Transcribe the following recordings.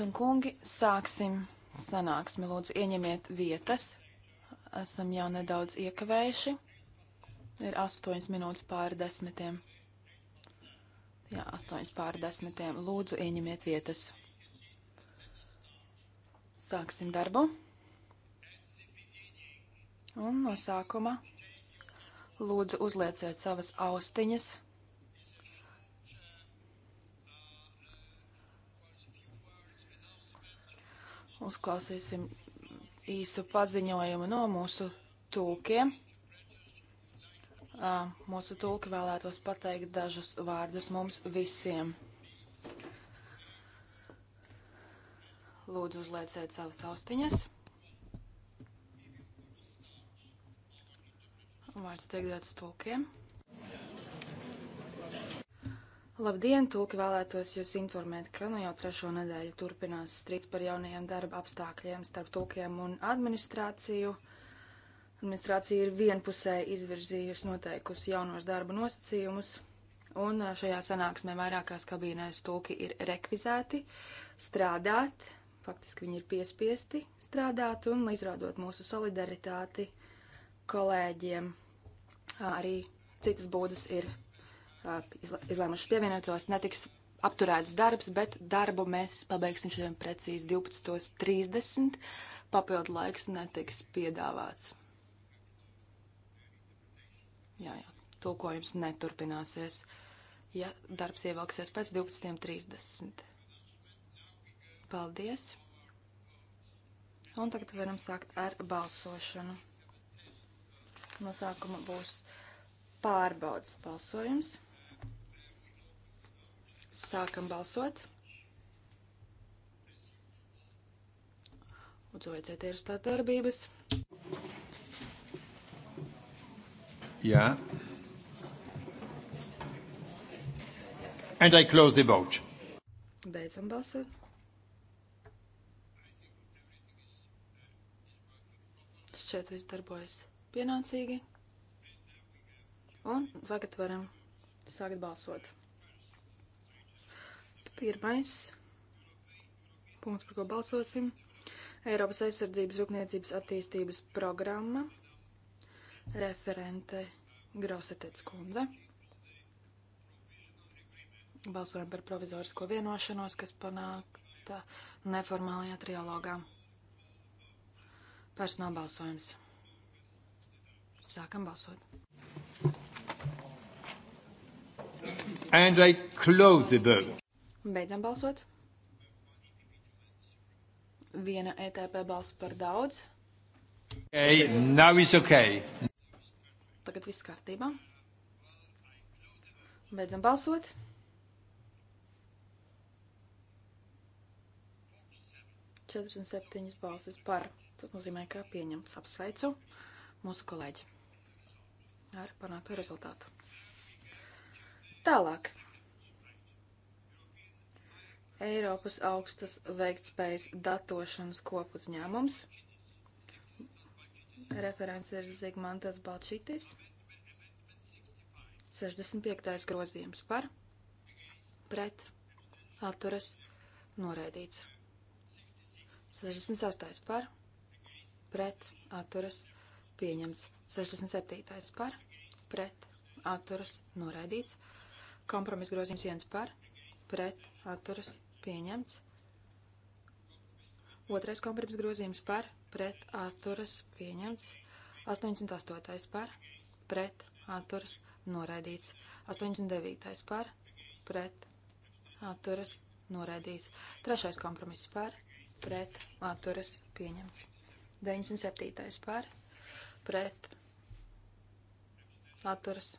un kungi, sāksim sanāksmi. Lūdzu, ieņemiet vietas. Esam jau nedaudz iekavējuši. Ir 8 minūtes pāri desmitiem. Jā, 8 pāri desmitiem. Lūdzu, ieņemiet vietas. Sāksim darbu. Un no sākuma lūdzu uzlieciet savas austiņas. Uzklausīsim īsu paziņojumu no mūsu tulkiem. Ah, mūsu tulki vēlētos pateikt dažus vārdus mums visiem. Lūdzu, uzlieciet savas austiņas. Vārds tiek dots tulkiem. Labdien, tūki vēlētos jūs informēt, ka nu jau trešo nedēļu turpinās strīds par jaunajiem darba apstākļiem starp tūkiem un administrāciju. Administrācija ir vienpusēji izvirzījusi noteikusi jaunos darba nosacījumus, un šajā sanāksmē vairākās kabīnēs tūki ir rekvizēti strādāt, faktiski viņi ir piespiesti strādāt un izrādot mūsu solidaritāti kolēģiem. Arī citas būdas ir Uh, izlēmuši pievienotos, netiks apturēts darbs, bet darbu mēs pabeigsim šodien precīzi 12.30. Papildu laiks netiks piedāvāts. Jā, jā, tulkojums neturpināsies, ja darbs ievilksies pēc 12.30. Paldies! Un tagad varam sākt ar balsošanu. No sākuma būs pārbaudas balsojums. Sākam balsot. Uzveiciet ir tās darbības. Jā. And I close the vote. Beidzam balsot. Šķiet viss darbojas pienācīgi. Un tagad varam sākt balsot. Pirmais punkts, par ko balsosim. Eiropas aizsardzības rūpniecības attīstības programma. Referente Grosetets kundze. Balsojam par provizorisko vienošanos, kas panākta neformālajā trialogā. Personāla balsojums. Sākam balsot. And I close the vote. Beidzam balsot. Viena ETP balss par daudz. Hey, now it's okay. Tagad viss kārtībā. Beidzam balsot. Četrdesmit septiņas balsis par. Tas nozīmē, ka pieņemts apsveicu mūsu kolēģi ar panākto rezultātu. Tālāk. Eiropas augstas veiktspējas datošanas kopuzņēmums. Referents ir Zigmantas Balčītis. 65. grozījums par, pret, atturas, noraidīts. 68. par, pret, atturas, pieņemts. 67. par, pret, atturas, noraidīts. Kompromis grozījums 1 par, pret, atturas, pieņemts. Otrais kompromiss grozījums par pret atturas pieņemts. 88. par pret atturas noraidīts. 89. par pret atturas noraidīts. Trešais kompromiss par pret atturas pieņemts. 97. par pret atturas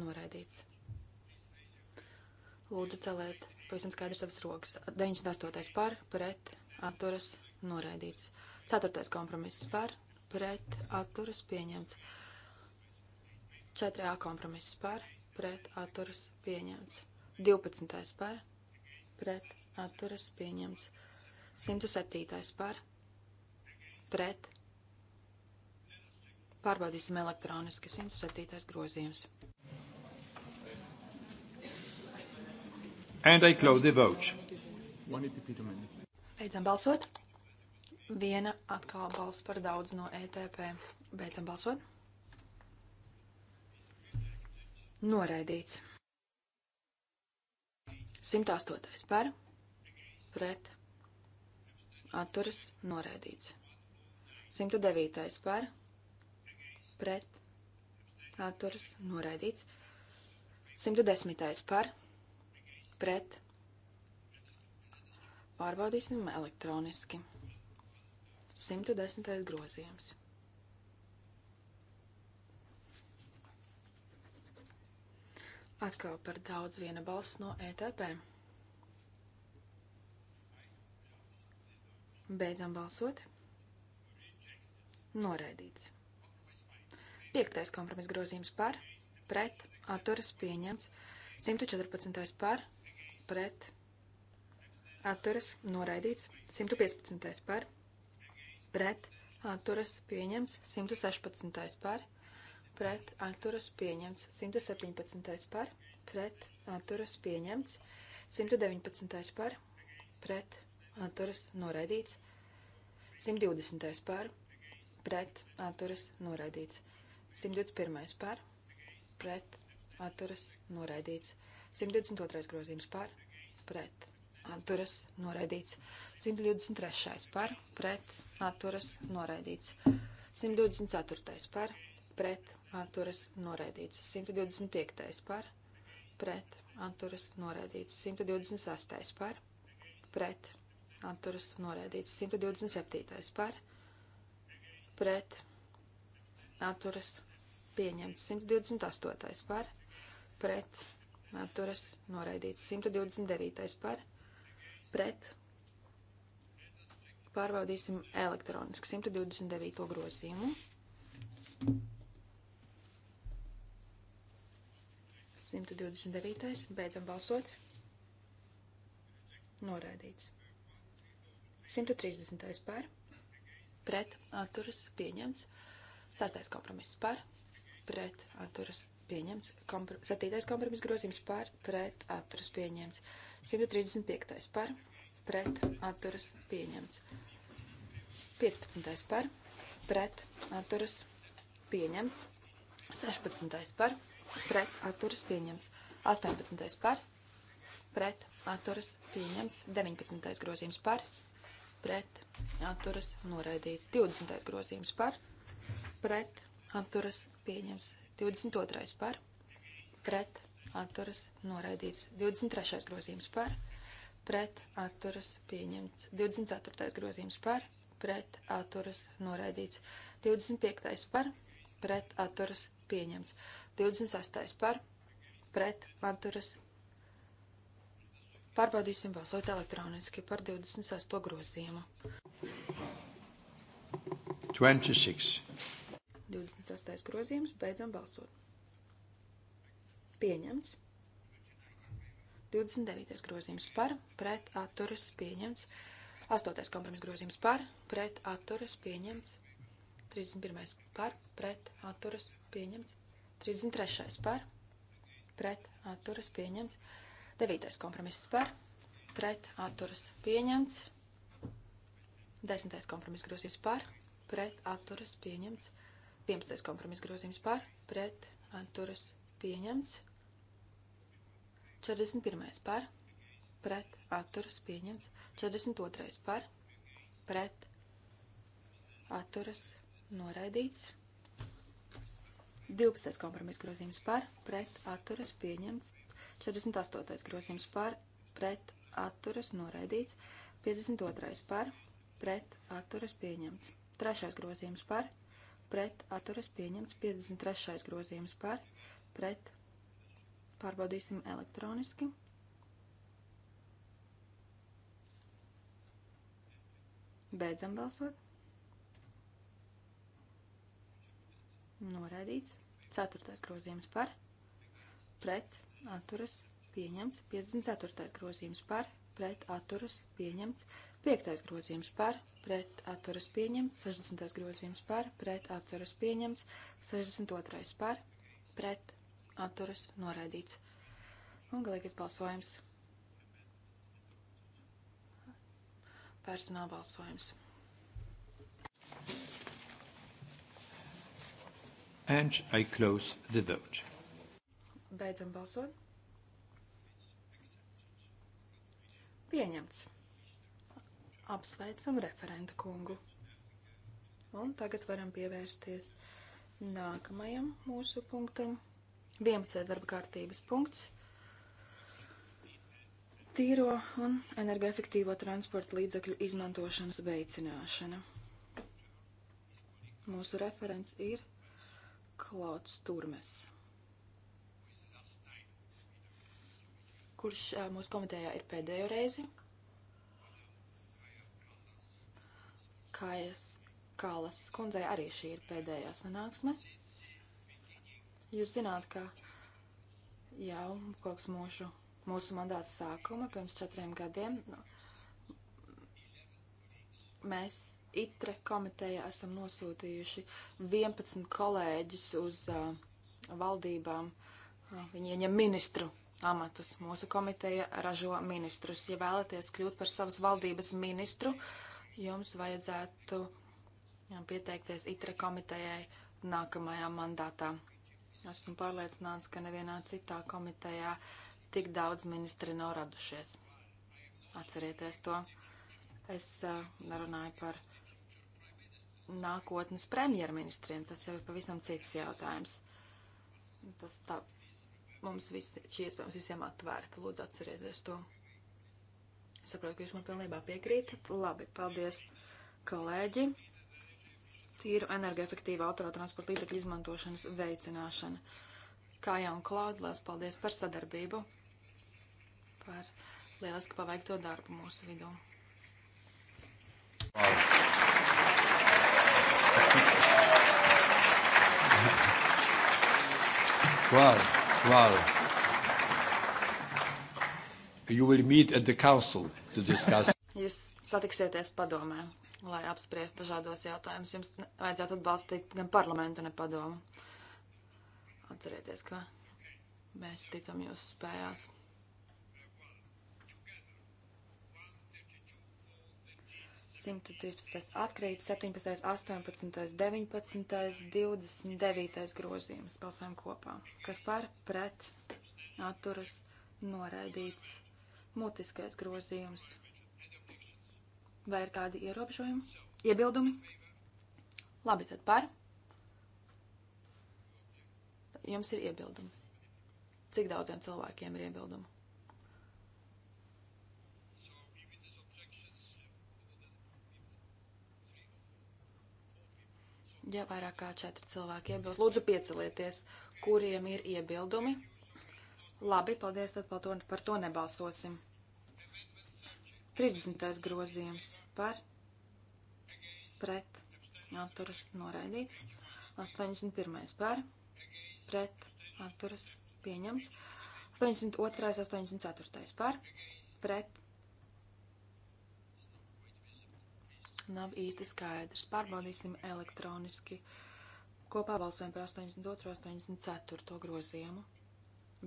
noraidīts. Lūdzu, celēt pavisam skaidri savas rokas. 98. par, pret, atturas, noraidīts. 4. kompromiss par, pret, atturas, pieņemts. 4. kompromiss par, pret, atturas, pieņemts. 12. par, pret, atturas, pieņemts. 107. par, pret. Pārbaudīsim elektroniski 107. grozījums. And I close the vote. Beidzam balsot. Viena atkal balss par daudz no ETP. Beidzam balsot. Noraidīts. 108. par, pret, atturas, noraidīts. 109. par, pret, atturas, noraidīts. 110. par, pret pret. Pārbaudīsim elektroniski. 110. grozījums. Atkal par daudz viena balss no ETP. Beidzam balsot. Noraidīts. Piektais kompromis grozījums par, pret, atturas pieņemts. 114. par, pret, atturas, noraidīts. 115. par, pret, atturas, pieņemts. 116. par, pret, atturas, pieņemts. 117. par, pret, atturas, pieņemts. 119. par, pret, atturas, noraidīts. 120. par, pret, atturas, noraidīts. 121. par, pret, atturas, noraidīts. 122. grozījums par, pret, atturas, noraidīts. 123. par, pret, atturas, noraidīts. 124. par, pret, atturas, noraidīts. 125. par, pret, atturas, noraidīts. 126. par, pret, atturas, noraidīts. 127. par, pret, atturas, pieņemts. 128. par, pret, atturas noraidīts. 129. par pret pārbaudīsim elektroniski 129. grozījumu. 129. Beidzam balsot. Noraidīts. 130. par. Pret atturas pieņemts. Sastais kompromiss par. Pret atturas pieņemts. Kompr 7. kompromis grozījums par pret atturas pieņemts. 135. par pret atturas pieņemts. 15. par pret atturas pieņemts. 16. par pret atturas pieņemts. 18. par pret atturas pieņemts. 19. grozījums par pret atturas noraidīts. 20. grozījums par pret atturas pieņemts. 22. par, pret, atturas, noraidīts. 23. grozījums par, pret, atturas, pieņemts. 24. grozījums par, pret, atturas, noraidīts. 25. par, pret, atturas, pieņemts. 26. par, pret, atturas, Pārbaudīsim balsot elektroniski par 26. grozījumu. 26. 26. grozījums. Beidzam balsot. Pieņemts. 29. grozījums par, pret, atturas, pieņemts. 8. kompromis grozījums par, pret, atturas, pieņemts. 31. par, pret, atturas, pieņemts. 33. par, pret, atturas, pieņemts. 9. kompromiss par, pret, atturas, pieņemts. 10. kompromis grozījums par, pret, atturas, pieņemts. 11. 11. kompromis grozījums par, pret, atturas pieņemts. 41. par, pret, atturas pieņemts. 42. par, pret, atturas noraidīts. 12. kompromis grozījums par, pret, atturas pieņemts. 48. grozījums par, pret, atturas noraidīts. 52. par, pret, atturas pieņemts. 3. grozījums par, pret, pret atturas pieņemts 53. grozījums par pret pārbaudīsim elektroniski. Beidzam balsot. Noraidīts. Ceturtais grozījums par pret atturas pieņemts 54. grozījums par pret atturas pieņemts 5. grozījums par pret pret atturas pieņemts, 60. grozījums par, pret atturas pieņemts, 62. par, pret atturas noraidīts. Un galīgais balsojums. Personāla balsojums. And I close the vote. Beidzam balsot. Pieņemts. Apsveicam referenta kungu. Un tagad varam pievērsties nākamajam mūsu punktam. 11. darba kārtības punkts. Tīro un energoefektīvo transporta līdzekļu izmantošanas veicināšana. Mūsu referents ir Klauds Turmes, kurš mūsu komitejā ir pēdējo reizi. kā es, Kālas skundzei arī šī ir pēdējā sanāksme. Jūs zināt, ka jau kopš mūsu, mūsu mandāta sākuma pirms četriem gadiem nu, mēs ITRE komiteja esam nosūtījuši 11 kolēģus uz uh, valdībām. Uh, viņi ieņem ministru amatus. Mūsu komiteja ražo ministrus. Ja vēlaties kļūt par savas valdības ministru, uh, jums vajadzētu pieteikties ITRE komitejai nākamajā mandātā. Esmu pārliecināts, ka nevienā citā komitejā tik daudz ministri nav radušies. Atcerieties to. Es nerunāju par nākotnes premjerministriem. Tas jau ir pavisam cits jautājums. Tas tā mums visi, šī iespējams visiem atvērta. Lūdzu, atcerieties to. Es saprotu, ka jūs man pilnībā piekrītat. Labi, paldies, kolēģi. Tīru energoefektīvu autotransporta līdzekļu izmantošanas veicināšana. Kājā un Klaudlēs, paldies par sadarbību, par lieliski paveikto darbu mūsu vidū. Wow. Wow. Wow you will meet at the council to discuss. Jūs satiksieties padomē, lai apspriest dažādos jautājumus. Jums vajadzētu atbalstīt gan parlamentu, gan padomu. Atcerieties, ka mēs ticam jūsu spējās. Simtu trīspadsmitais atkrīt, septiņpadsmitais, astoņpadsmitais, deviņpadsmitais, divdesmit grozījums. Balsojam kopā. Kas par pret atturas noraidīts? Mutiskais grozījums. Vai ir kādi ierobežojumi? Iebildumi? Labi, tad par. Jums ir iebildumi. Cik daudziem cilvēkiem ir iebildumi? Ja vairāk kā četri cilvēki iebilst, lūdzu piecelieties, kuriem ir iebildumi. Labi, paldies, tad par to, par to nebalsosim. 30. grozījums par pret atturas noraidīts. 81. par pret atturas pieņemts. 82. 84. par pret. Nav īsti skaidrs. Pārbaudīsim elektroniski. Kopā balsojam par 82. 84. grozījumu.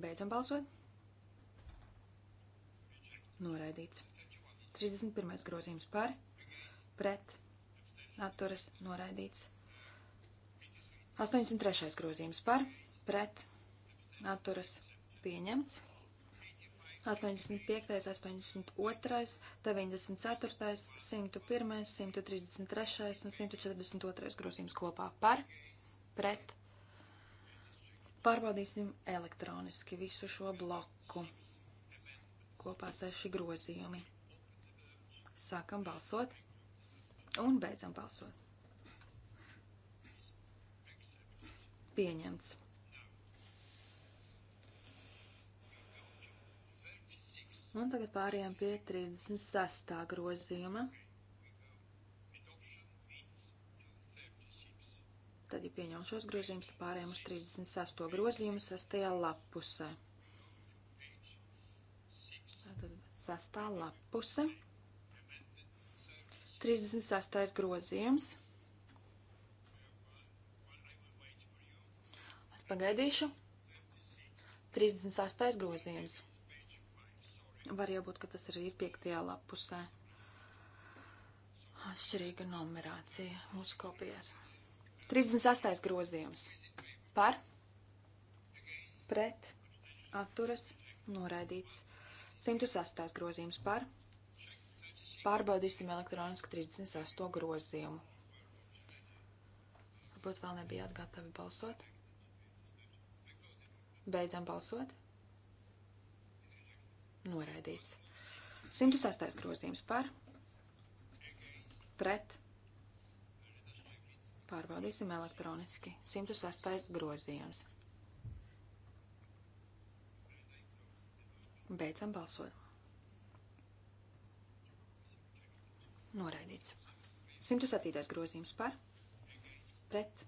Beidzam balsot. Noraidīts. 31. grozījums par, pret, atturas, noraidīts. 83. grozījums par, pret, atturas, pieņemts. 85., 82., 94., 101., 133. un 142. grozījums kopā par, pret. Pārbaudīsim elektroniski visu šo bloku. Kopā seši grozījumi. Sākam balsot un beidzam balsot. Pieņemts. 1. Un tagad pārējām pie 36. grozījuma. Tad, ja pieņem šos grozījumus, tad pārējām uz 36. grozījumu 6. lapusē. Tātad 6. lapuse. 36. grozījums. Es pagaidīšu. 36. grozījums. Var jau būt, ka tas arī ir 5. lapusē. Atšķirīga numerācija mūsu kopijās. 36. grozījums. Par, pret, atturas, noraidīts. 108. grozījums par, pret Pārbaudīsim elektroniski 38 grozījumu. Varbūt vēl nebijāt gatavi balsot. Beidzam balsot. Noraidīts. 106. grozījums par, pret, pārbaudīsim elektroniski. 106. grozījums. Beidzam balsot. Noraidīts. 107. grozījums par pret.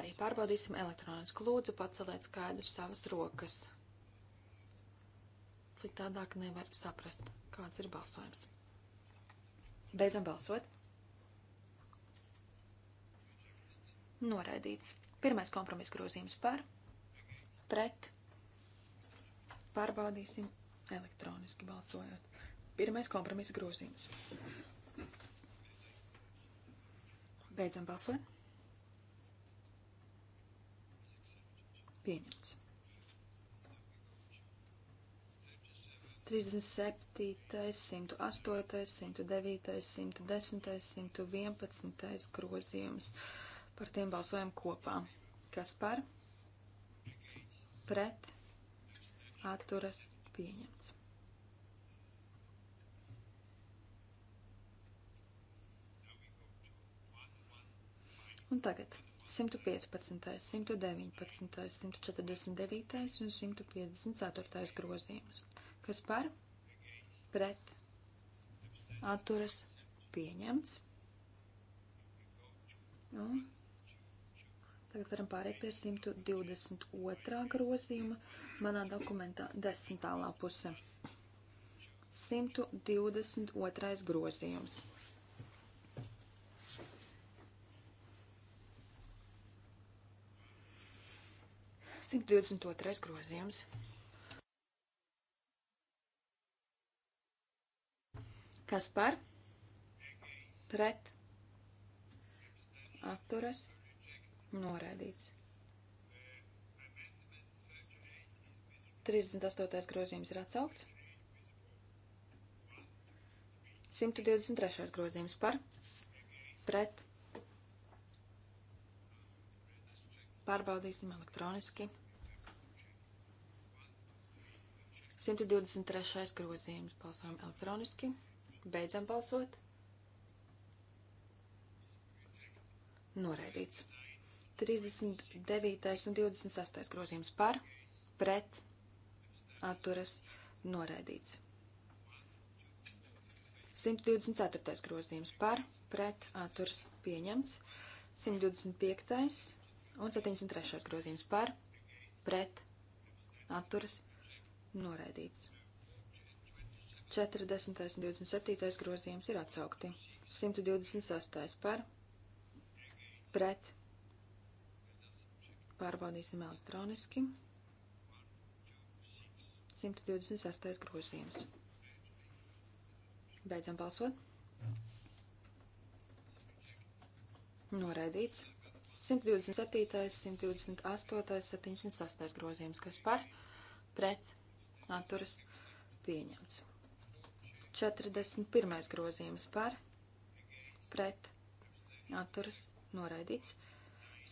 Arī pārbaudīsim elektronisku lūdzu pacelēt skaidri savas rokas. Citādāk nevar saprast, kāds ir balsojums. Beidzam balsot. Noraidīts. Pirmais kompromiss grozījums par pret. Pārbaudīsim elektroniski balsojot. Pirmais kompromisa grozījums. Beidzam balsot. Pieņemts. 37, 108, 109, 110, 111 grozījums. Par tiem balsojam kopā. Kas par? Pret? Atturas pieņemts. Un tagad 115, 119, 149 un 154 grozījums. Kas par? Pret. Atturas pieņemts. Un tagad varam pārēt pie 122. grozījuma manā dokumentā desmitālā puse. 122. grozījums. 122. grozījums. Kas par? Pret. Atturas. Noraidīts. 38. grozījums ir atsaukts. 123. grozījums par. Pret. Pārbaudīsim elektroniski. 123. grozījums balsojam elektroniski. Beidzam balsot. Noraidīts. 39. un 26. grozījums par, pret, atturas, noraidīts. 124. grozījums par, pret, atturas, pieņemts. 125 un 73. grozījums par, pret, atturas, noraidīts. 40. un 27. grozījums ir atsaukti. 128. par, pret, pārbaudīsim elektroniski. 128. grozījums. Beidzam balsot. Noraidīts. 127, 128, 78 grozījums, kas par pret atturas pieņemts. 41. grozījums par pret atturas noraidīts.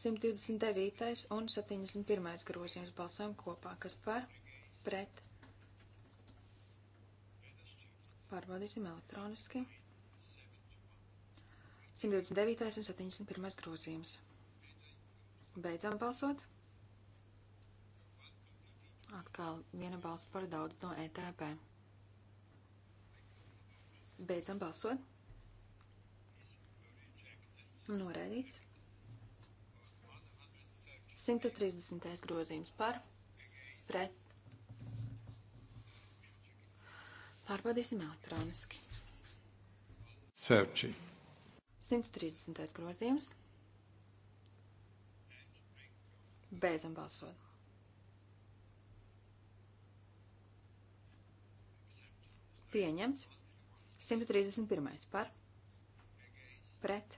129. un 71. grozījums balsojam kopā, kas par pret. Pārbaudīsim elektroniski. 129. un 71. grozījums. Beidzam balsot. Atkal viena balss par daudz no ETP. Beidzam balsot. Noraidīts. 130. grozījums par pret. Pārbaudīsim elektroniski. Searching. 130. grozījums. Beidzam balsot. Pieņemts. 131. par. Pret.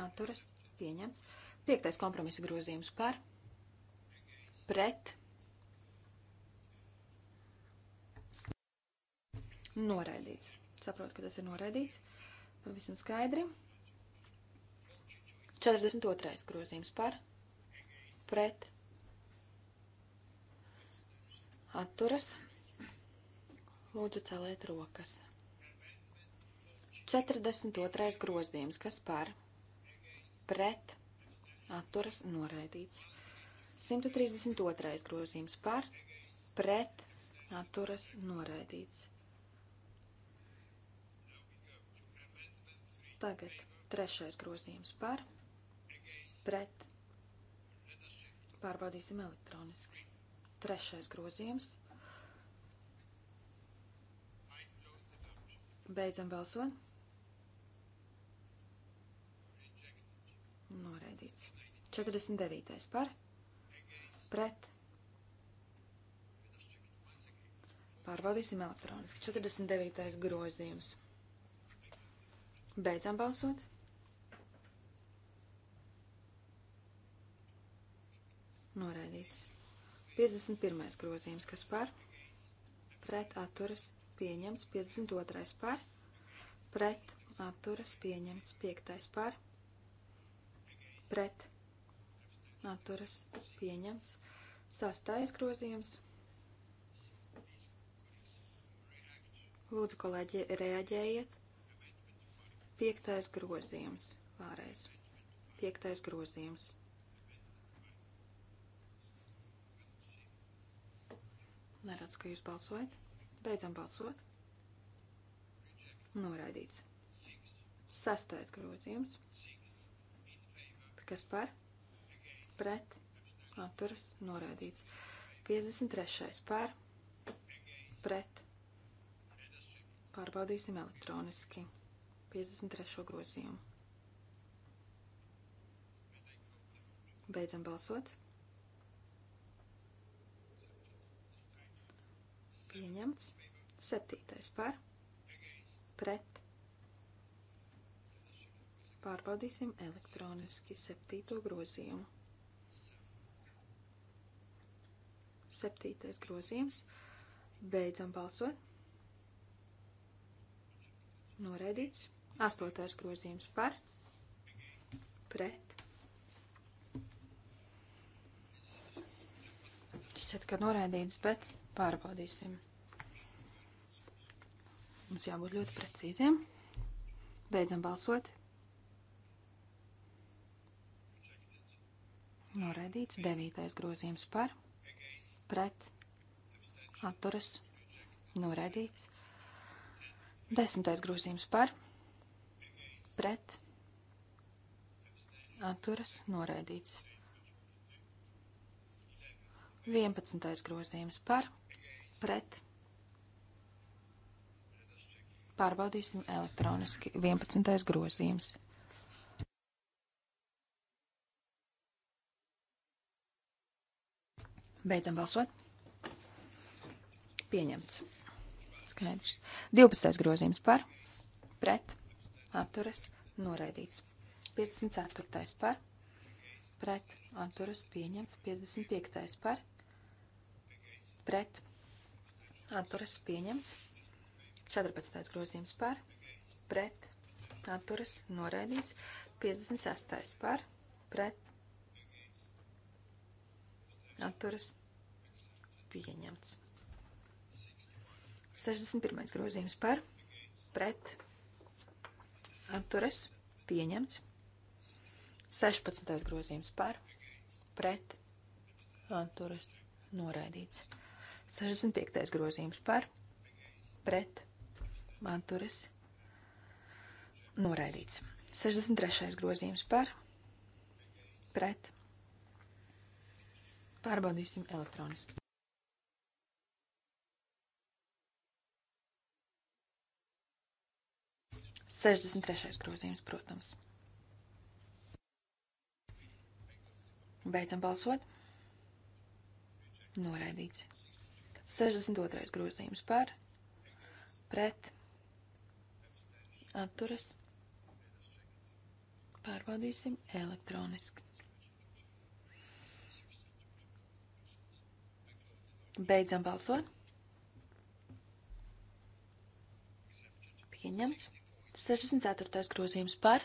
Atturas. Pieņemts. Piektais kompromisa grozījums par. Pret. Noraidīts. Saprotu, ka tas ir noraidīts. Pavisam skaidri. 42. grozījums par pret atturas. Lūdzu, celiet rokas. 42. grozījums, kas par pret atturas noraidīts. 132. grozījums par pret atturas noraidīts. Tagad trešais grozījums par pret Pārbaudīsim elektroniski. Trešais grozījums. Beidzam balsot. Noraidīts. 49. par. Pret. Pārbaudīsim elektroniski. 49. grozījums. Beidzam balsot. noraidīts. 51. grozījums, kas par pret atturas pieņemts, 52. par pret atturas pieņemts, 5. par pret atturas pieņemts, 6. grozījums. Lūdzu, kolēģi, reaģējiet. 5. grozījums vēlreiz. 5. grozījums Neredzu, ka jūs balsojat. Beidzam balsot. Noraidīts. Sastais grozījums. Kas par? Pret. Atturas. Noraidīts. 53. par. Pret. Pārbaudīsim elektroniski. 53. grozījumu. Beidzam balsot. Pieņemts. Septītais par. Pret. Pārbaudīsim elektroniski septīto grozījumu. Septītais grozījums. Beidzam balsot. Noraidīts. Astotais grozījums par. Pret. Šķiet, ka noraidīts, bet pārbaudīsim. Mums jābūt ļoti precīziem. Beidzam balsot. Noraidīts devītais grozījums par, pret, atturas, noraidīts. Desmitais grozījums par, pret, atturas, noraidīts. Vienpadsmitais grozījums par, pret, atturas. Pārbaudīsim elektroniski 11. grozījums. Beidzam balsot. Pieņemts. Skaidrs. 12. grozījums par, pret, atturas, noraidīts. 54. par, pret, atturas, pieņemts. 55. par, pret, atturas, pieņemts. 14. grozījums par, pret, atturas, noraidīts. 56. par, pret, atturas, pieņemts. 61. grozījums par, pret, atturas, pieņemts. 16. grozījums par, pret, atturas, noraidīts. 65. grozījums par, pret, atturas noraidīts. 63. grozījums par pret. Pārbaudīsim elektroniski. Sešdesmit trešais grozījums, protams. Beidzam balsot. Noraidīts. 62. grozījums par, pret, atturas. Pārbaudīsim elektroniski. Beidzam balsot. Pieņemts. 64. grozījums par,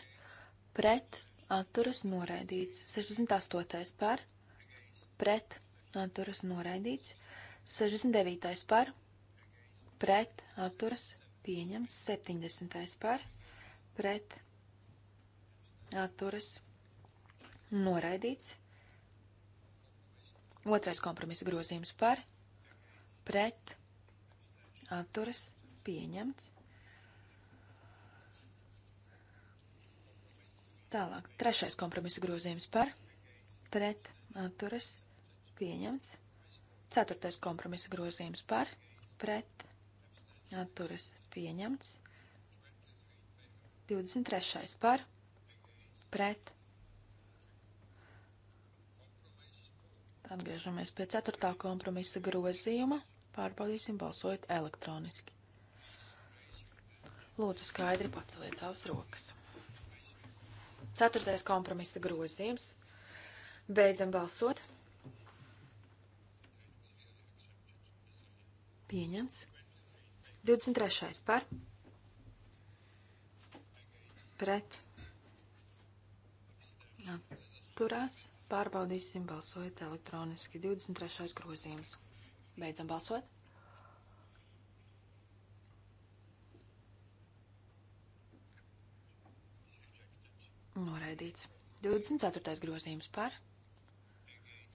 pret, atturas noraidīts. 68. par, pret, atturas noraidīts. 69. par, pret, atturas pieņemts 70. par pret atturas noraidīts. Otrais kompromisa grozījums par pret atturas pieņemts. Tālāk, trešais kompromisa grozījums par pret atturas pieņemts. Ceturtais kompromisa grozījums par pret atturas pieņemts. 23. par, pret. Atgriežamies pie 4. kompromisa grozījuma. Pārbaudīsim balsojot elektroniski. Lūdzu skaidri paceliet savas rokas. 4. kompromisa grozījums. Beidzam balsot. Pieņemts. 23. par pret atturās. Pārbaudīsim, balsojot elektroniski. 23. grozījums. Beidzam balsot. Noraidīts. 24. grozījums par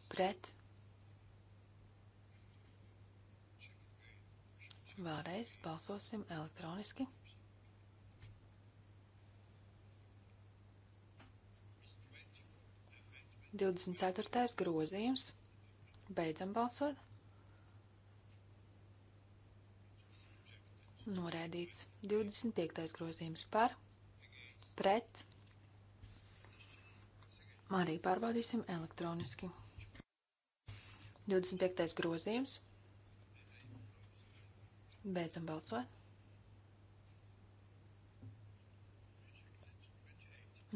pret Vēlreiz balsosim elektroniski. Divdesmit ceturtais grozījums. Beidzam balsot. Norēdīts. 25. grozījums par, pret. Arī pārbaudīsim elektroniski. 25. grozījums. Beidzam balsot.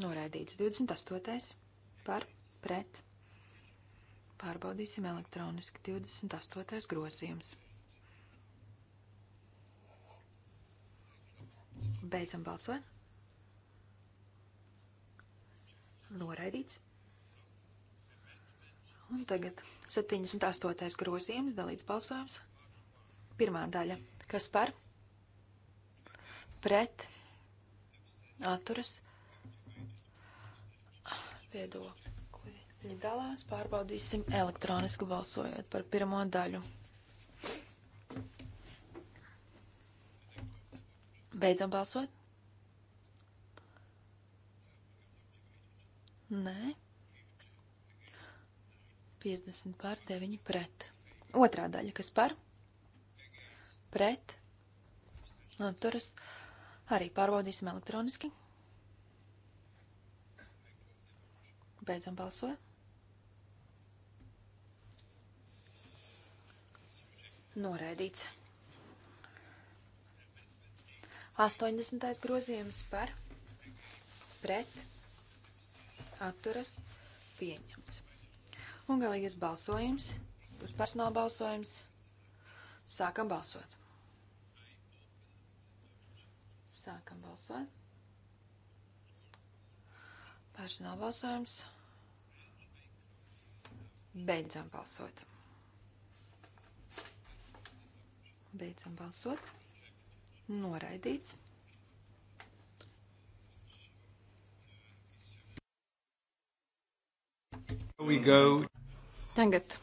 Noraidīts 28. par pret. Pārbaudīsim elektroniski 28. grozījums. Beidzam balsot. Noraidīts. Un tagad 78. grozījums dalīts balsojums. Pirmā daļa Kas par? Pret. Atturas. Viedokļi ja dalās. Pārbaudīsim elektronisku balsojot par pirmo daļu. Beidzam balsot. Nē. 50 pār 9 pret. Otrā daļa, kas par? pret, atturas, arī pārbaudīsim elektroniski. Beidzam balsot. Noraidīts. 80. grozījums par pret atturas pieņemts. Un galīgais balsojums, uz personāla balsojums, sākam balsot. Sākam balsot. Personāla balsojums. Beidzam balsot. Beidzam balsot. Noraidīts. Tagad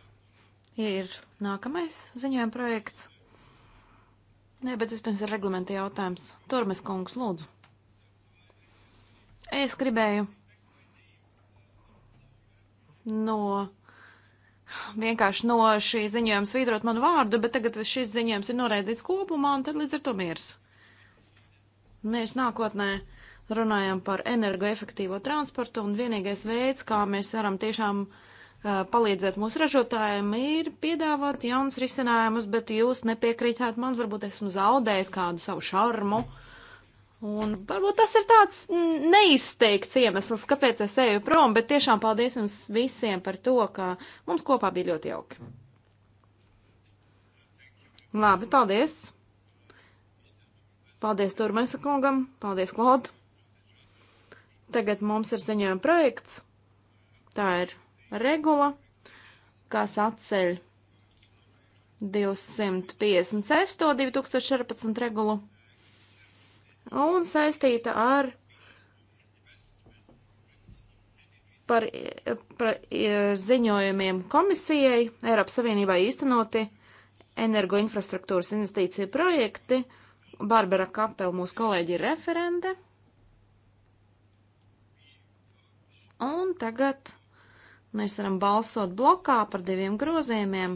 ja ir nākamais ziņojuma projekts. Nē, bet vispirms ir reglamenta jautājums. Turmes kungs, lūdzu. Es gribēju no vienkārši no šī ziņojuma svītrot manu vārdu, bet tagad šis ziņojums ir noraidīts kopumā un tad līdz ar to miers. Mēs nākotnē runājam par energoefektīvo transportu un vienīgais veids, kā mēs varam tiešām uh, palīdzēt mūsu ražotājiem, ir piedāvāt jaunas risinājumus, bet jūs nepiekrītāt man, varbūt esmu zaudējis kādu savu šarmu. Un varbūt tas ir tāds neizteikts iemesls, kāpēc es eju prom, bet tiešām paldies jums visiem par to, ka mums kopā bija ļoti jauki. Labi, paldies! Paldies Turmesa kungam, paldies Klod! Tagad mums ir ziņojuma projekts. Tā ir regula, kas atceļ 256. 2014 regulu un saistīta ar par, par ziņojumiem komisijai Eiropas Savienībā īstenoti energoinfrastruktūras investīciju projekti. Barbara Kapela, mūsu kolēģi, ir referente. Un tagad Mēs varam balsot blokā par diviem grozījumiem.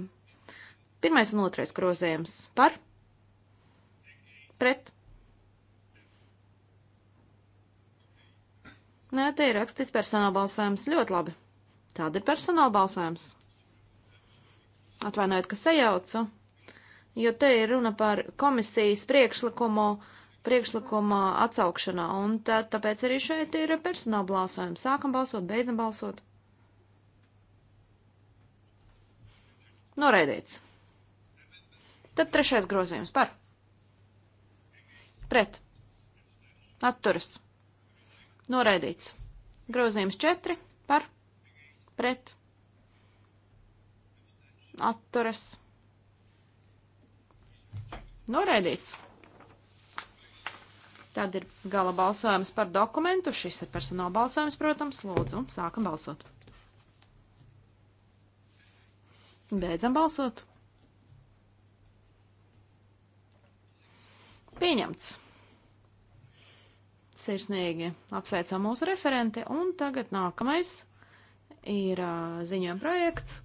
Pirmais un otrais grozījums par pret. Nē, te ir rakstīts personāla balsojums. Ļoti labi. Tāda ir personāla balsojums. Atvainojiet, ka sajaucu, jo te ir runa par komisijas priekšlikumu priekšlikuma atsaukšanā, un tā, tāpēc arī šeit ir personāla balsojums. Sākam balsot, beidzam balsot. Noraidīts. Tad trešais grozījums par. Pret. Atturas. Noraidīts. Grozījums 4 par. Pret. Atturas. Noraidīts. Tad ir gala balsojums par dokumentu. Šis ir personāla balsojums, protams. Lūdzu, sākam balsot. Beidzam balsot. Pieņemts. Sirsnīgi apsveicam mūsu referenti, un tagad nākamais ir ziņojuma projekts.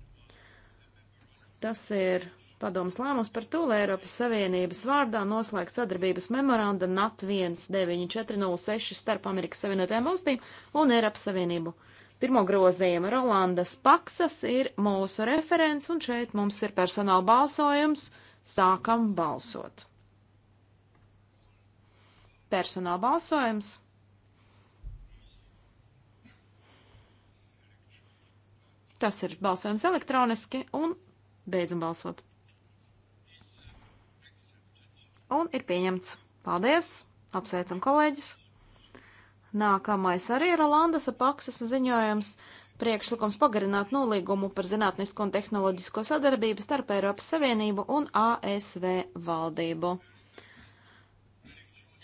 Tas ir Padomas lēmums par tūlē Eiropas Savienības vārdā noslēgt sadarbības memoranda NAT 1940 starp Amerikas Savienotajām valstīm un Eiropas Savienību. Pirmo grozījumu Rolandas Paksas ir mūsu referents, un šeit mums ir personāla balsojums. Sākam balsot. Personāla balsojums. Tas ir balsojums elektroniski, un beidzam balsot. Un ir pieņemts. Paldies! Apsveicam kolēģus! Nākamais arī ir Landasa paksas ziņojums priekšlikums pagarināt nolīgumu par zinātnisko un tehnoloģisko sadarbību starp Eiropas Savienību un ASV valdību.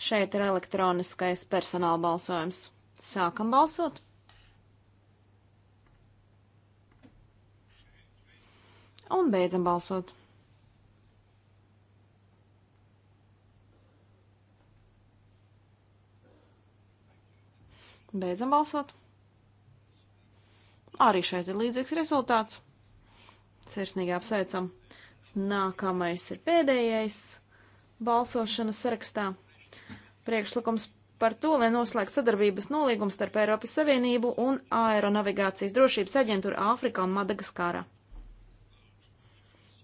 Šeit ir elektroniskais personāla balsojums. Sākam balsot. Un beidzam balsot. Beidzam balsot. Arī šeit ir līdzīgs rezultāts. Sirsnīgi apsveicam. Nākamais ir pēdējais balsošanas sarakstā. Priekšlikums par to, lai noslēgtu sadarbības nolīgumu starp Eiropas Savienību un aeronavigācijas drošības aģentūru Āfrikā un Madagaskārā.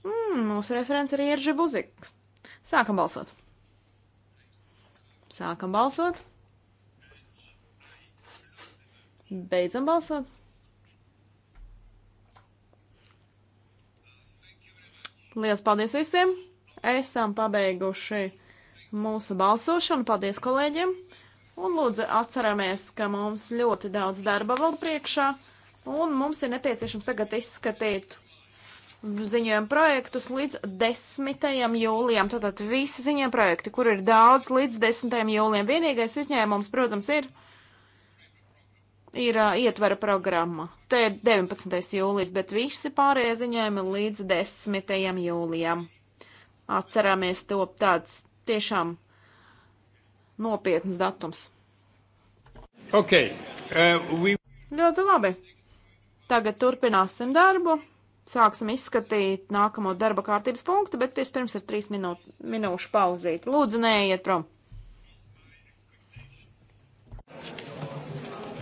Mm, mūsu referents arī ir Žebuzik. Sākam balsot. Sākam balsot. Beidzam balsot. Lielas paldies visiem! Esam pabeiguši mūsu balsošanu. Paldies kolēģiem! Un lūdzu atceramies, ka mums ļoti daudz darba vēl priekšā, un mums ir nepieciešams tagad izskatīt ziņojumu projektus līdz 10. jūlijam. Tātad visi ziņojumu projekti, kur ir daudz līdz 10. jūlijam. Vienīgais izņēmums, protams, ir ir uh, ietvera programma. Te ir 19. jūlijas, bet visi pārējie ziņojumi līdz 10. jūlijam. Atcerāmies to tāds tiešām nopietns datums. Okay. Uh, we... Ļoti labi. Tagad turpināsim darbu. Sāksim izskatīt nākamo darba kārtības punktu, bet pirms ir trīs minū minūšu pauzīt. Lūdzu, neiet prom!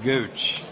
Gooch.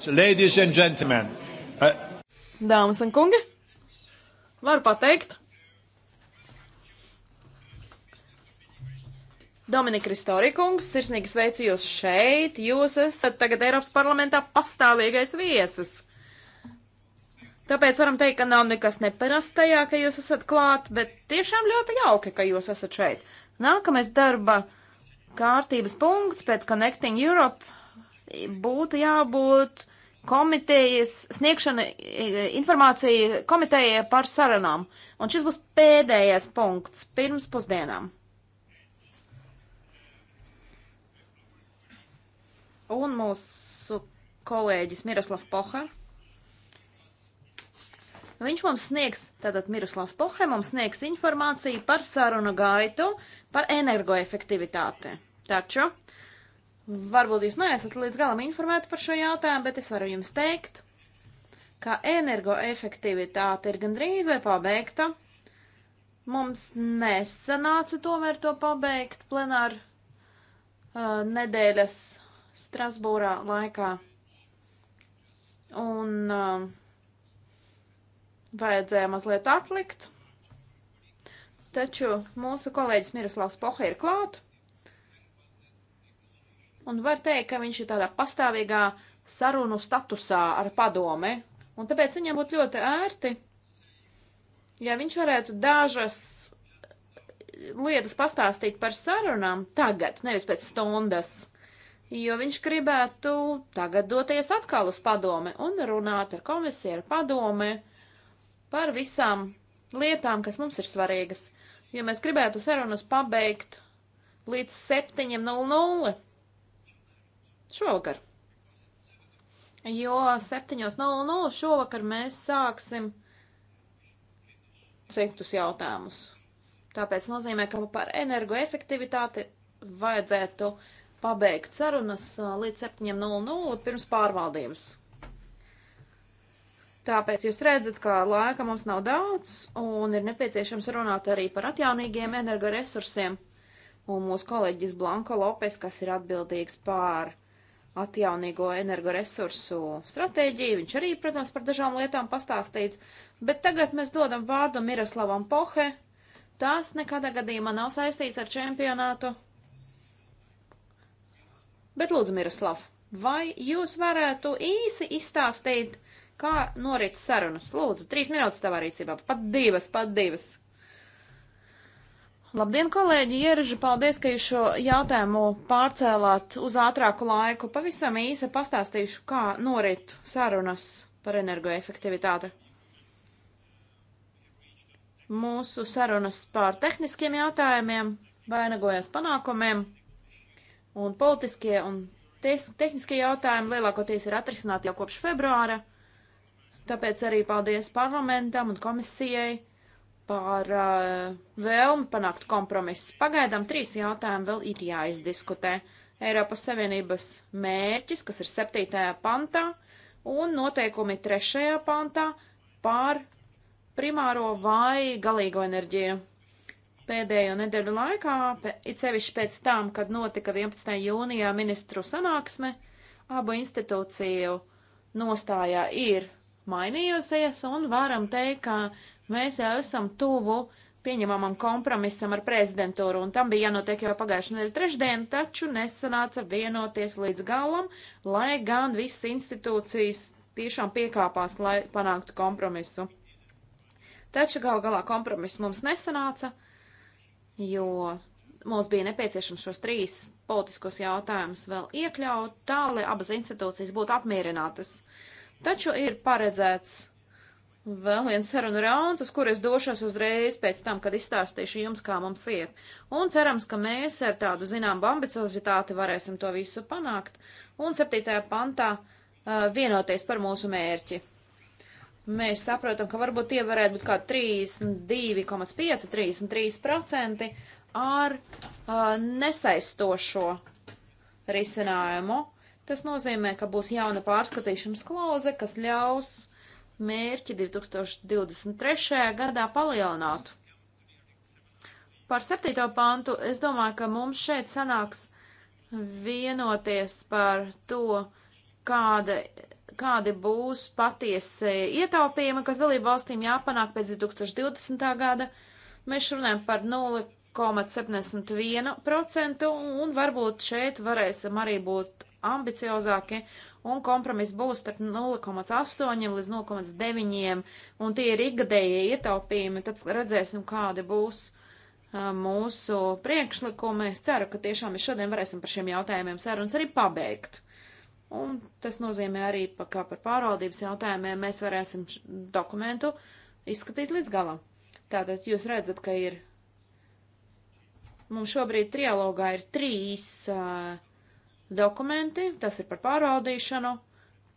So, ladies and gentlemen. Uh... Dāmas un kungi, varu pateikt. Dominika Kristori kungs, sirsnīgi sveicu jūs šeit. Jūs esat tagad Eiropas parlamentā pastāvīgais viesis. Tāpēc varam teikt, ka nav nekas neparastajā, ka jūs esat klāt, bet tiešām ļoti jauki, ka jūs esat šeit. Nākamais darba kārtības punkts pēc Connecting Europe būtu jābūt komitejas sniegšana e, informācija komitejai par sarunām. Un šis būs pēdējais punkts pirms pusdienām. Un mūsu kolēģis Miroslav Poha. Viņš mums sniegs, tātad Miroslavs Pohe mums sniegs informāciju par sarunu gaitu, par energoefektivitāti. Taču Varbūt jūs neesat līdz galam informēti par šo jautājumu, bet es varu jums teikt, ka energoefektivitāte ir gandrīz vai pabeigta. Mums nesanāca tomēr to pabeigt plenāru uh, nedēļas Strasbūrā laikā. Un uh, vajadzēja mazliet atlikt. Taču mūsu kolēģis Miroslavs Poha ir klāts un var teikt, ka viņš ir tādā pastāvīgā sarunu statusā ar padome, un tāpēc viņam būtu ļoti ērti, ja viņš varētu dažas lietas pastāstīt par sarunām tagad, nevis pēc stundas, jo viņš gribētu tagad doties atkal uz padome un runāt ar komisiju, ar padome par visām lietām, kas mums ir svarīgas, jo mēs gribētu sarunas pabeigt līdz 7.00 šovakar. Jo 7.00 nu, nu, šovakar mēs sāksim citus jautājumus. Tāpēc nozīmē, ka par energoefektivitāti vajadzētu pabeigt sarunas uh, līdz 7.00 pirms pārvaldības. Tāpēc jūs redzat, ka laika mums nav daudz un ir nepieciešams runāt arī par atjaunīgiem energoresursiem. Un mūsu kolēģis Blanko Lopes, kas ir atbildīgs pār atjaunīgo energoresursu stratēģiju. Viņš arī, protams, par dažām lietām pastāstīts, bet tagad mēs dodam vārdu Miroslavam Pohe. Tās nekādā gadījumā nav saistīts ar čempionātu. Bet lūdzu, Miroslav, vai jūs varētu īsi izstāstīt, kā norit sarunas? Lūdzu, trīs minūtes tavā rīcībā, pat divas, pat divas. Labdien, kolēģi! Ieraži, paldies, ka jūs šo jautājumu pārcēlāt uz ātrāku laiku. Pavisam īsi pastāstīšu, kā norit sarunas par energoefektivitāti. Mūsu sarunas par tehniskiem jautājumiem vainagojas panākumiem, un politiskie un tehniskie jautājumi lielākoties ir atrisināti jau kopš februāra. Tāpēc arī paldies parlamentam un komisijai par uh, vēlmi panākt kompromisu. Pagaidām trīs jautājumi vēl ir jāizdiskutē. Eiropas Savienības mērķis, kas ir 7. pantā, un noteikumi 3. pantā par primāro vai galīgo enerģiju. Pēdējo nedēļu laikā, it sevišķi pēc tam, kad notika 11. jūnijā ministru sanāksme, abu institūciju nostājā ir mainījusies, un varam teikt, ka Mēs jau esam tuvu pieņemamam kompromisam ar prezidentūru, un tam bija jānotiek jau pagājušajā nedēļā trešdien, taču nesanāca vienoties līdz galam, lai gan visas institūcijas tiešām piekāpās, lai panāktu kompromisu. Taču gal galā kompromiss mums nesanāca, jo mums bija nepieciešams šos trīs politiskos jautājumus vēl iekļaut tā, lai abas institūcijas būtu apmierinātas. Taču ir paredzēts Vēl viens sarunu rauns, uz kur es došos uzreiz pēc tam, kad izstāstīšu jums, kā mums iet. Un cerams, ka mēs ar tādu zināmu ambiciozitāti varēsim to visu panākt. Un 7. pantā uh, vienoties par mūsu mērķi. Mēs saprotam, ka varbūt tie varētu būt kā 32,5, 33% ar uh, nesaistošo risinājumu. Tas nozīmē, ka būs jauna pārskatīšanas klauze, kas ļaus mērķi 2023. gadā palielinātu. Par septīto pantu es domāju, ka mums šeit sanāks vienoties par to, kāda, kādi būs patiesi ietaupījumi, kas dalību valstīm jāpanāk pēc 2020. gada. Mēs runājam par 0,71% un varbūt šeit varēsim arī būt ambiciozāki, un kompromiss būs starp 0,8 līdz 0,9, un tie ir ikgadējie ietaupījumi, tad redzēsim, kādi būs mūsu priekšlikumi. Es ceru, ka tiešām mēs šodien varēsim par šiem jautājumiem sarunas arī pabeigt. Un tas nozīmē arī, pa, kā par pārvaldības jautājumiem mēs varēsim dokumentu izskatīt līdz galam. Tātad jūs redzat, ka ir mums šobrīd trialogā ir trīs uh, dokumenti, tas ir par pārvaldīšanu,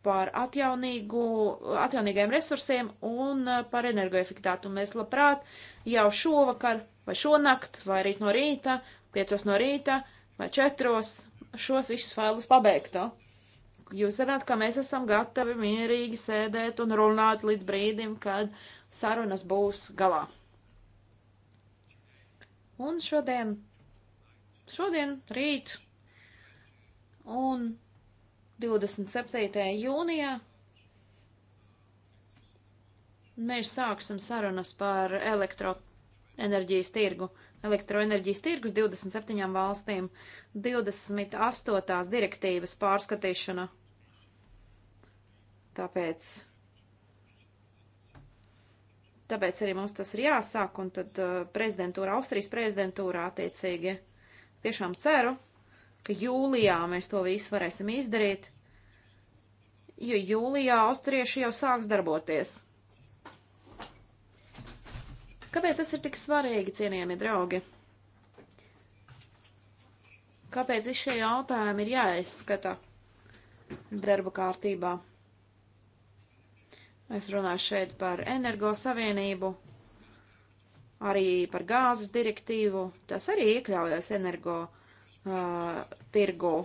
par atjaunīgiem resursiem un eh, par energoefektātu. Mēs labprāt jau šovakar vai šonakt vai rīt no rīta, piecos no rīta vai četros šos visus failus pabeigtu. Jūs zināt, ka mēs esam gatavi mierīgi sēdēt un runāt līdz brīdim, kad sarunas būs galā. Un šodien, šodien, rīt, un 27. jūnijā mēs sāksim sarunas par elektroenerģijas tirgu. Elektroenerģijas tirgus 27 valstīm, 28. direktīvas pārskatīšana. Tāpēc, tāpēc arī mums tas ir jāsāk, un tad uh, prezidentūra, Austrijas prezidentūra attiecīgi tiešām ceru, ka jūlijā mēs to visu varēsim izdarīt, jo jūlijā austrieši jau sāks darboties. Kāpēc tas ir tik svarīgi, cienījamie draugi? Kāpēc visi šie jautājumi ir jāizskata darba kārtībā? Es runāju šeit par energosavienību, arī par gāzes direktīvu. Tas arī iekļaujas energo savienību uh, tirgu.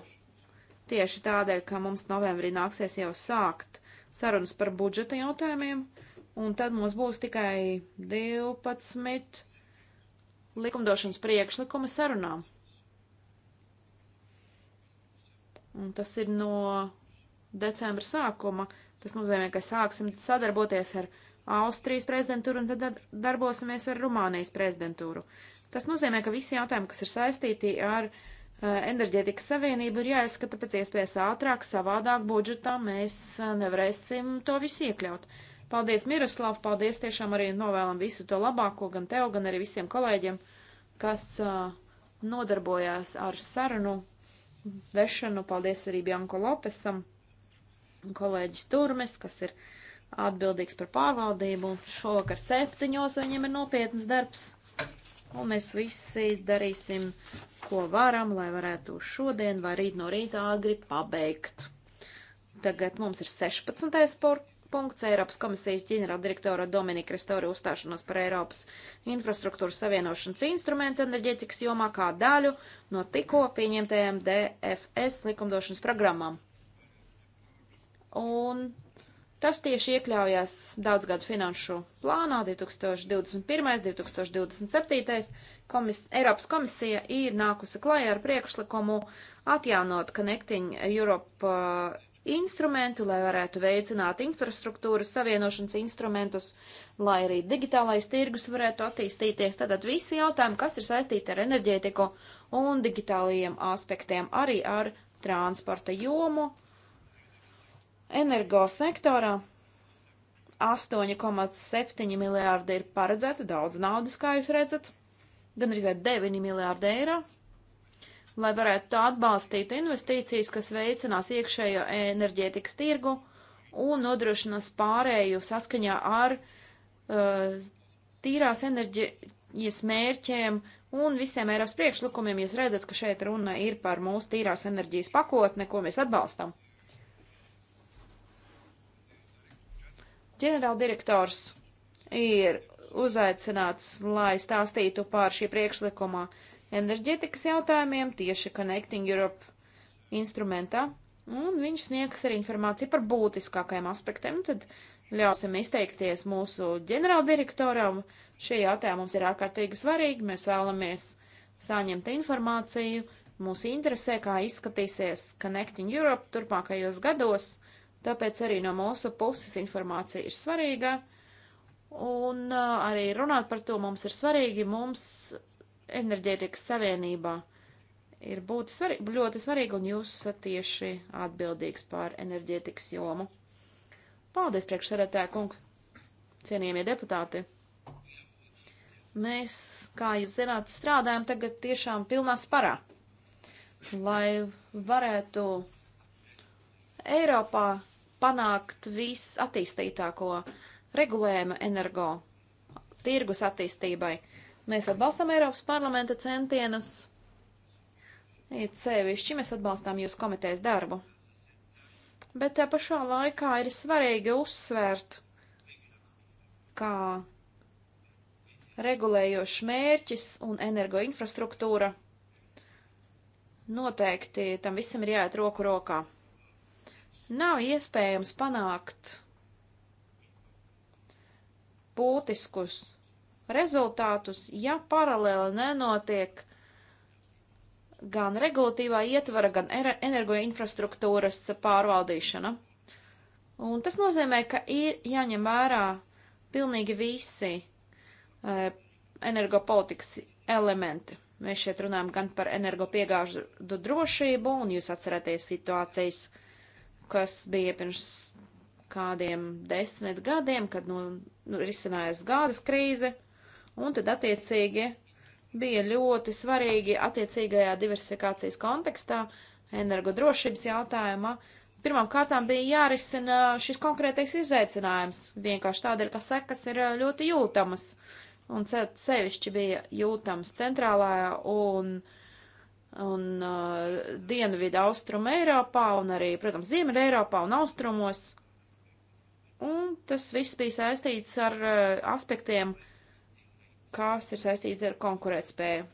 Tieši tādēļ, ka mums novembrī nāksies jau sākt sarunas par budžeta jautājumiem, un tad mums būs tikai 12 likumdošanas priekšlikumi sarunām. Un tas ir no decembra sākuma. Tas nozīmē, ka sāksim sadarboties ar Austrijas prezidentūru un tad darbosimies ar Rumānijas prezidentūru. Tas nozīmē, ka visi jautājumi, kas ir saistīti ar uh, Eh, enerģētikas savienība ir jāizskata pēc iespējas ātrāk, savādāk budžetā mēs eh, nevarēsim to visu iekļaut. Paldies, Miroslav, paldies tiešām arī novēlam visu to labāko gan tev, gan arī visiem kolēģiem, kas eh, nodarbojās ar sarunu vešanu. Paldies arī Bianko Lopesam, kolēģis Turmes, kas ir atbildīgs par pārvaldību. Šovakar septiņos viņiem ir nopietnas darbs. Un mēs visi darīsim ko varam, lai varētu šodien vai rīt no rīta agri pabeigt. Tagad mums ir 16. Por punkts Eiropas komisijas ģenerāldirektora Dominika Kristori uzstāšanos par Eiropas infrastruktūras savienošanas instrumentu enerģētikas jomā kā daļu no tikko pieņemtajām DFS likumdošanas programmām. Un Tas tieši iekļaujās daudzgadu finanšu plānā 2021-2027. Komis Eiropas komisija ir nākusi klajā ar priekšlikumu atjaunot Connecting Europe uh, instrumentu, lai varētu veicināt infrastruktūras savienošanas instrumentus, lai arī digitālais tirgus varētu attīstīties. Tātad visi jautājumi, kas ir saistīti ar enerģētiku un digitālajiem aspektiem, arī ar transporta jomu Energosektorā 8,7 miljārdi ir paredzēta, daudz naudas, kā jūs redzat, gan arī 9 miljārdi eiro, lai varētu atbalstīt investīcijas, kas veicinās iekšējo enerģētikas tirgu un nodrošinās pārēju saskaņā ar uh, tīrās enerģijas mērķiem un visiem Eiropas priekšlikumiem. Jūs redzat, ka šeit runa ir par mūsu tīrās enerģijas pakotne, ko mēs atbalstam. ģenerāldirektors ir uzaicināts, lai stāstītu par šī priekšlikumā enerģetikas jautājumiem tieši Connecting Europe instrumentā, un viņš sniegs arī informāciju par būtiskākajiem aspektiem, tad ļausim izteikties mūsu ģenerāldirektoram. Šie jautājumi mums ir ārkārtīgi svarīgi, mēs vēlamies saņemt informāciju, mūs interesē, kā izskatīsies Connecting Europe turpmākajos gados Tāpēc arī no mūsu puses informācija ir svarīga. Un arī runāt par to mums ir svarīgi. Mums enerģētikas savienībā ir būti svarīgi, ļoti svarīgi, un jūs esat tieši atbildīgs par enerģētikas jomu. Paldies, priekšsēdētāja kungs, cienījamie deputāti! Mēs, kā jūs zināt, strādājam tagad tiešām pilnā sparā, lai varētu Eiropā panākt visattīstītāko regulējumu energo tirgus attīstībai. Mēs atbalstam Eiropas parlamenta centienus. It sevišķi mēs atbalstām jūsu komitejas darbu. Bet te pašā laikā ir svarīgi uzsvērt, kā regulējošs mērķis un energoinfrastruktūra noteikti tam visam ir jāiet roku rokā nav iespējams panākt būtiskus rezultātus, ja paralēli nenotiek gan regulatīvā ietvara, gan er-, energoinfrastruktūras pārvaldīšana. Un tas nozīmē, ka ir jāņem vērā pilnīgi visi e, energopolitikas elementi. Mēs šeit runājam gan par energopiegāžu drošību, un jūs atceraties situācijas, uh, kas bija pirms kādiem desmit gadiem, kad nu, nu, risinājās gāzes krīze, un tad attiecīgi bija ļoti svarīgi attiecīgajā diversifikācijas kontekstā, energodrošības jautājumā. Pirmām kārtām bija jārisina šis konkrētais izaicinājums, vienkārši tādēļ, ka sekas ir ļoti jūtamas, un sevišķi bija jūtamas centrālajā un uh, un uh, dienvidu austrumu Eiropā un arī, protams, ziemeļu Eiropā un austrumos. Un tas viss bija saistīts ar uh, aspektiem, kas ir saistīti ar konkurētspēju.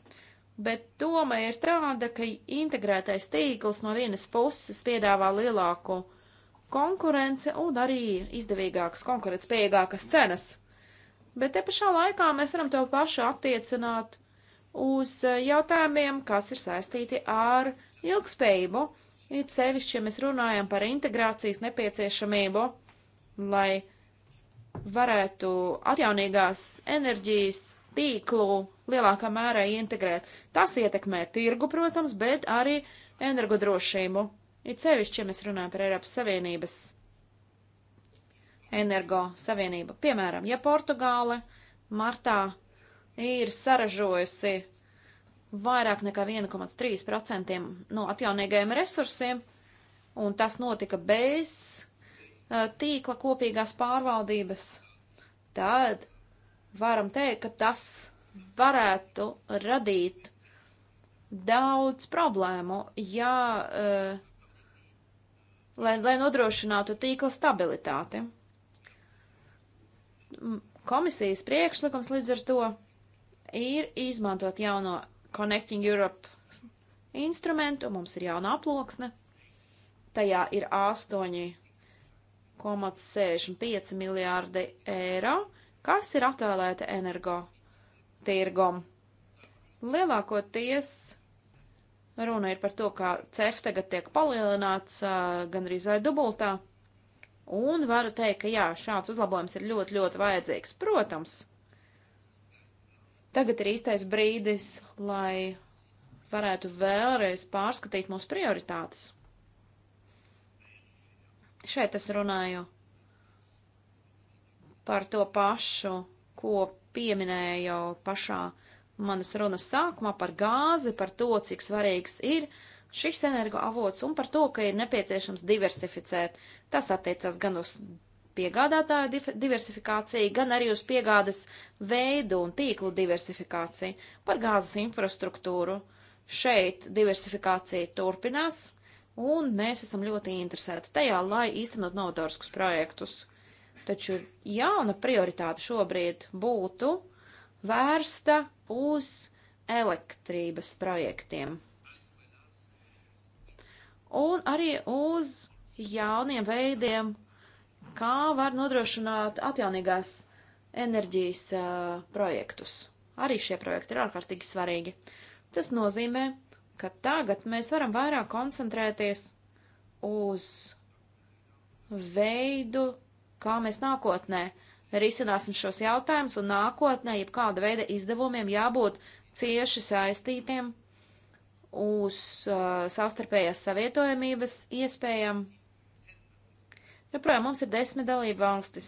Bet doma ir tāda, ka integrētais tīkls no vienas puses piedāvā lielāku konkurence un arī izdevīgākas, konkurētspējīgākas cenas. Bet te pašā laikā mēs varam to pašu attiecināt uz eh, jautājumiem, kas ir saistīti ar ilgspējību. It sevišķi, ja mēs runājam par integrācijas nepieciešamību, lai varētu atjaunīgās enerģijas tīklu lielākā mērā integrēt. Tas ietekmē tirgu, protams, bet arī energodrošību. It sevišķi, ja mēs runājam par Eiropas Savienības energo savienību. Piemēram, ja Portugāle martā ir saražojusi vairāk nekā 1,3% no atjaunīgajiem resursiem, un tas notika bez tīkla kopīgās pārvaldības, tad varam teikt, ka tas varētu radīt daudz problēmu, ja, lai, lai nodrošinātu tīkla stabilitāti. Komisijas priekšlikums līdz ar to ir izmantot jauno Connecting Europe instrumentu, mums ir jauna aploksne, tajā ir 8,65 miljārdi eiro, kas ir atvēlēta energo tirgom. Lielākoties runa ir par to, ka cef tagad tiek palielināts gandrīz vai dubultā, un varu teikt, ka jā, šāds uzlabojums ir ļoti, ļoti vajadzīgs. Protams, Tagad ir īstais brīdis, lai varētu vēlreiz pārskatīt mūsu prioritātes. Šeit es runāju par to pašu, ko pieminēju jau pašā manas runas sākumā par gāzi, par to, cik svarīgs ir šis energoavots un par to, ka ir nepieciešams diversificēt. Tas attiecas gan uz piegādātāju diversifikāciju, gan arī uz piegādes veidu un tīklu diversifikāciju, par gāzes infrastruktūru. Šeit diversifikācija turpinās, un mēs esam ļoti interesēti tajā, lai īstenot novatoriskus projektus. Taču jauna prioritāte šobrīd būtu vērsta uz elektrības projektiem un arī uz jauniem veidiem kā var nodrošināt atjaunīgās enerģijas uh, projektus. Arī šie projekti ir ārkārtīgi svarīgi. Tas nozīmē, ka tagad mēs varam vairāk koncentrēties uz veidu, kā mēs nākotnē risināsim šos jautājumus, un nākotnē jebkāda veida izdevumiem jābūt cieši saistītiem uz uh, savstarpējās savietojamības iespējām, Joprojām mums ir desmit dalība valstis,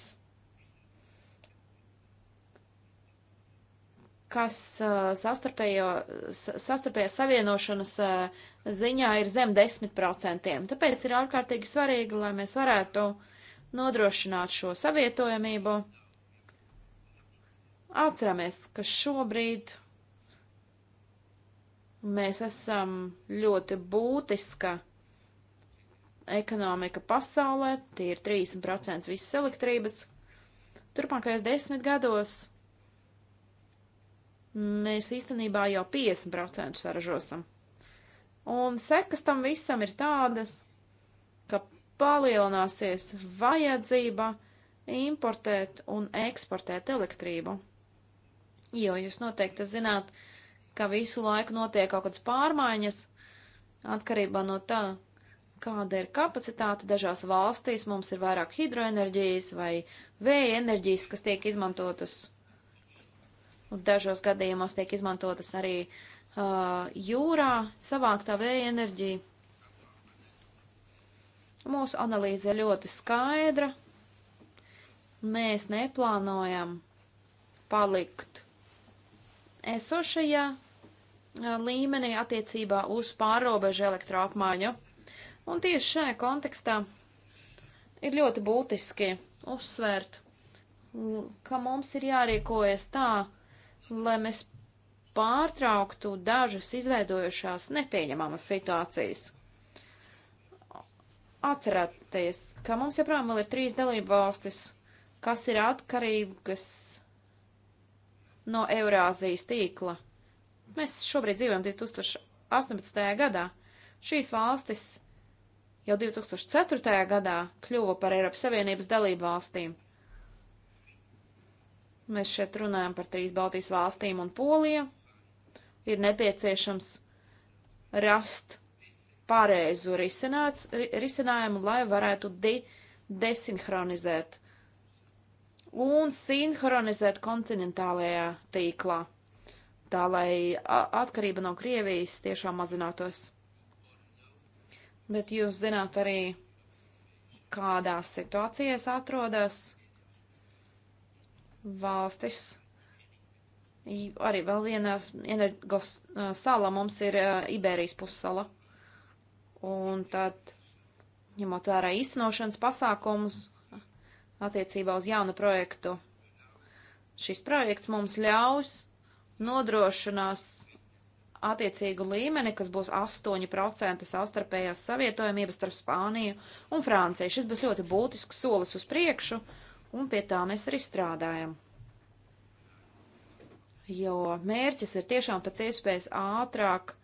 kas uh, savstarpējā savienošanas uh, ziņā ir zem 10%. Tāpēc ir ārkārtīgi svarīgi, lai mēs varētu nodrošināt šo savietojamību. Atceramies, ka šobrīd mēs esam ļoti būtiska ekonomika pasaulē, tie ir 30% visas elektrības. Turpmākajos desmit gados mēs īstenībā jau 50% saražosim. Un sekas tam visam ir tādas, ka palielināsies vajadzība importēt un eksportēt elektrību. Jo jūs noteikti zināt, ka visu laiku notiek kaut kādas pārmaiņas, atkarībā no tā, kāda ir kapacitāte. Dažās valstīs mums ir vairāk hidroenerģijas vai vēja enerģijas, kas tiek izmantotas. Un dažos gadījumos tiek izmantotas arī uh, jūrā savāktā vēja enerģija. Mūsu analīze ir ļoti skaidra. Mēs neplānojam palikt esošajā līmenī attiecībā uz pārobežu elektroapmaiņu. Un tieši šajā kontekstā ir ļoti būtiski uzsvērt, ka mums ir jārīkojas tā, lai mēs pārtrauktu dažas izveidojušās nepieņemamas situācijas. Atcerieties, ka mums joprojām vēl ir trīs dalību valstis, kas ir atkarīgas no Eurāzijas tīkla. Mēs šobrīd dzīvojam 2018. gadā. Šīs valstis jau 2004. gadā kļuva par Eiropas Savienības dalību valstīm. Mēs šeit runājam par trīs Baltijas valstīm un Poliju. Ir nepieciešams rast pareizu risinājumu, lai varētu di desinhronizēt un sinhronizēt kontinentālajā tīklā, tā lai atkarība no Krievijas tiešām mazinātos bet jūs zināt arī, kādā situācijā atrodas valstis. Arī vēl viena energos sala mums ir Iberijas pussala. Un tad, ņemot vērā īstenošanas pasākumus attiecībā uz jaunu projektu, šis projekts mums ļaus nodrošinās attiecīgu līmeni, kas būs 8% savstarpējās savietojamības starp Spāniju un Franciju. Šis būs ļoti būtisks solis uz priekšu, un pie tā mēs arī strādājam. Jo mērķis ir tiešām pēc iespējas ātrāk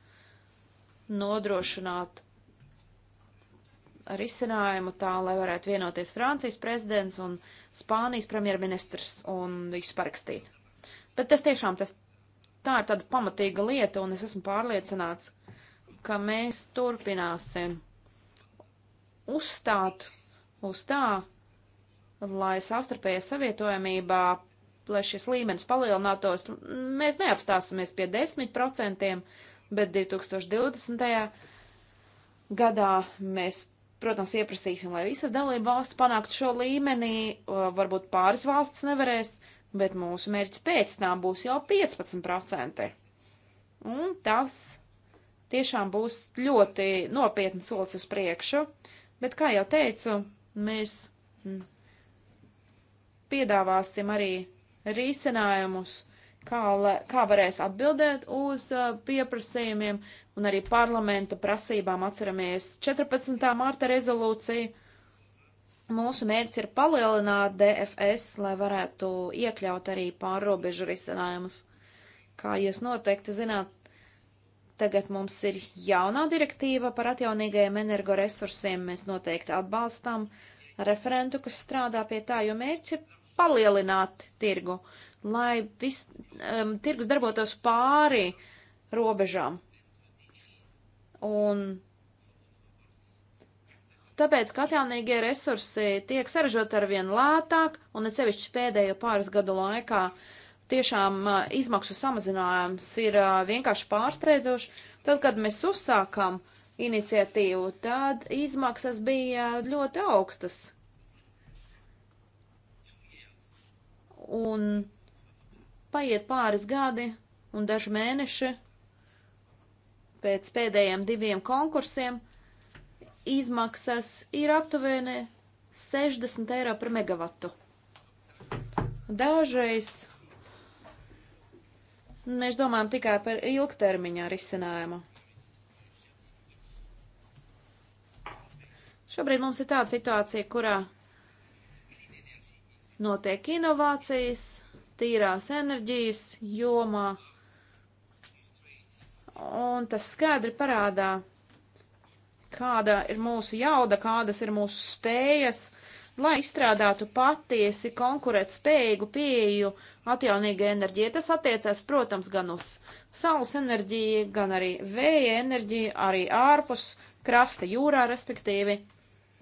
nodrošināt risinājumu tā, lai varētu vienoties Francijas prezidents un Spānijas premjerministrs un visu parakstīt. Bet tas tiešām tas tā ir tāda pamatīga lieta, un es esmu pārliecināts, ka mēs turpināsim uzstāt uz tā, lai savstarpējā savietojamībā, lai šis līmenis palielinātos, mēs neapstāsimies pie 10%, bet 2020. gadā mēs, protams, pieprasīsim, lai visas dalība valsts panāktu šo līmenī, varbūt pāris valsts nevarēs, uh, bet mūsu mērķis pēc tam būs jau 15%. Un tas tiešām būs ļoti nopietns solis uz priekšu, bet, kā jau teicu, mēs piedāvāsim arī risinājumus, kā, kā varēs atbildēt uz pieprasījumiem un arī parlamenta prasībām. Atceramies 14. mārta rezolūciju Mūsu mērķis ir palielināt DFS, lai varētu iekļaut arī pārrobežu risinājumus. Kā jūs noteikti zināt, tagad mums ir jaunā direktīva par atjaunīgajiem energoresursiem. Mēs noteikti atbalstām referentu, kas strādā pie tā, jo mērķis ir palielināt tirgu, lai vis, um, tirgus darbotos pāri robežām. Un Tāpēc, ka atjaunīgie resursi tiek saražot ar vien lētāk, un necevišķi pēdējo pāris gadu laikā tiešām uh, izmaksu samazinājums ir uh, vienkārši pārsteidzoši. Tad, kad mēs uzsākām iniciatīvu, tad izmaksas bija ļoti augstas. Un paiet pāris gadi un daži mēneši pēc pēdējiem diviem konkursiem – izmaksas ir aptuveni 60 eiro par megavatu. Dažreiz mēs domājam tikai par ilgtermiņā risinājumu. Šobrīd mums ir tāda situācija, kurā notiek inovācijas, tīrās enerģijas jomā, un tas skaidri parādā, kāda ir mūsu jauda, kādas ir mūsu spējas, lai izstrādātu patiesi konkurētspējīgu pieeju atjaunīgai enerģijai. Tas attiecās, protams, gan uz saules enerģiju, gan arī vēja enerģiju, arī ārpus krasta jūrā, respektīvi.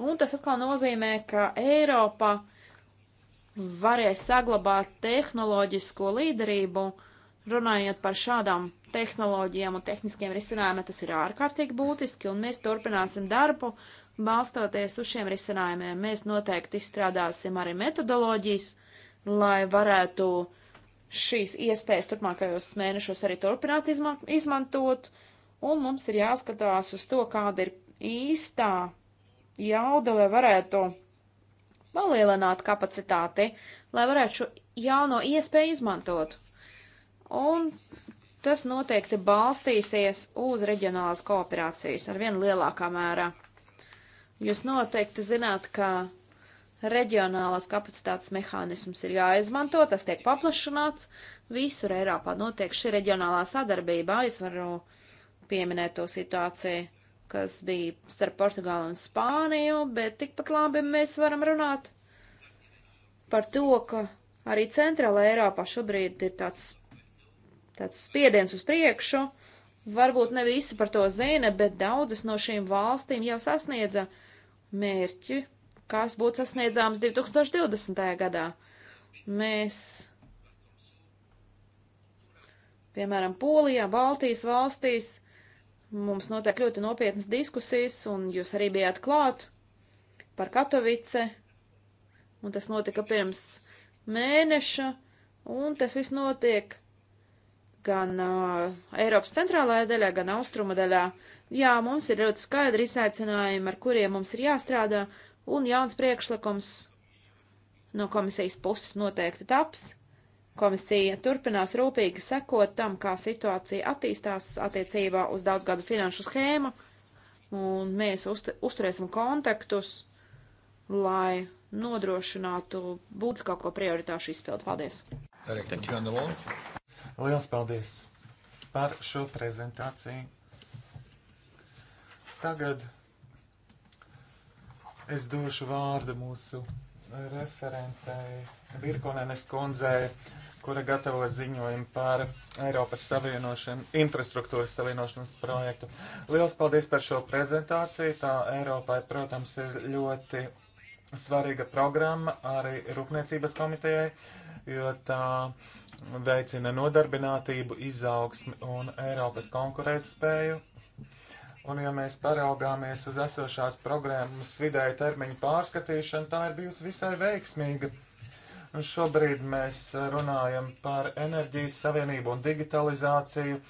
Un tas atkal nozīmē, ka Eiropa varēs saglabāt tehnoloģisko līderību Runājot par šādām tehnoloģijām un tehniskiem risinājumiem, tas ir ārkārtīgi būtiski, un mēs turpināsim darbu, balstoties uz šiem risinājumiem. Mēs noteikti izstrādāsim arī metodoloģijas, lai varētu šīs iespējas turpmākajos mēnešos arī turpināt izma izmantot, un mums ir jāskatās uz to, kāda ir īstā jauda, lai varētu palielināt kapacitāti, lai varētu šo jauno iespēju izmantot un tas noteikti balstīsies uz reģionālas kooperācijas ar vien lielākā mērā. Jūs noteikti zināt, ka reģionālās kapacitātes mehānisms ir jāizmanto, tas tiek paplašināts. Visur Eiropā notiek šī reģionālā sadarbība. Es varu pieminēt to situāciju, kas bija starp Portugālu un Spāniju, bet tikpat labi mēs varam runāt par to, ka arī Centrāla Eiropā šobrīd ir tāds tāds spiediens uz priekšu. Varbūt ne visi par to zina, bet daudzas no šīm valstīm jau sasniedza mērķi, kas būtu sasniedzāms 2020. gadā. Mēs, piemēram, Polijā, Baltijas valstīs, mums notiek ļoti nopietnas diskusijas, un jūs arī bijāt klāt par Katovice, un tas notika pirms mēneša, un tas viss notiek gan uh, Eiropas centrālajā daļā, gan austruma daļā. Jā, mums ir ļoti skaidri izaicinājumi, ar kuriem mums ir jāstrādā, un jauns priekšlikums no komisijas puses noteikti taps. Komisija turpinās rūpīgi sekot tam, kā situācija attīstās attiecībā uz daudzgadu finanšu schēmu, un mēs uzt uzturēsim kontaktus, lai nodrošinātu būtisku kaut ko prioritāšu izpildu. Paldies! Thank you. Liels paldies par šo prezentāciju. Tagad es došu vārdu mūsu referentei Virkonenes kundzei, kura gatavo ziņojumu par Eiropas savienošanu, infrastruktūras savienošanas projektu. Liels paldies par šo prezentāciju. Tā Eiropai, protams, ir ļoti svarīga programma arī Rūpniecības komitejai, jo tā uh, veicina nodarbinātību, izaugsmi un Eiropas konkurētspēju. Un, ja mēs paraugāmies uz esošās programmas vidēja termiņa pārskatīšanu, tā ir bijusi visai veiksmīga. Un šobrīd mēs runājam par enerģijas savienību un digitalizāciju,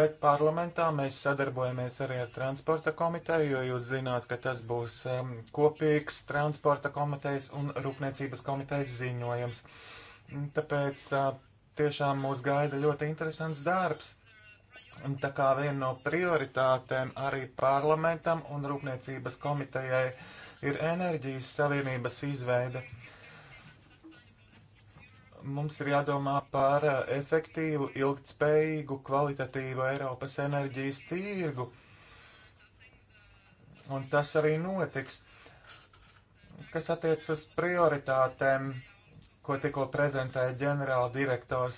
bet parlamentā mēs sadarbojamies arī ar transporta komiteju, jo jūs zināt, ka tas būs um, kopīgs transporta komitejas un rūpniecības komitejas ziņojums. Tāpēc uh, tiešām mūs gaida ļoti interesants darbs. Un tā kā viena no prioritātēm arī parlamentam un rūpniecības komitejai ir enerģijas savienības izveide. Mums ir jādomā par efektīvu, ilgtspējīgu, kvalitatīvu Eiropas enerģijas tirgu. Un tas arī notiks. Kas attiec uz prioritātēm, ko tikko prezentēja ģenerāla direktors.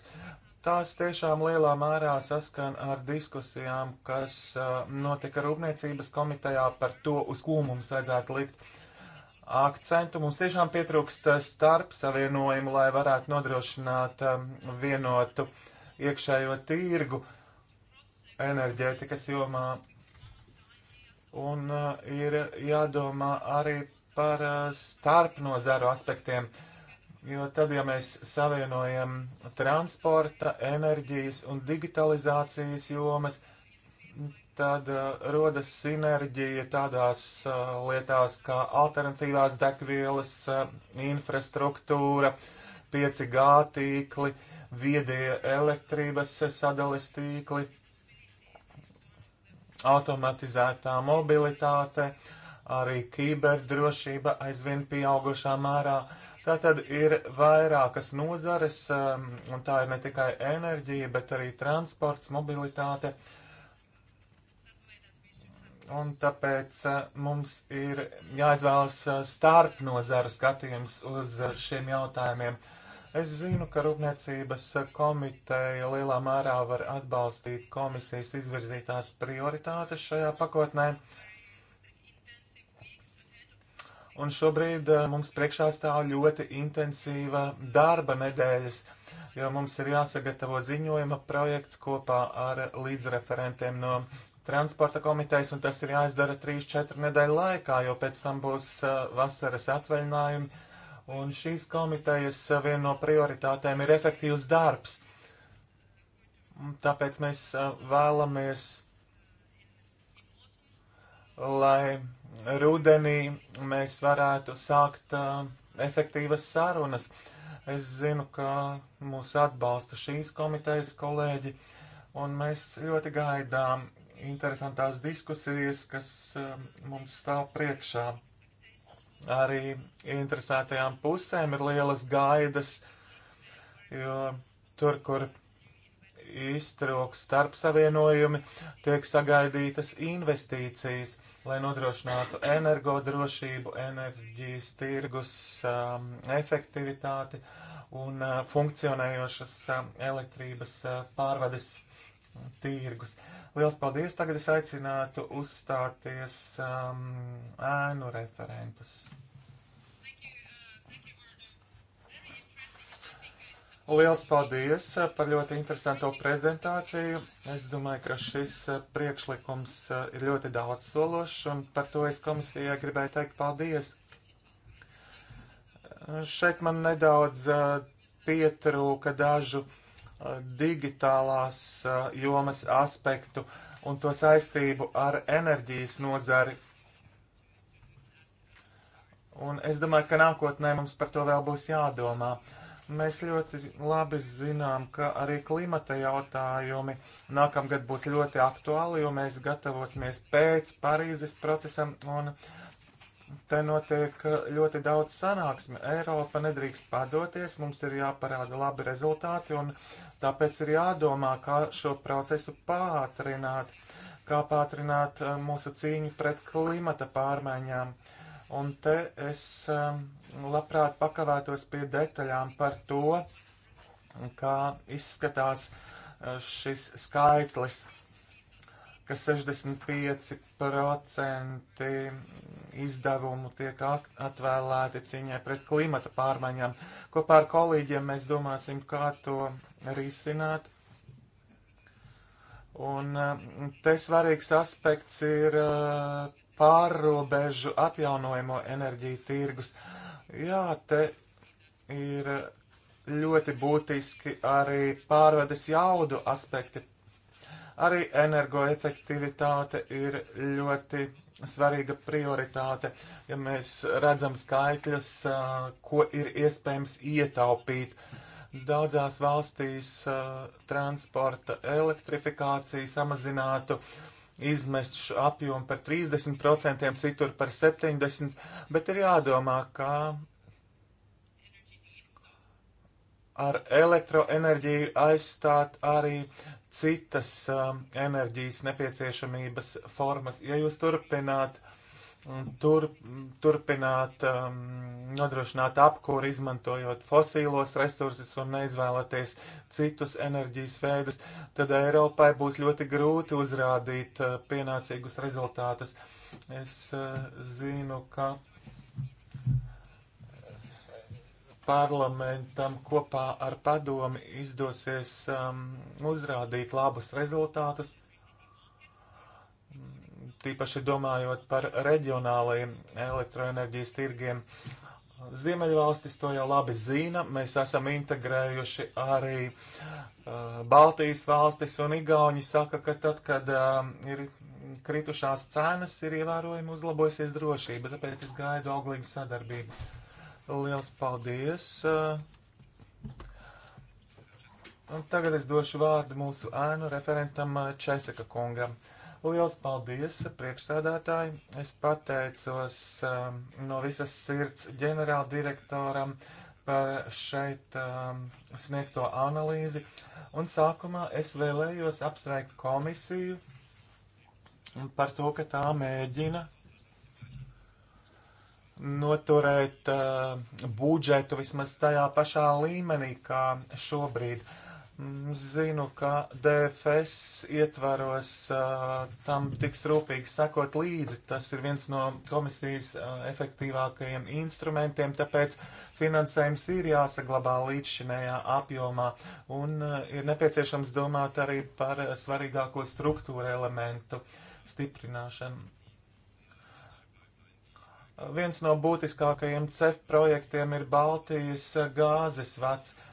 Tās tiešām lielā mērā saskan ar diskusijām, kas uh, notika Rūpniecības komitejā par to, uz ko mums vajadzētu likt akcentu. Mums tiešām pietrūkst starp savienojumu, lai varētu nodrošināt um, vienotu iekšējo tirgu enerģētikas jomā. Un uh, ir jādomā arī par uh, starpnozaru aspektiem. Uh, Jo tad, ja mēs savienojam transporta, enerģijas un digitalizācijas jomas, tad uh, rodas sinerģija tādās uh, lietās kā alternatīvās degvielas, uh, infrastruktūra, 5G tīkli, viedie elektrības sadales tīkli, automatizētā mobilitāte, arī kiberdrošība aizvien pieaugušā mērā. Uh, Tā tad ir vairākas nozares, um, un tā ir ne tikai enerģija, bet arī transports, mobilitāte. Un tāpēc uh, mums ir jāizvēlas uh, starp nozaru skatījums uz uh, šiem jautājumiem. Es zinu, ka Rūpniecības komiteja lielā mērā var atbalstīt komisijas izvirzītās prioritātes šajā pakotnē. Uh, un šobrīd eh, mums priekšā stāv ļoti intensīva darba nedēļas, jo mums ir jāsagatavo ziņojuma projekts kopā ar līdzreferentiem no transporta komitejas, un tas ir jāizdara 3-4 nedēļu laikā, jo pēc tam būs uh, vasaras atvaļinājumi. Un šīs komitejas uh, viena no prioritātēm ir efektīvs darbs. Tāpēc mēs uh, vēlamies, lai rudenī mēs varētu sākt uh, efektīvas sarunas. Es zinu, ka mūs atbalsta šīs komitejas kolēģi, un mēs ļoti gaidām interesantās diskusijas, kas uh, mums stāv priekšā. Arī interesētajām pusēm ir lielas gaidas, jo tur, kur iztrūks starpsavienojumi, tiek sagaidītas investīcijas – lai nodrošinātu energodrošību, enerģijas tirgus um, efektivitāti un uh, funkcionējošas uh, elektrības uh, pārvades tirgus. Liels paldies! Tagad es aicinātu uzstāties um, ēnu referentus. Liels paldies eh, par ļoti interesanto prezentāciju. Es domāju, ka šis eh, priekšlikums eh, ir ļoti daudz sološs, un par to es komisijai gribēju teikt paldies. Šeit man nedaudz pietrūka dažu digitālās jomas aspektu un to saistību ar enerģijas nozari. Un es domāju, ka nākotnē mums par to vēl būs jādomā. Uh, Mēs ļoti labi zinām, ka arī klimata jautājumi nākamgad būs ļoti aktuāli, jo mēs gatavosimies pēc Parīzes procesam un te notiek ļoti daudz sanāksmi. Eiropa nedrīkst padoties, mums ir jāparāda labi rezultāti un tāpēc ir jādomā, kā šo procesu pātrināt, kā pātrināt eh, mūsu cīņu pret klimata pārmaiņām. Uh, Un te es um, labprāt pakavētos pie detaļām par to, kā izskatās uh, šis skaitlis, ka 65% izdevumu tiek atvēlēti ciņai pret klimata pārmaiņām. Kopā ar kolīģiem mēs domāsim, kā to risināt. Un um, te svarīgs aspekts ir uh, pārrobežu atjaunojamo enerģiju tirgus. Jā, te ir ļoti būtiski arī pārvades jaudu aspekti. Arī energoefektivitāte ir ļoti svarīga prioritāte, ja mēs redzam skaitļus, ko ir iespējams ietaupīt. Daudzās valstīs transporta elektrifikācija samazinātu uh, izmešu apjomu par 30%, citur par 70%, bet ir jādomā, kā ar elektroenerģiju aizstāt arī citas um, enerģijas nepieciešamības formas. Ja jūs turpināt tur, turpināt um, nodrošināt apkūri, izmantojot fosīlos resursus un neizvēloties citus enerģijas veidus, tad Eiropai būs ļoti grūti uzrādīt uh, pienācīgus rezultātus. Es uh, zinu, ka parlamentam kopā ar padomi izdosies um, uzrādīt labus rezultātus tīpaši domājot par reģionālajiem elektroenerģijas tirgiem. Ziemeļvalstis to jau labi zina. Mēs esam integrējuši arī uh, Baltijas valstis, un Igauni saka, ka tad, kad uh, ir kritušās cenas, ir ievērojami uzlabojusies drošība. Tāpēc es gaidu auglīgu sadarbību. Lielas paldies! Uh, tagad es došu vārdu mūsu ēnu referentam uh, Česeka kungam. Uh, Liels paldies, priekšsēdētāji! Es pateicos um, no visas sirds ģenerāldirektoram par šeit um, sniegto analīzi. Un sākumā es vēlējos apsveikt komisiju par to, ka tā mēģina noturēt uh, budžetu vismaz tajā pašā līmenī, kā šobrīd. Uh, Zinu, ka DFS ietvaros uh, tam tiks rūpīgi sakot līdzi. Tas ir viens no komisijas uh, efektīvākajiem instrumentiem, tāpēc finansējums ir jāsaglabā līdzšinējā apjomā un uh, ir nepieciešams domāt arī par svarīgāko struktūra elementu stiprināšanu. Viens no būtiskākajiem CEF projektiem ir Baltijas gāzes vats. Uh,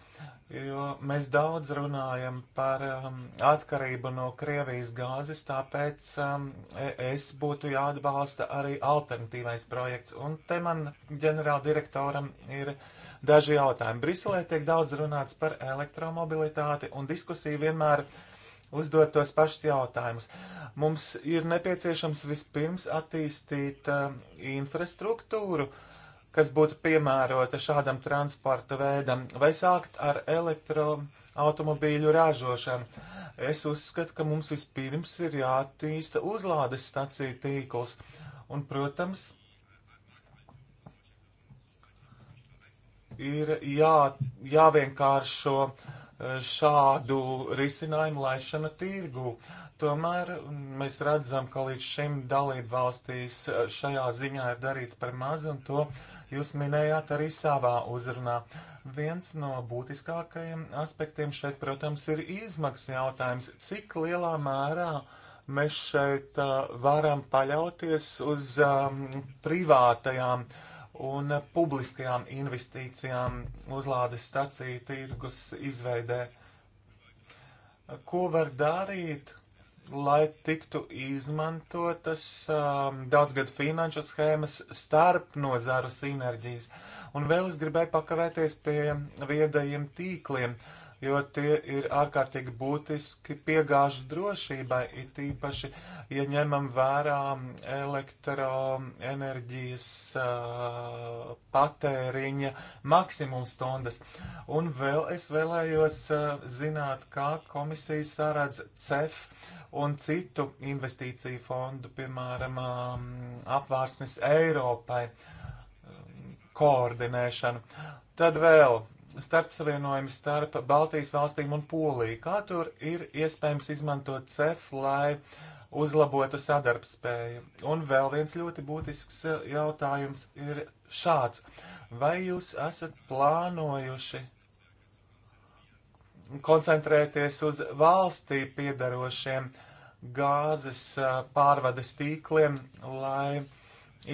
jo mēs daudz runājam par um, atkarību no Krievijas gāzes, tāpēc um, es būtu jāatbalsta arī alternatīvais projekts. Un te man ģenerāldirektoram ir daži jautājumi. Briselē tiek daudz runāts par elektromobilitāti un diskusija vienmēr uzdot tos pašus jautājumus. Mums ir nepieciešams vispirms attīstīt um, infrastruktūru. Uh, kas būtu piemērota šādam transporta veidam, vai sākt ar elektroautomobīļu ražošanu. Es uzskatu, ka mums vispirms ir jātīsta uzlādes stacija tīkls. Un, protams, ir jā, jāvienkāršo šādu risinājumu laišana tirgu. Tomēr mēs redzam, ka līdz šim dalību valstīs eh, šajā ziņā ir darīts par maz, un to jūs minējāt arī savā uzrunā. Viens no būtiskākajiem aspektiem šeit, protams, ir izmaksu jautājums. Cik lielā mērā mēs šeit uh, varam paļauties uz um, privātajām uh, un publiskajām investīcijām uzlādes staciju tirgus izveidē. Ko var darīt, lai tiktu izmantotas um, daudzgad finanšu schēmas starp nozaru sinerģijas? Un vēl es gribēju pakavēties pie viedajiem tīkliem. Uh, jo tie ir ārkārtīgi būtiski piegāžu drošībai, it īpaši, ja ņemam vērā elektroenerģijas uh, patēriņa maksimums stundas. Un vēl es vēlējos uh, zināt, kā komisija sāradz CEF un citu investīciju fondu, piemēram, um, apvārsnes Eiropai um, koordinēšanu. Tad vēl starpsavienojumi starp Baltijas valstīm un Poliju. Kā tur ir iespējams izmantot CEF, lai uzlabotu sadarbspēju? Un vēl viens ļoti būtisks eh, jautājums ir šāds. Vai jūs esat plānojuši koncentrēties uz valstī piedarošiem gāzes eh, pārvades tīkliem, lai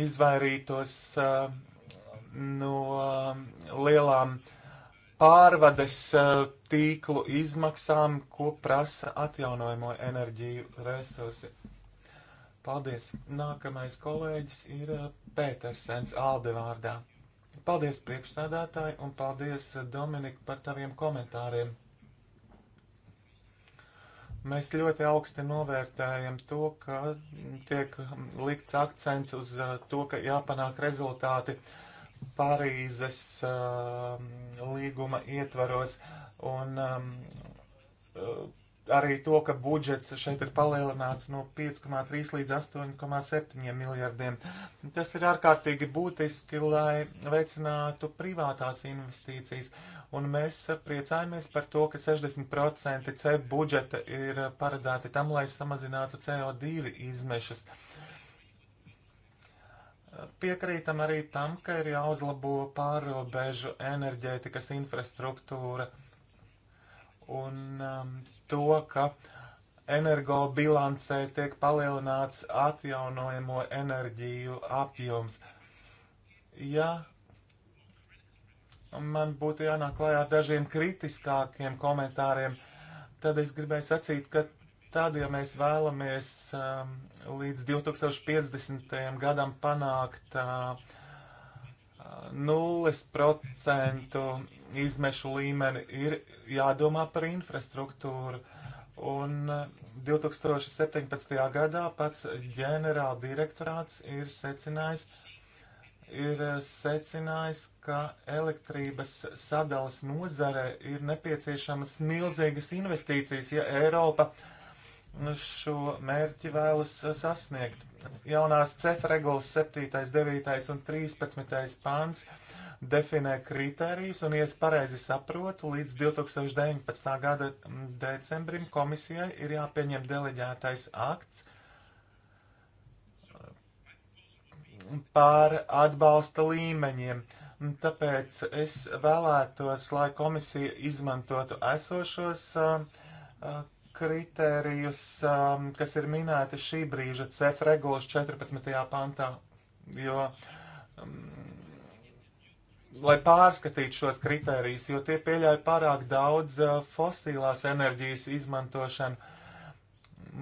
izvairītos eh, no lielām uh, pārvades eh, tīklu izmaksām, ko prasa atjaunojamo enerģiju resursi. Paldies! Nākamais kolēģis ir eh, Pētersens Aldevārdā. Paldies priekšsādātāji un paldies eh, Dominika par taviem komentāriem. Mēs ļoti augsti novērtējam to, ka tiek likts akcents uz to, ka jāpanāk rezultāti. Uh, Pārīzes uh, um, līguma ietvaros un um, uh, arī to, ka budžets šeit ir palielināts no 5,3 līdz 8,7 miljardiem. Tas ir ārkārtīgi būtiski, lai veicinātu privātās investīcijas, un mēs priecājamies par to, ka 60% C budžeta ir paredzēti tam, lai samazinātu CO2 izmešus. Uh, Piekrītam arī tam, ka ir jāuzlabo pārobežu enerģētikas infrastruktūra un um, to, ka energobilancē tiek palielināts atjaunojamo enerģiju apjoms. Ja man būtu jānāk klajā ar dažiem kritiskākiem komentāriem, tad es gribēju sacīt, ka tad, ja mēs vēlamies um, līdz 2050. gadam panākt uh, nulles procentu izmešu līmeni, ir jādomā par infrastruktūru. Un 2017. gadā pats ģenerāla direktorāts ir secinājis, ir secinājis, ka elektrības sadales nozare ir nepieciešamas milzīgas investīcijas, ja Eiropa uh, Nu, šo mērķi vēlas eh, sasniegt. Jaunās cefa regulas 7, 9 un 13 pāns definē kritērijus un, ja es pareizi saprotu, līdz 2019. gada decembrim komisijai ir jāpieņem deleģētais akts pār atbalsta līmeņiem. Tāpēc es vēlētos, lai komisija izmantotu esošos uh, kritērijus, um, kas ir minēti šī brīža CEF regulas 14. pantā, jo, um, lai pārskatītu šos kritērijus, jo tie pieļauj pārāk daudz uh, fosīlās enerģijas izmantošanu.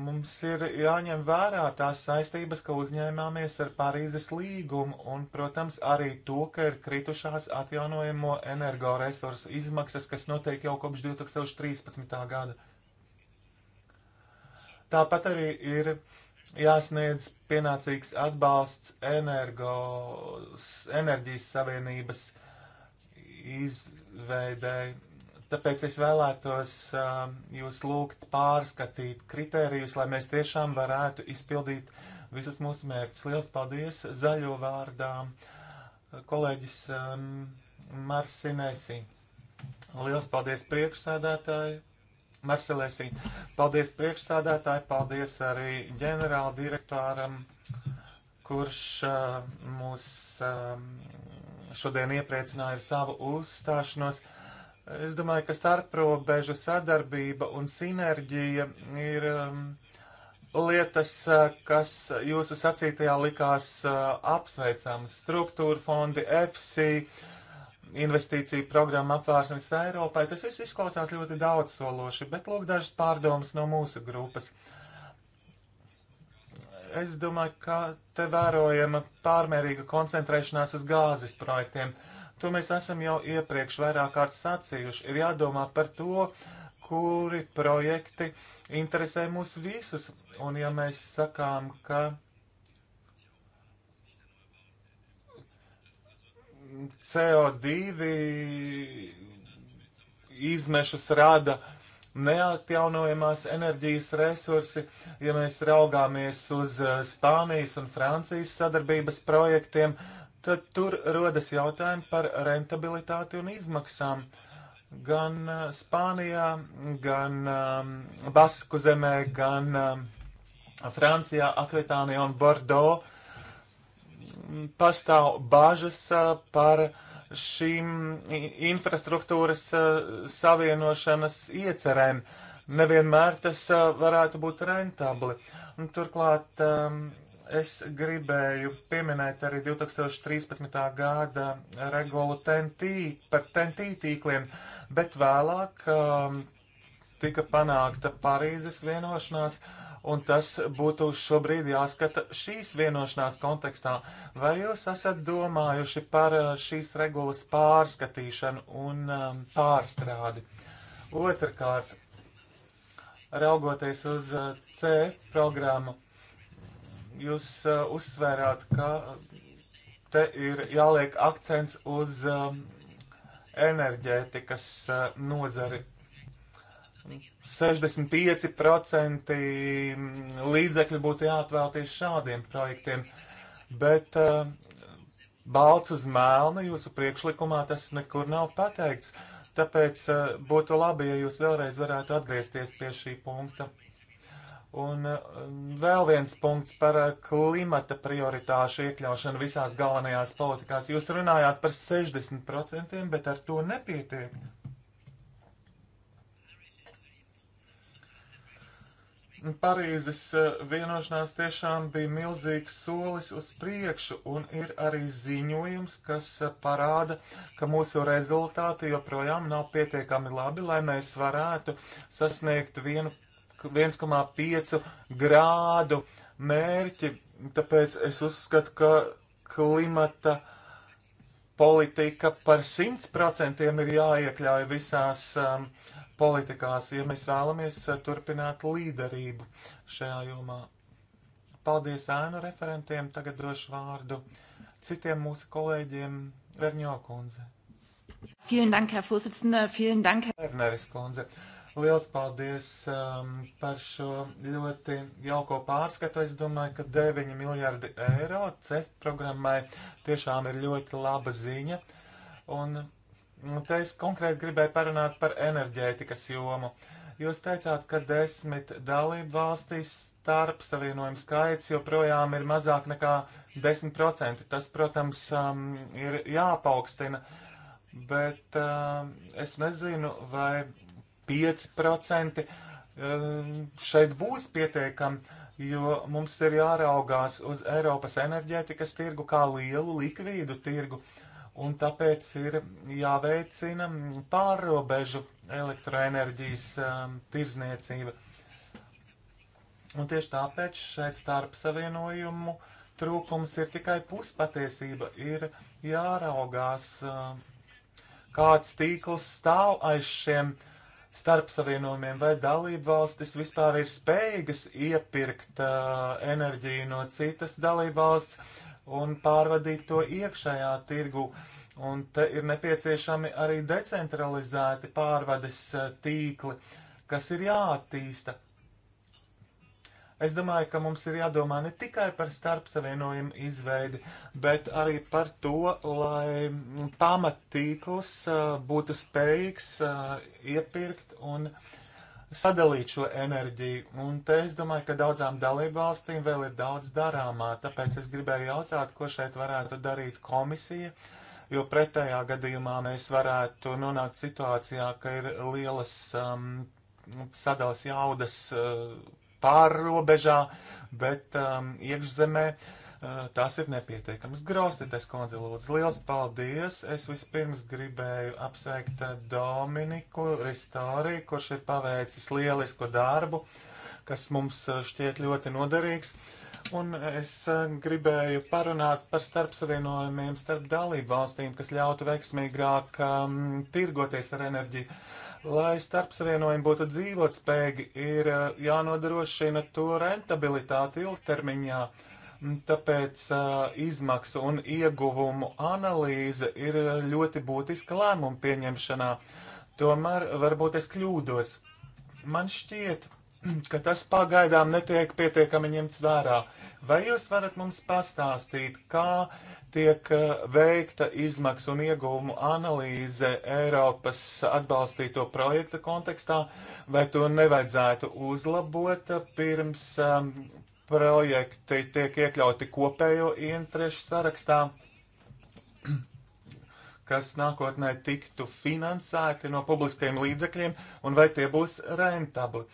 Mums ir jāņem vērā tās saistības, ka uzņēmāmies ar Parīzes līgumu un, protams, arī to, ka ir kritušās atjaunojamo energoresursu izmaksas, kas notiek jau kopš 2013. gada. Tāpat arī ir jāsniedz pienācīgs atbalsts energos, enerģijas savienības izveidēji. Tāpēc es vēlētos um, jūs lūgt pārskatīt kritērijus, lai mēs tiešām varētu izpildīt visus mūsu mērķus. Lielas paldies zaļo vārdām kolēģis um, Marsinēsī. Lielas paldies priekšstādātāji! Marselēsī. Paldies priekšsādātāji, paldies arī ģenerāla direktoram, kurš uh, mūs um, šodien iepriecināja ar savu uzstāšanos. Es domāju, ka starprobežu sadarbība un sinerģija ir um, lietas, kas jūsu sacītajā likās uh, apsveicams. Struktūra fondi, EFSI, uh, investīciju programma apvārsnes Eiropai. Tas viss izklausās ļoti daudz sološi, bet lūk dažas pārdomas no mūsu grupas. Es domāju, ka te vērojama pārmērīga koncentrēšanās uz gāzes projektiem. To mēs esam jau iepriekš vairāk kārt sacījuši. Ir jādomā par to, kuri projekti interesē mūs visus. Un ja mēs sakām, ka CO2 izmešus rada neatjaunojamās enerģijas resursi. Ja mēs raugāmies uz uh, Spānijas un Francijas sadarbības projektiem, tad tur rodas jautājumi par rentabilitāti un izmaksām. Gan uh, Spānijā, gan um, Basku zemē, gan um, Francijā, Akvitānijā un Bordeaux pastāv bažas par šīm infrastruktūras savienošanas iecerēm. Nevienmēr tas varētu būt rentabli. Un turklāt es gribēju pieminēt arī 2013. gada regulu TNT, par TNT tīkliem, bet vēlāk tika panākta Parīzes vienošanās, uh, un tas būtu šobrīd jāskata šīs vienošanās kontekstā. Vai jūs esat domājuši par eh, šīs regulas pārskatīšanu un um, pārstrādi? Otrakārt, raugoties uz eh, C programmu, jūs uh, uzsvērāt, ka te ir jāliek akcents uz um, enerģētikas uh, nozari 65% līdzekļu būtu jāatvēl tieši šādiem projektiem, bet uh, balts uz melna jūsu priekšlikumā tas nekur nav pateikts. Tāpēc uh, būtu labi, ja jūs vēlreiz varētu atgriezties pie šī punkta. Un uh, vēl viens punkts par uh, klimata prioritāšu iekļaušanu visās galvenajās politikās. Jūs runājāt par 60%, bet ar to nepietiek. Mm. Parīzes eh, vienošanās tiešām bija milzīgs solis uz priekšu, un ir arī ziņojums, kas eh, parāda, ka mūsu rezultāti joprojām nav pietiekami labi, lai mēs varētu sasniegt 1,5 grādu mērķi. Tāpēc es uzskatu, ka klimata politika par 100% ir jāiekļauj visās um, uh, politikās, ja mēs vēlamies eh, turpināt līderību šajā jomā. Paldies ēnu referentiem, tagad došu vārdu citiem mūsu kolēģiem Verņo kundze. Vielen Dank, Herr Vorsitzender, vielen Dank, Herr Werneris kundze. Liels paldies um, par šo ļoti jauko pārskatu. Es domāju, ka 9 miljardi eiro CEF programmai tiešām ir ļoti laba ziņa. Un Nu, te es konkrēti gribēju parunāt par enerģētikas jomu. Jūs teicāt, ka desmit dalību valstīs starp savienojumu skaits joprojām ir mazāk nekā 10%. Tas, protams, um, ir jāpaukstina, bet um, es nezinu, vai 5% um, šeit būs pietiekami, jo mums ir jāraugās uz Eiropas enerģētikas tirgu kā lielu likvīdu tirgu. Uh, un tāpēc ir jāveicina pārrobežu elektroenerģijas um, tirzniecība. Un tieši tāpēc šeit starp savienojumu trūkums ir tikai puspatiesība. Ir jāraugās, um, kāds tīkls stāv aiz šiem starpsavienojumiem, vai dalību valstis vispār ir spējīgas iepirkt uh, enerģiju no citas dalību valsts un pārvadīt to iekšējā tirgu. Un te ir nepieciešami arī decentralizēti pārvades eh, tīkli, kas ir jāattīsta. Es domāju, ka mums ir jādomā ne tikai par starpsavienojumu izveidi, bet arī par to, lai pamattīkls eh, būtu spējīgs eh, iepirkt un uh, sadalīt šo enerģiju. Un te es domāju, ka daudzām dalībvalstīm vēl ir daudz darāmā, tāpēc es gribēju jautāt, ko šeit varētu darīt komisija, jo pretējā gadījumā mēs varētu nonākt situācijā, ka ir lielas um, sadalas jaudas uh, pārrobežā, bet um, iekšzemē. Uh, Eh, tās ir nepietiekamas. Grostetes kundze, lūdzu, liels paldies! Es vispirms gribēju apsveikt eh, Dominiku Ristori, kurš ir paveicis lielisku darbu, kas mums eh, šķiet ļoti noderīgs. Un es gribēju parunāt par starpsavienojumiem starp dalību valstīm, kas ļautu veiksmīgāk um, tirgoties ar enerģiju. Lai starpsavienojumi būtu dzīvotspējīgi, ir uh, jānodrošina to rentabilitāti ilgtermiņā. Uh, Tāpēc izmaksu un ieguvumu analīze ir ļoti būtiska lēmumu pieņemšanā. Tomēr varbūt es kļūdos. Man šķiet, ka tas pagaidām netiek pietiekami ņemts vērā. Vai jūs varat mums pastāstīt, kā tiek veikta izmaksu un ieguvumu analīze Eiropas atbalstīto projektu kontekstā, vai to nevajadzētu uzlabot pirms um, projekti tiek iekļauti kopējo interešu sarakstā, kas nākotnē tiktu finansēti no publiskajiem līdzekļiem, un vai tie būs rentabli.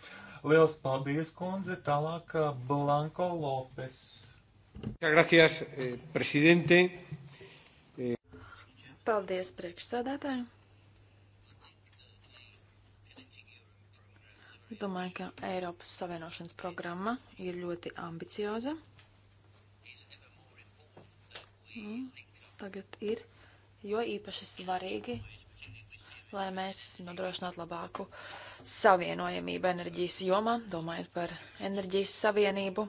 Liels paldies, kundze. Tālāk eh, Blanko Lopes. Gracias, eh, presidente. Eh, paldies, priekšsādātāji. Es domāju, ka Eiropas Savienošanas programma ir ļoti ambicioza. Un tagad ir jo īpaši svarīgi, lai mēs nodrošinātu labāku savienojamību enerģijas jomā, domājot par enerģijas savienību.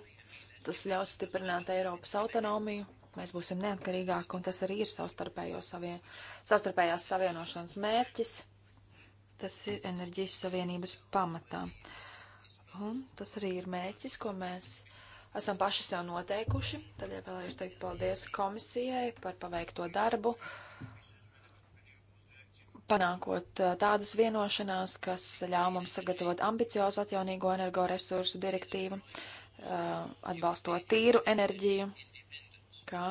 Tas ļaus stiprināt Eiropas autonomiju, mēs būsim neatkarīgāki, un tas arī ir savstarpējās savien, savstarpējās savienošanas mērķis. Tas ir enerģijas savienības pamatā. Un tas arī ir mērķis, ko mēs esam paši sev noteikuši. Tad ja vēlējos teikt paldies komisijai par paveikto darbu, panākot tādas vienošanās, kas ļāva mums sagatavot ambiciozu atjaunīgo energoresursu direktīvu, atbalstot tīru enerģiju, kā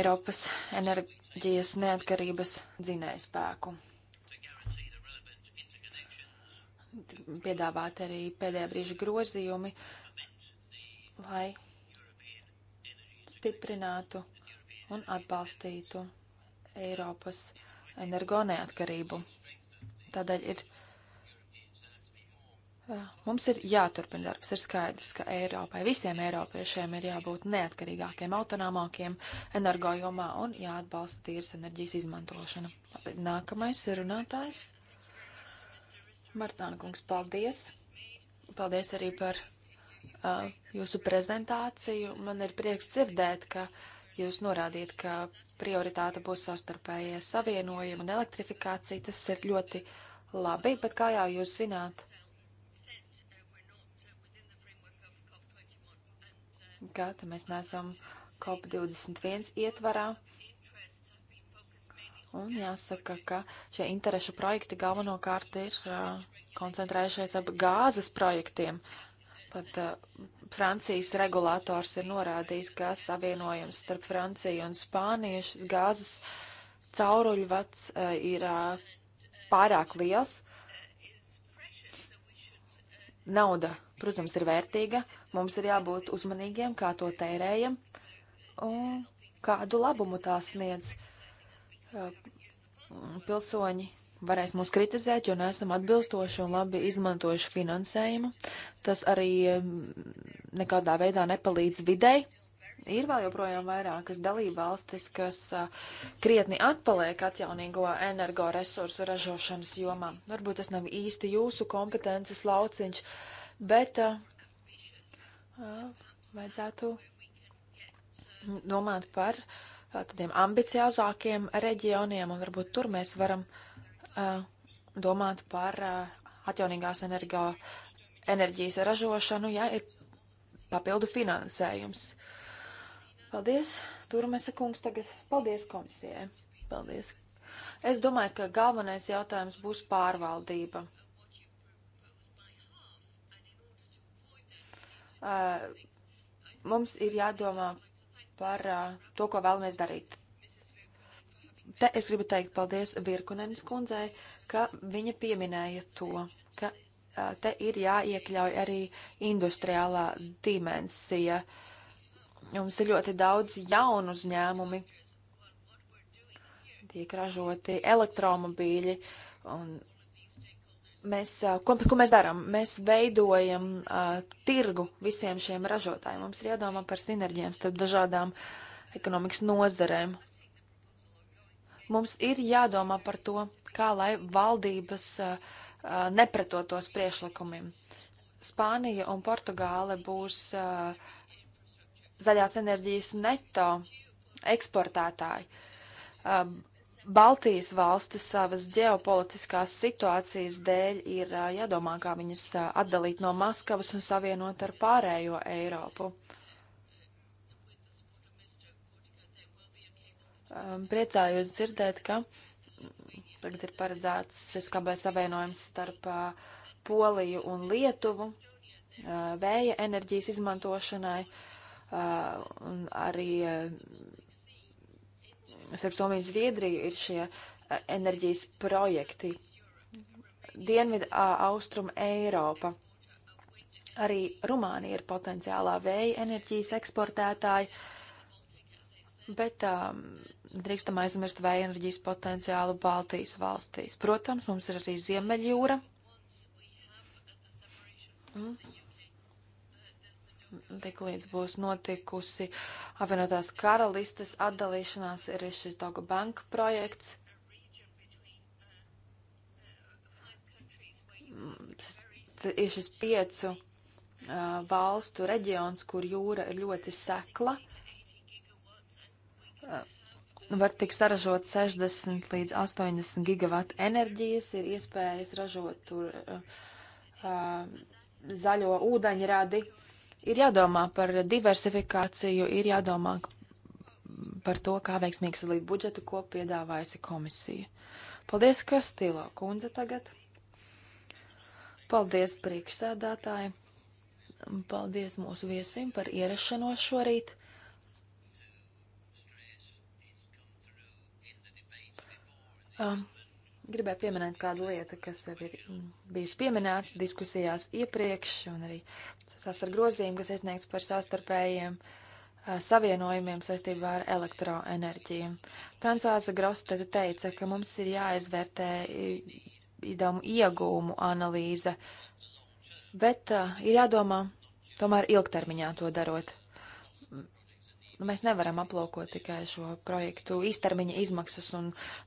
Eiropas enerģijas neatkarības dzinējspēku. spēku. piedāvāti arī pēdējā brīža grozījumi, lai stiprinātu un atbalstītu Eiropas energo neatkarību. Tādēļ ir, mums ir jāturpina darbs. Ir skaidrs, ka Eiropai, visiem eiropiešiem ir jābūt neatkarīgākiem, autonomākiem energojumā un jāatbalsta tīras enerģijas izmantošana. Nākamais runātājs Martāna kungs, paldies! Paldies arī par uh, jūsu prezentāciju. Man ir prieks dzirdēt, ka jūs norādījat, ka prioritāte būs savstarpējie savienojumi un elektrifikācija. Tas ir ļoti labi, bet kā jau jūs zināt, gata mēs neesam COP21 ietvarā. Un jāsaka, ka šie interešu projekti galvenokārt ir uh, koncentrējušies ap gāzes projektiem. Pat uh, Francijas regulators ir norādījis, ka savienojums starp Franciju un Spāniju šis gāzes cauruļvats uh, ir uh, pārāk liels. Nauda, protams, ir vērtīga. Mums ir jābūt uzmanīgiem, kā to tērējam un kādu labumu tā sniedz. Uh, pilsoņi varēs mūs kritizēt, jo neesam atbilstoši un labi izmantojuši finansējumu. Tas arī nekādā veidā nepalīdz videi. Ir vēl joprojām vairākas dalībvalstis, kas krietni atpaliek atjaunīgo energoresursu ražošanas jomā. Varbūt tas nav īsti jūsu kompetences lauciņš, bet vajadzētu domāt par uh, tādiem ambiciozākiem reģioniem, un varbūt tur mēs varam uh, domāt par uh, atjaunīgās energo, enerģijas ražošanu, ja ir papildu finansējums. Paldies, Turmesa kungs, tagad paldies komisijai. Paldies. Es domāju, ka galvenais jautājums būs pārvaldība. Uh, mums ir jādomā par to, ko vēlamies darīt. Te es gribu teikt paldies Virkunenes kundzei, ka viņa pieminēja to, ka te ir jāiekļauj arī industriālā dimensija. Mums ir ļoti daudz jaunu uzņēmumi, tiek ražoti elektromobīļi, un mēs, ko, ko mēs darām? Mēs veidojam uh, tirgu visiem šiem ražotājiem. Mums ir jādomā par sinerģiem starp dažādām ekonomikas nozarēm. Mums ir jādomā par to, kā lai valdības uh, uh, nepretotos priešlikumiem. Spānija un Portugāle būs uh, zaļās enerģijas neto eksportētāji. Um, Baltijas valstis savas ģeopolitiskās situācijas dēļ ir jādomā, kā viņas atdalīt no Maskavas un savienot ar pārējo Eiropu. Priecājos dzirdēt, ka tagad ir paredzēts šis kabai savienojums starp Poliju un Lietuvu vēja enerģijas izmantošanai un arī starp Somiju un Zviedriju ir šie e, enerģijas projekti. Dienvidu austrumu Eiropa. Arī Rumānija ir potenciālā vēja enerģijas eksportētāja, bet um, drīkstam aizmirst vēja enerģijas potenciālu Baltijas valstīs. Protams, mums ir arī Ziemeļjūra. Mm tik līdz būs notikusi apvienotās karalistes atdalīšanās, ir šis Dauga banka projekts. Tas ir šis piecu uh, valstu reģions, kur jūra ir ļoti sekla. Uh, var tik saražot 60 līdz 80 gigavatu enerģijas, ir iespējas ražot tur uh, zaļo ūdeņradi, Ir jādomā par diversifikāciju, ir jādomā par to, kā veiksmīgi salīt budžetu, ko piedāvājusi komisija. Paldies, Kastīlo kundze tagad. Paldies priekšsēdātāji. Paldies mūsu viesim par ierašanos šorīt. Um, Gribēju pieminēt kādu lietu, kas jau ir bijusi pieminēta diskusijās iepriekš, un arī tas ar grozījumu, kas iesniegts par sastarpējiem savienojumiem saistībā ar elektroenerģiju. Francāza Grostete teica, ka mums ir jāizvērtē izdevumu iegūmu analīze, bet uh, ir jādomā tomēr ilgtermiņā to darot. Nu, mēs nevaram aplūkot tikai šo projektu īstermiņa izmaksas un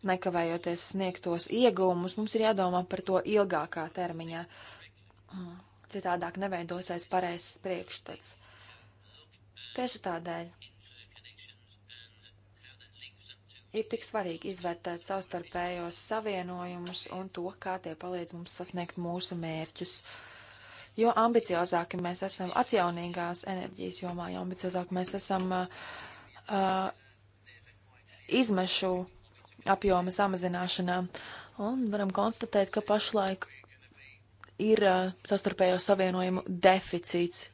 nekavējoties sniegtos iegūmus. Mums ir jādomā par to ilgākā termiņā. Mm, citādāk neveidosies pareizs priekšstats. Tieši tādēļ ir tik svarīgi izvērtēt savstarpējos savienojumus un to, kā tie palīdz mums sasniegt mūsu mērķus. Uh, jo ambiciozāki mēs esam atjaunīgās enerģijas jomā, jo ambiciozāki mēs esam uh, uh, izmešu apjoma samazināšanā. Un varam konstatēt, ka pašlaik ir uh, sastarpējo savienojumu deficīts.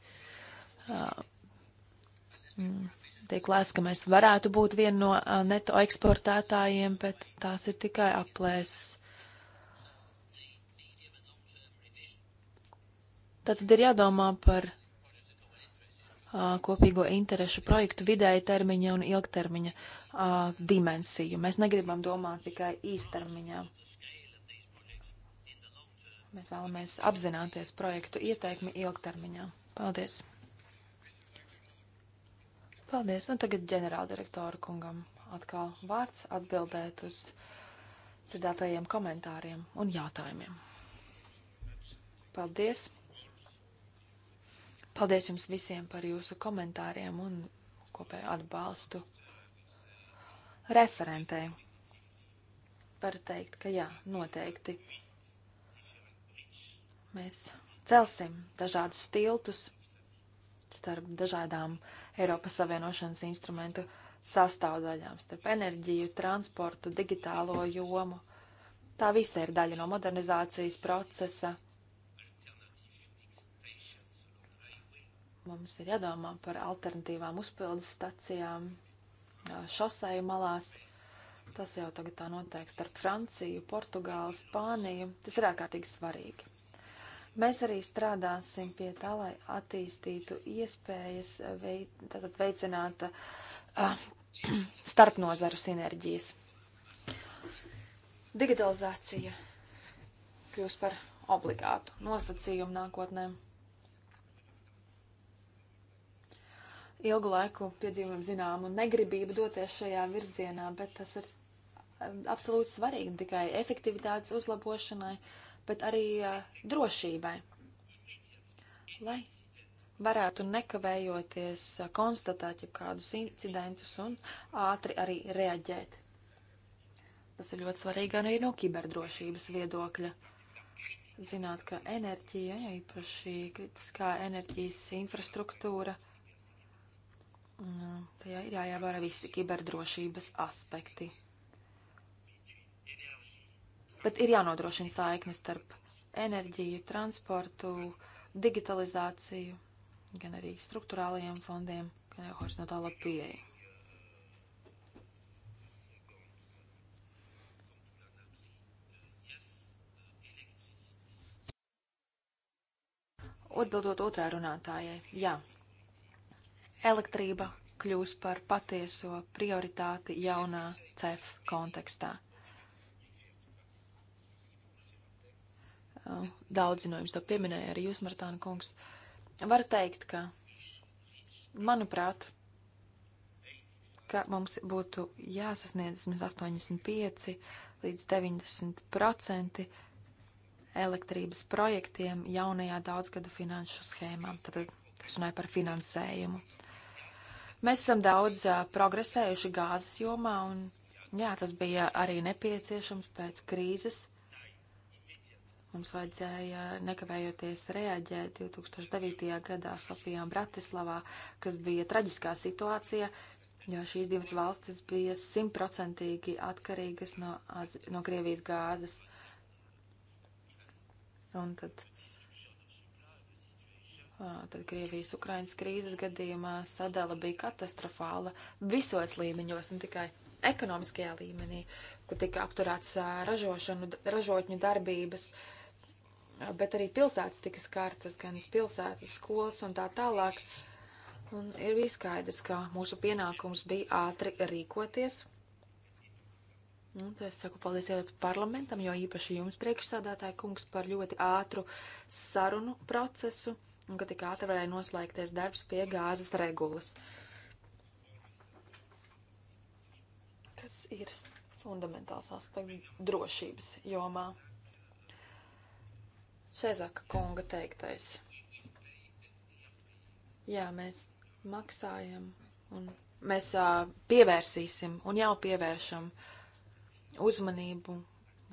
Uh, mm tiek lēts, ka mēs varētu būt viena no uh, neto eksportētājiem, bet tās ir tikai aplēses. Tātad ir jādomā par kopīgo interešu projektu vidēja termiņa un ilgtermiņa a, dimensiju. Mēs negribam domāt tikai īstermiņā. Mēs vēlamies apzināties projektu ieteikmi ilgtermiņā. Paldies! Paldies! Un tagad ģenerāldirektora kungam atkal vārds atbildēt uz dzirdētajiem komentāriem un jautājumiem. Paldies! Paldies jums visiem par jūsu komentāriem un kopēju atbalstu referentei. Var teikt, ka jā, noteikti. Mēs celsim dažādus tiltus starp dažādām Eiropas Savienošanas instrumentu sastāvdaļām, starp enerģiju, transportu, digitālo jomu. Tā visa ir daļa no modernizācijas procesa Mums ir jādomā par alternatīvām uzpildes stacijām, šosēju malās. Tas jau tagad tā noteikti starp Franciju, Portugāli, Spāniju. Tas ir ārkārtīgi svarīgi. Mēs arī strādāsim pie tā, lai attīstītu iespējas veid, veicināt uh, starpnozaru sinerģijas. Digitalizācija kļūs par obligātu nosacījumu nākotnēm. ilgu laiku piedzīvojam zināmu negribību doties šajā virzienā, bet tas ir um, absolūti svarīgi ne tikai efektivitātes uzlabošanai, bet arī uh, drošībai. Lai varētu nekavējoties uh, konstatēt jau kādus incidentus un ātri arī reaģēt. Tas ir ļoti svarīgi arī no kiberdrošības viedokļa. Zināt, ka enerģija, ja īpaši kritiskā enerģijas infrastruktūra, uh, Tajā ir jāievēro visi kiberdrošības aspekti. Bet ir jānodrošina saikni starp enerģiju, transportu, digitalizāciju, gan arī struktūrālajiem fondiem, gan arī horizontālo pieeju. Atbildot otrā runātājai, jā, elektrība kļūs par patieso prioritāti jaunā CEF kontekstā. Daudzi no jums to pieminēja, arī jūs, Martāna kungs. Varu teikt, ka, manuprāt, ka mums būtu jāsasniedz 85 līdz 90 procenti elektrības projektiem jaunajā daudzgadu finanšu schēmā. Tad es runāju par finansējumu. Uh, Mēs esam daudz uh, progresējuši gāzes jomā, un jā, tas bija arī nepieciešams pēc krīzes. Mums vajadzēja nekavējoties reaģēt 2009. gadā Sofijā un Bratislavā, kas bija traģiskā situācija, jo šīs divas valstis bija simtprocentīgi atkarīgas no, no Krievijas gāzes. Un tad tad Krievijas Ukrainas krīzes gadījumā sadala bija katastrofāla visos līmeņos, ne tikai ekonomiskajā līmenī, kur tika apturēts ražošanu, ražotņu darbības, bet arī pilsētas tika skartas, gan pilsētas, skolas un tā tālāk. Un ir bija skaidrs, ka mūsu pienākums bija ātri rīkoties. Un nu, es saku paldies parlamentam, jo īpaši jums priekšsādātāja kungs par ļoti ātru sarunu procesu un ka tik ātri varēja noslēgties darbs pie gāzes regulas, kas ir fundamentāls aspekts drošības jomā. Šezaka kunga teiktais. Jā, mēs maksājam un mēs uh, pievērsīsim un jau pievēršam uzmanību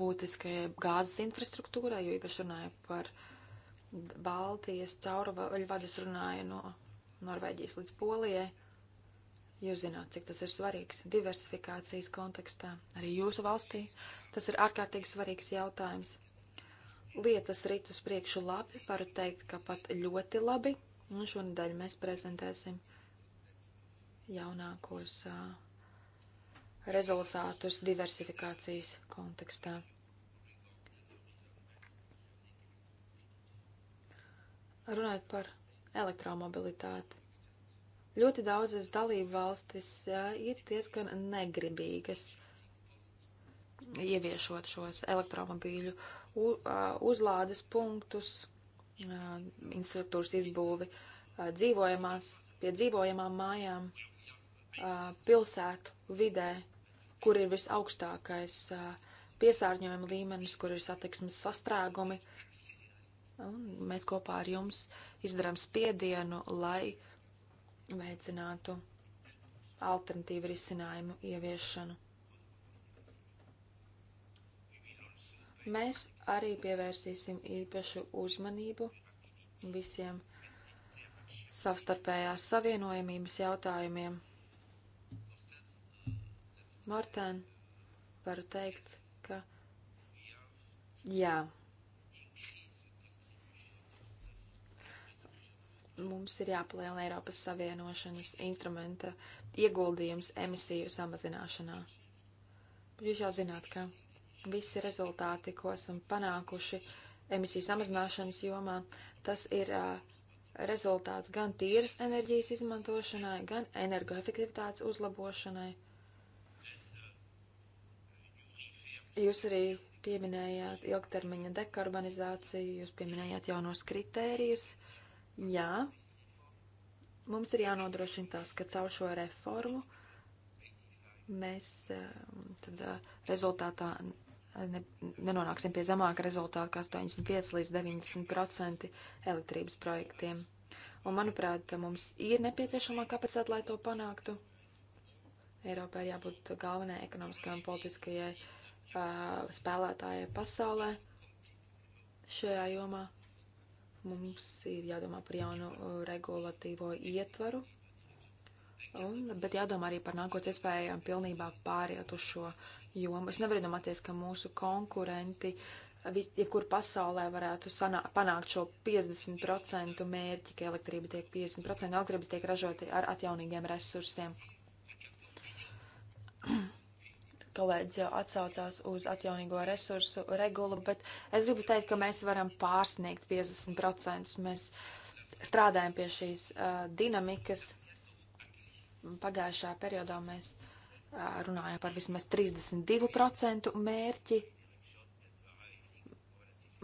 būtiskajai gāzes infrastruktūrai, jo īpaši runāju par uh, Baltijas cauruvaļvadus runāja no Norvēģijas līdz Polijai. Jūs zināt, cik tas ir svarīgs diversifikācijas kontekstā, arī jūsu valstī. Tas ir ārkārtīgi svarīgs jautājums. Lietas rit uz priekšu labi, varu teikt, ka pat ļoti labi. Un šonadēļ mēs prezentēsim jaunākos uh, rezultātus diversifikācijas kontekstā. Runājot par elektromobilitāti. Ļoti daudzas dalību valstis jā, ir diezgan negribīgas ieviešot šos elektromobīļu uzlādes punktus, infrastruktūras izbūvi dzīvojamās, pie dzīvojamām mājām, pilsētu vidē, kur ir visaugstākais piesārņojuma līmenis, kur ir satiksmes sastrēgumi. Uh, Un mēs kopā ar jums izdarām spiedienu, lai veicinātu alternatīvu risinājumu ieviešanu. Mēs arī pievērsīsim īpašu uzmanību visiem savstarpējās savienojamības jautājumiem. Martēn, varu teikt, ka jā, mums ir jāpalielina Eiropas Savienošanas instrumenta ieguldījums emisiju samazināšanā. Jūs jau zināt, ka visi rezultāti, ko esam panākuši emisiju samazināšanas jomā, tas ir uh, rezultāts gan tīras enerģijas izmantošanai, gan energoefektivitātes uzlabošanai. Jūs arī pieminējāt ilgtermiņa dekarbonizāciju, jūs pieminējāt jaunos kritērijus. Uh, Jā, mums ir jānodrošina tās, ka caur šo reformu mēs um, tad uh, rezultātā ne, nenonāksim pie zemāka rezultāta kā 85 līdz 90 procenti elektrības projektiem. Un, manuprāt, mums ir nepieciešamā kapacitāte, lai to panāktu. Eiropai ir jābūt galvenajai ekonomiskajai un politiskajai uh, spēlētājai pasaulē šajā jomā. Mums ir jādomā par jaunu uh, regulatīvo ietvaru, un, bet jādomā arī par nākotnes iespējām pilnībā pāriet uz šo jomu. Es nevaru iedomāties, ka mūsu konkurenti uh, jebkur pasaulē varētu sanā, panākt šo 50% mērķi, ka elektrība tiek 50% elektrības tiek ražota ar atjaunīgiem resursiem. kolēģis jau atsaucās uz atjaunīgo resursu regulu, bet es gribu teikt, ka mēs varam pārsniegt 50%. Mēs strādājam pie šīs uh, dinamikas. Pagājušā periodā mēs uh, runājam par vismaz 32% mērķi.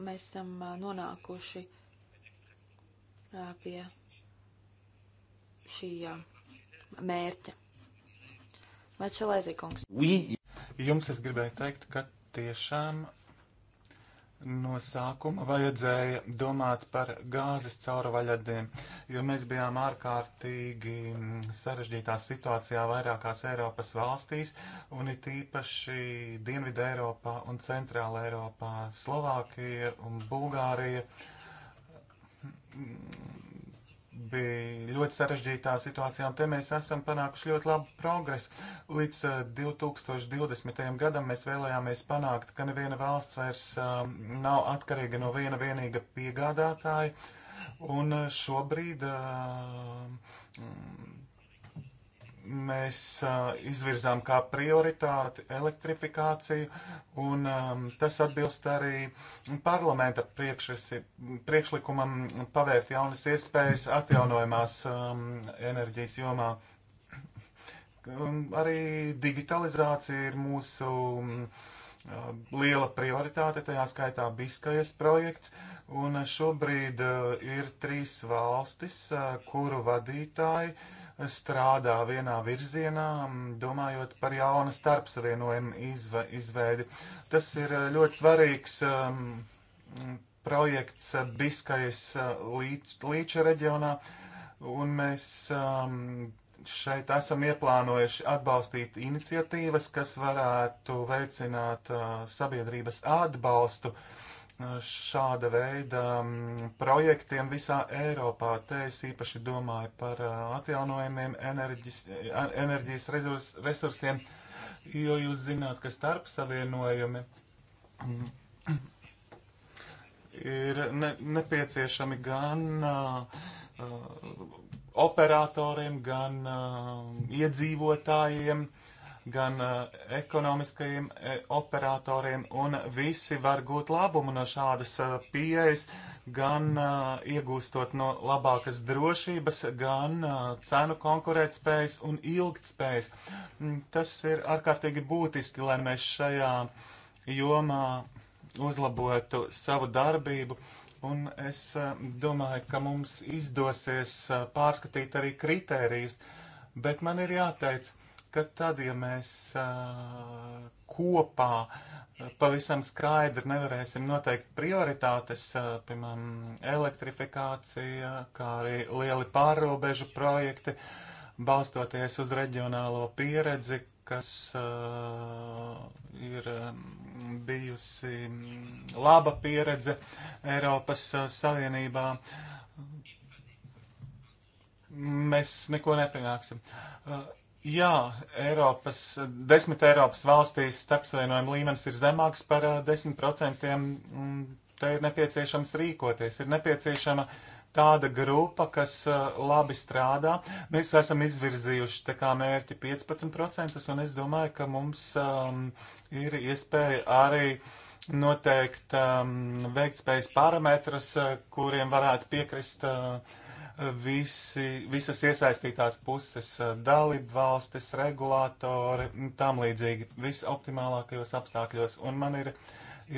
Mēs esam uh, nonākuši uh, pie šī uh, mērķa. Vai Čelēzī kungs? Oui. Jums es gribēju teikt, ka tiešām no sākuma vajadzēja domāt par gāzes cauruvaļadiem, jo mēs bijām ārkārtīgi sarežģītā situācijā vairākās Eiropas valstīs, un it īpaši Dienvidē Eiropā un Centrāla Eiropā - Slovākija un Bulgārija bija ļoti sarežģītā situācijā, un te mēs esam panākuši ļoti labu progresu. Līdz 2020. Eh, gadam mēs vēlējāmies panākt, ka neviena valsts vairs eh, nav atkarīga no viena vienīga piegādātāja, un eh, šobrīd mēs uh, izvirzām kā prioritāti elektrifikāciju, un um, tas atbilst arī parlamenta priekšlikumam pavērt jaunas iespējas atjaunojumās um, enerģijas jomā. Um, arī digitalizācija ir mūsu um, liela prioritāte, tajā skaitā Biskajas projekts, un šobrīd uh, ir trīs valstis, uh, kuru vadītāji uh, strādā vienā virzienā, domājot par jauna starpsavienojuma izve, izveidi. Tas ir eh, ļoti svarīgs um, projekts eh, Biskajas eh, līč, līča reģionā, un mēs um, šeit esam ieplānojuši atbalstīt iniciatīvas, kas varētu veicināt uh, sabiedrības atbalstu. Uh, šāda veida projektiem visā Eiropā. Te es īpaši domāju par atjaunojumiem enerģis, enerģijas resurs, resursiem, jo jūs zināt, ka starp savienojumi ir ne, nepieciešami gan uh, operatoriem, gan uh, iedzīvotājiem. Uh, gan uh, ekonomiskajiem e, operatoriem, un visi var gūt labumu no šādas uh, pieejas, gan uh, iegūstot no labākas drošības, gan cenu konkurētspējas un ilgtspējas. Mm, tas ir ārkārtīgi būtiski, lai mēs šajā jomā uzlabotu savu darbību. Un es domāju, ka mums izdosies pārskatīt arī kritērijus, bet man ir jāteic, ka tad, ja mēs uh, kopā pavisam skaidri nevarēsim noteikt prioritātes, uh, piemēram, elektrifikācija, kā arī lieli pārrobežu projekti, balstoties uz reģionālo pieredzi, kas uh, ir bijusi laba pieredze Eiropas Savienībā mēs neko nepanāksim. Jā, Eiropas, desmit Eiropas valstīs starpsavienojuma līmenis ir zemāks par desmit procentiem. Te ir nepieciešams rīkoties, ir nepieciešama tāda grupa, kas labi strādā. Mēs esam izvirzījuši tā kā mērķi 15%, un es domāju, ka mums um, ir iespēja arī noteikt um, veiktspējas parametrus, kuriem varētu piekrist. Uh, visi, visas iesaistītās puses, eh, dalību valstis, regulātori un tam līdzīgi visoptimālākajos apstākļos. Un man ir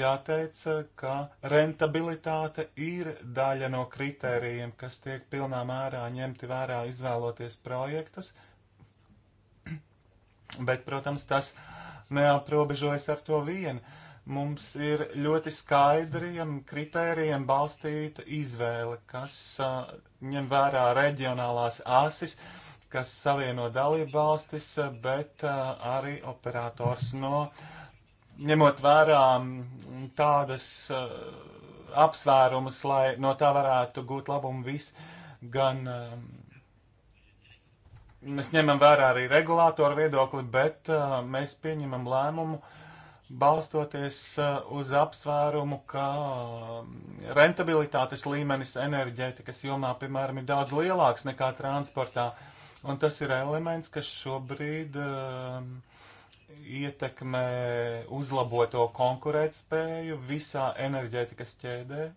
jāteic, eh, ka rentabilitāte ir daļa no kritērijiem, kas tiek pilnā mērā ņemti vērā izvēloties projektus, bet, protams, tas neaprobežojas ar to vienu Mums ir ļoti skaidriem kritērijiem balstīta izvēle, kas uh, ņem vērā reģionālās asis, kas savieno dalību valstis, bet uh, arī operators no ņemot vērā tādas uh, apsvērumus, lai no tā varētu gūt labumu visi, gan uh, mēs ņemam vērā arī regulātoru viedokli, bet uh, mēs pieņemam lēmumu, uh, balstoties uh, uz apsvērumu, ka um, rentabilitātes līmenis enerģētikas jomā, piemēram, ir daudz lielāks nekā transportā. Un tas ir elements, kas šobrīd um, ietekmē uzlaboto konkurētspēju visā enerģētikas ķēdē,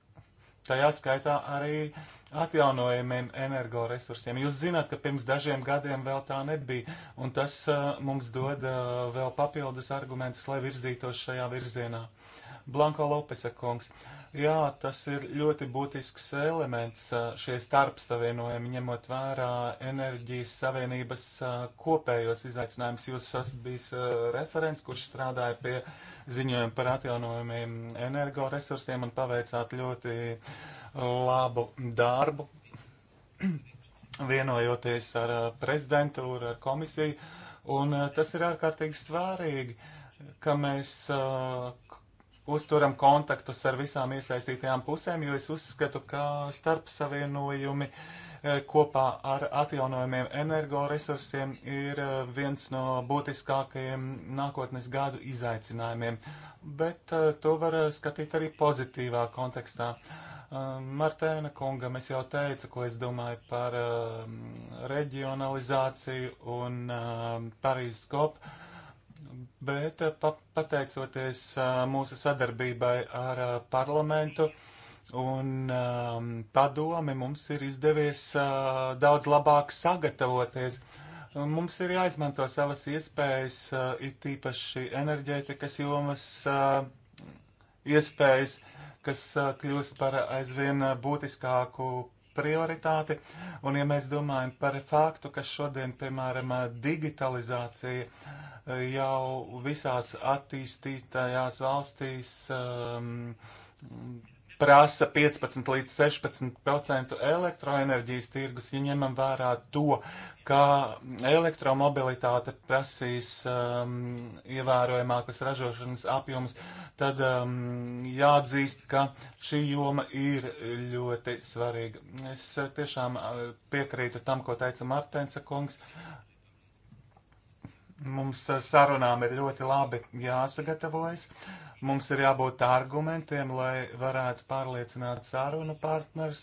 tajā skaitā arī uh, atjaunojumiem energoresursiem. Jūs zināt, ka pirms dažiem gadiem vēl tā nebija, un tas uh, mums dod uh, vēl papildus argumentus, lai virzītos šajā virzienā. Blanko Lopesa kungs, Jā, tas ir ļoti būtisks elements šie starpsavienojumi, ņemot vērā enerģijas savienības kopējos izaicinājumus. Jūs esat bijis referents, kurš strādāja pie ziņojuma par atjaunojumiem energoresursiem un paveicāt ļoti labu darbu, vienojoties ar prezidentūru, ar komisiju. Un tas ir ārkārtīgi svārīgi, ka mēs uzturam kontaktus ar visām iesaistītajām pusēm, jo es uzskatu, ka starpsavienojumi e, kopā ar atjaunojumiem energoresursiem ir e, viens no būtiskākajiem nākotnes gadu izaicinājumiem, bet e, to var skatīt arī pozitīvā kontekstā. Martēna kungam es jau teicu, ko es domāju par reģionalizāciju un Parīzes kopu bet eh, pateicoties eh, mūsu sadarbībai ar eh, parlamentu un ehm, padomi, mums ir izdevies daudz labāk sagatavoties. Mums ir jāizmanto savas iespējas, it īpaši enerģētikas jomas iespējas, kas kļūst par aizvien būtiskāku prioritāti. Un, ja mēs domājam par faktu, ka šodien, piemēram, digitalizācija eh, jau visās attīstītajās valstīs um, prasa 15 līdz 16% elektroenerģijas tirgus, ja ņemam vērā to, ka elektromobilitāte prasīs um, ievērojamākas ražošanas apjomus, tad um, jāatzīst, ka šī joma ir ļoti svarīga. Es uh, tiešām uh, piekrītu tam, ko teica Martensa kungs. Mums uh, sarunām ir ļoti labi jāsagatavojas. Uh, Mums ir jābūt argumentiem, lai varētu pārliecināt sarunu partners,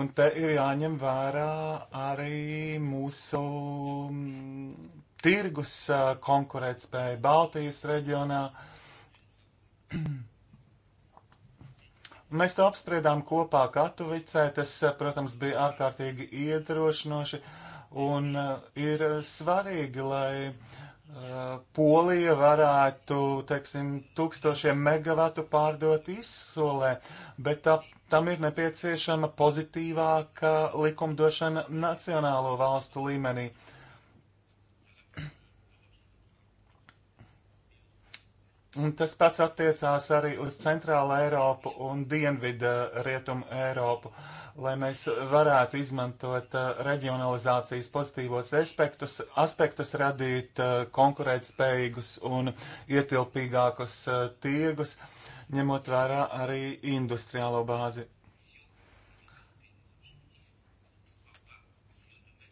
un te ir jāņem vērā arī mūsu mm, tirgus konkurētspēja Baltijas reģionā. Mēs to apspriedām kopā Katovicē. Tas, protams, bija ārkārtīgi iedrošinoši un ir svarīgi, lai Polija varētu, teiksim, tūkstošiem megavatu pārdot izsolē, bet tā, tam ir nepieciešama pozitīvāka likumdošana nacionālo valstu līmenī. Un tas pats attiecās arī uz Centrālu Eiropu un Dienvidu Rietumu Eiropu. Uh, lai mēs varētu izmantot uh, reģionalizācijas pozitīvos aspektus, aspektus radīt uh, konkurētspējīgus un ietilpīgākus uh, tirgus, ņemot vērā arī industriālo bāzi.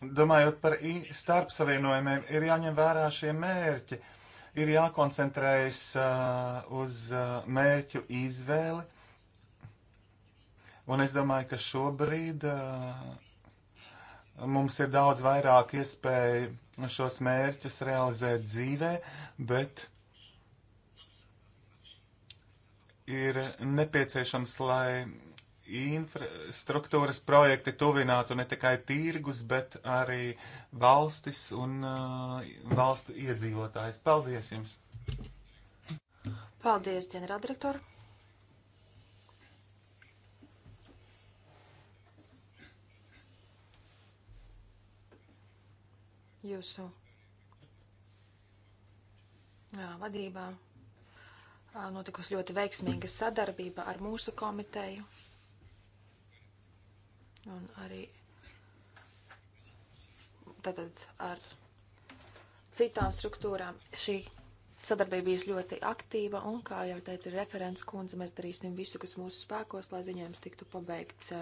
Domājot par starpsavienojumiem, ir jāņem vērā šie mērķi, ir jākoncentrējas uh, uz uh, mērķu izvēli Un es domāju, ka šobrīd eh, mums ir daudz vairāk iespēju šos mērķus realizēt dzīvē, bet ir nepieciešams, lai infrastruktūras projekti tuvinātu ne tikai tirgus, bet arī valstis un uh, valstu iedzīvotājs. Paldies jums! Paldies, ģenerāldirektori! jūsu jā, vadībā notikusi ļoti veiksmīga sadarbība ar mūsu komiteju un arī tātad ar citām struktūrām. Šī sadarbība bijusi ļoti aktīva, un, kā jau teica referents kundze, mēs darīsim visu, kas mūsu spēkos, lai ziņojums tiktu pabeigts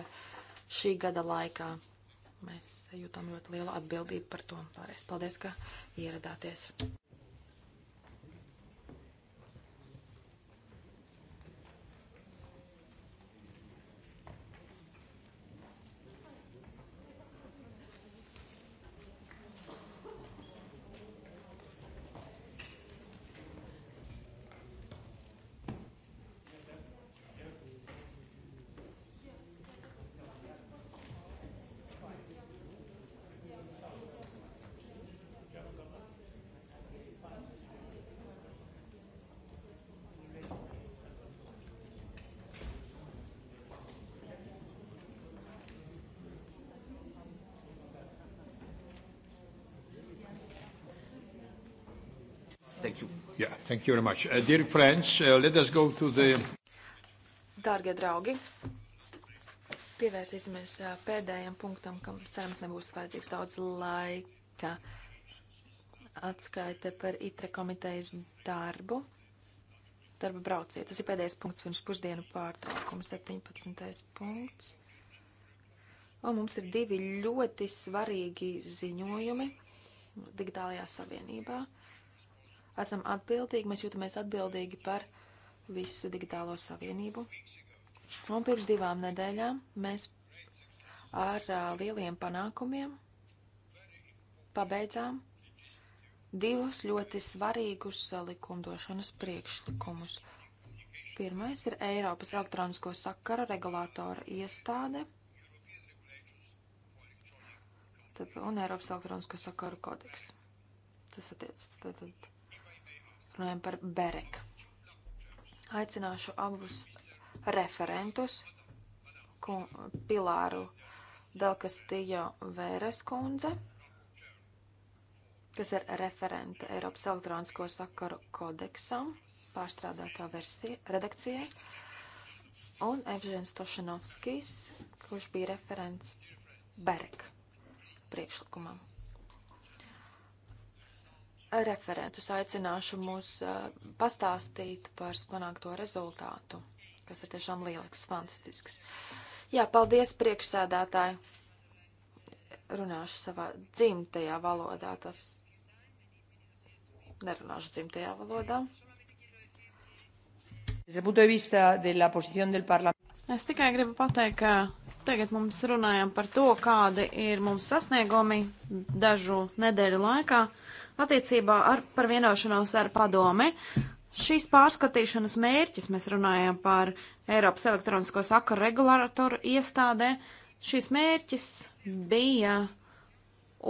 šī gada laikā. Mēs jūtam ļoti lielu atbildību par to. Vēlreiz paldies, ka ieradāties. Thank you. Yeah, thank you very much. Uh, dear friends, uh, let us go to the... Dārgie draugi, pievērsīsimies uh, pēdējiem punktam, kam cerams nebūs vajadzīgs daudz laika. Atskaita par ITRE komitejas darbu. Darba brauciet. Tas ir pēdējais punkts pirms pusdienu pārtraukuma, 17. punkts. Un mums ir divi ļoti svarīgi ziņojumi digitālajā savienībā. Uh, esam atbildīgi, mēs jūtamies atbildīgi par visu digitālo savienību. Un pirms divām nedēļām mēs ar uh, lieliem panākumiem pabeidzām divus ļoti svarīgus likumdošanas priekšlikumus. Pirmais ir Eiropas elektronisko sakaru regulātora iestāde tad, un Eiropas elektronisko sakaru kodeks. Tas attiecas Runājam par Berek. Aicināšu abus referentus, kum, Pilāru Delkastījo Vēres kundze, kas ir referente Eiropas elektronisko sakaru kodeksam, pārstrādātā versija, redakcijai, un Evžens Tošanovskis, kurš bija referents Berek priekšlikumam referentus aicināšu mūs uh, pastāstīt par panākto rezultātu, kas ir tiešām lielisks, fantastisks. Jā, paldies priekšsēdētāji. Runāšu savā dzimtajā valodā, tas nerunāšu dzimtajā valodā. Es tikai gribu pateikt, ka tagad mums runājam par to, kādi ir mums sasniegumi dažu nedēļu laikā. Attiecībā ar, par vienošanos ar padomi, šīs pārskatīšanas mērķis, mēs runājam par Eiropas elektronisko sakaru regulatoru iestādē, šis mērķis bija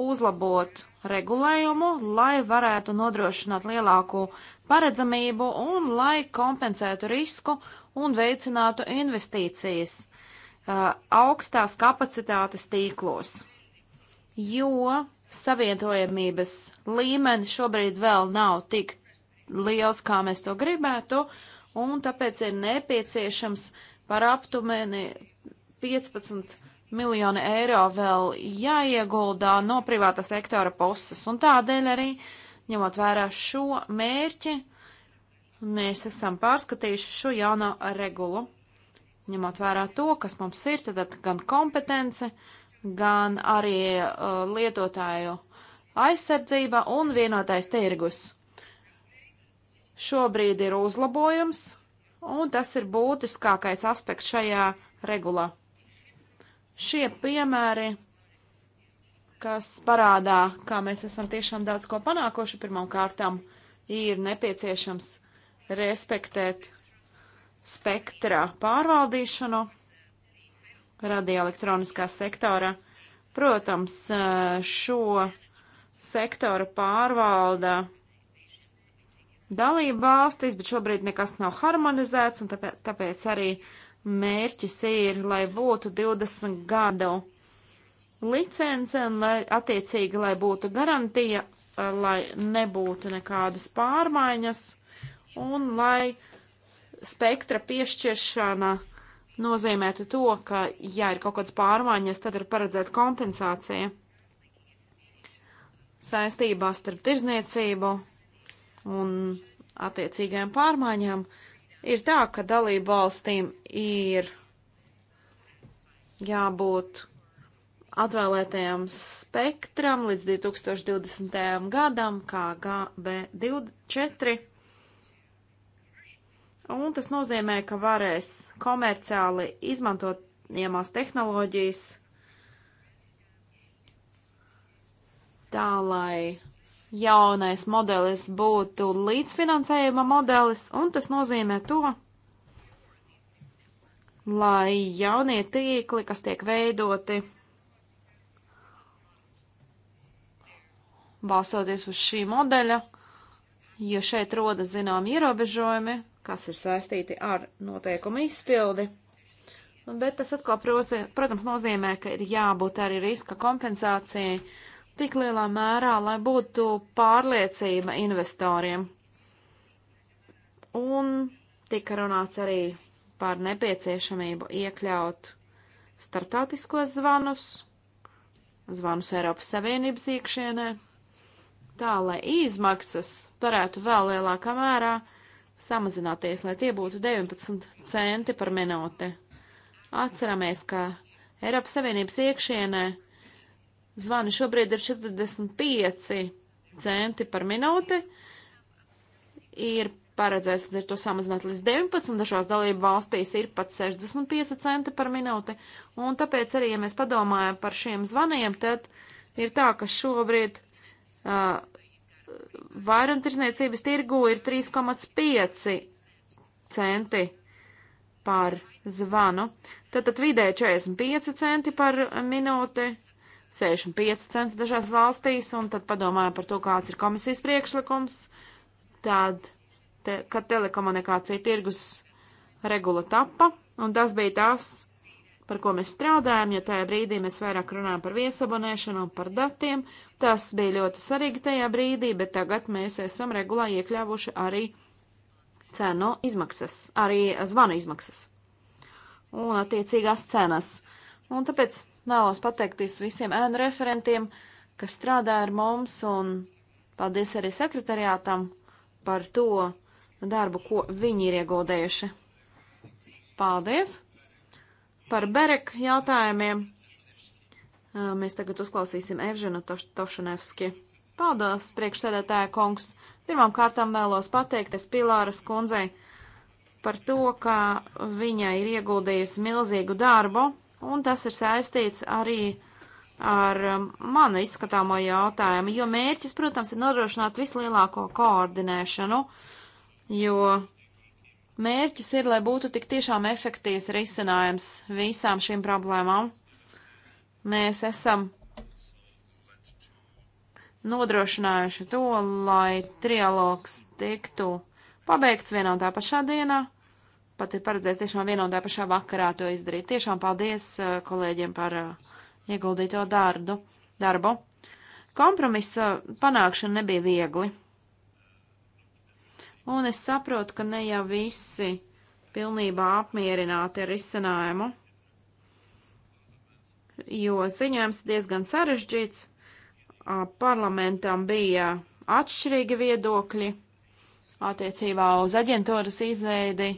uzlabot regulējumu, lai varētu nodrošināt lielāku paredzamību un lai kompensētu risku un veicinātu investīcijas uh, augstās kapacitātes tīklos jo savietojamības līmenis šobrīd vēl nav tik liels, kā mēs to gribētu, un tāpēc ir nepieciešams par aptumeni 15 miljoni eiro vēl jāieguldā no privāta sektora puses, un tādēļ arī, ņemot vērā šo mērķi, mēs esam pārskatījuši šo jauno regulu. Ņemot vērā to, kas mums ir, tad gan kompetence, uh, gan arī uh, lietotāju aizsardzība un vienotais tirgus. Šobrīd ir uzlabojums, un tas ir būtiskākais aspekts šajā regulā. Šie piemēri, kas parādā, kā mēs esam tiešām daudz ko panākuši, pirmām kārtām ir nepieciešams respektēt spektra pārvaldīšanu, radioelektroniskā sektora. Protams, eh, šo sektoru pārvalda dalība valstis, bet šobrīd nekas nav harmonizēts, un tāpēc, tāpēc arī mērķis ir, lai būtu 20 gadu licence, un lai attiecīgi, lai būtu garantija, eh, lai nebūtu nekādas pārmaiņas, un lai spektra piešķiršana nozīmētu to, ka, ja ir kaut kādas pārmaiņas, tad ir paredzēta kompensācija saistībā starp tirzniecību un attiecīgajām pārmaiņām. Ir tā, ka dalību valstīm ir jābūt atvēlētajam spektram līdz 2020. gadam, kā GB24 un tas nozīmē, ka varēs komerciāli izmantot iemās tehnoloģijas tā, lai jaunais modelis būtu līdzfinansējuma modelis, un tas nozīmē to, lai jaunie tīkli, kas tiek veidoti, balstoties uz šī modeļa, ja šeit rodas zinām ierobežojumi, kas ir saistīti ar noteikumu izpildi. Bet tas atkal, protams, nozīmē, ka ir jābūt arī riska kompensācijai tik lielā mērā, lai būtu pārliecība investoriem. Un tika runāts arī par nepieciešamību iekļaut startautiskos zvanus, zvanus Eiropas Savienības iekšienē, tā lai izmaksas varētu vēl lielākā mērā uh, samazināties, lai tie būtu 19 centi par minūti. Atceramies, ka Eiropas Savienības iekšienē zvani šobrīd ir 45 centi par minūti. Ir paredzēts ir to samazināt līdz 19, dažās dalību valstīs ir pat 65 centi par minūti. Un tāpēc arī, ja mēs padomājam par šiem zvaniem, tad ir tā, ka šobrīd uh, vairumtirdzniecības tirgu ir 3,5 centi par zvanu. Tātad vidēji 45 centi par minūti, 65 centi dažās valstīs, un tad padomājam par to, kāds ir komisijas priekšlikums. Tad, te, kad telekomunikācija tirgus regula tappa, un tas bija tas, par ko mēs strādājam, jo tajā brīdī mēs vairāk runājam par viesabonēšanu un par datiem. Tas bija ļoti svarīgi tajā brīdī, bet tagad mēs esam regulā iekļāvuši arī cenu izmaksas, arī zvanu izmaksas un attiecīgās cenas. Un tāpēc vēlos pateikties visiem ēnu referentiem, kas strādā ar mums, un paldies arī sekretariātam par to darbu, ko viņi ir ieguldējuši. Paldies! par Berek jautājumiem. Mēs tagad uzklausīsim Evženu Toš Tošanevski. Paldies, priekšsēdētāja kungs. Pirmām kārtām vēlos pateikties Pilāras kundzei par to, ka viņa ir ieguldījusi milzīgu darbu, un tas ir saistīts arī ar um, manu izskatāmo jautājumu, jo mērķis, protams, ir nodrošināt vislielāko koordinēšanu, jo Mērķis ir, lai būtu tik tiešām efektīvs risinājums visām šīm problēmām. Mēs esam nodrošinājuši to, lai trialogs tiktu pabeigts vienā un tā pašā dienā. Pat ir paredzēts tiešām vienā un tā pašā vakarā to izdarīt. Tiešām paldies eh, kolēģiem par eh, ieguldīto dardu, darbu. Kompromisa panākšana nebija viegli. Un es saprotu, ka ne jau visi pilnībā apmierināti ar izcinājumu, jo ziņojums diezgan sarežģīts, parlamentam bija atšķirīgi viedokļi attiecībā uz aģentūras izveidi,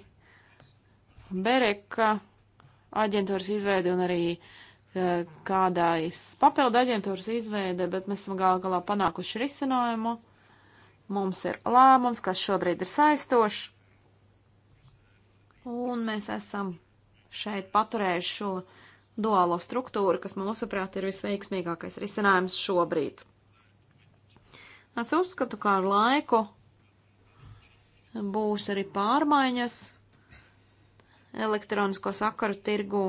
Bereka aģentūras izveidi un arī kādais papildu aģentūras izveide, bet mēs esam gal galā panākuši risinājumu. Mums ir lēmums, kas šobrīd ir saistošs, un mēs esam šeit paturējuši šo duālo struktūru, kas, mūsuprāt, ir visveiksmīgākais risinājums šobrīd. Es uzskatu, ka ar laiku būs arī pārmaiņas elektronisko sakaru tirgu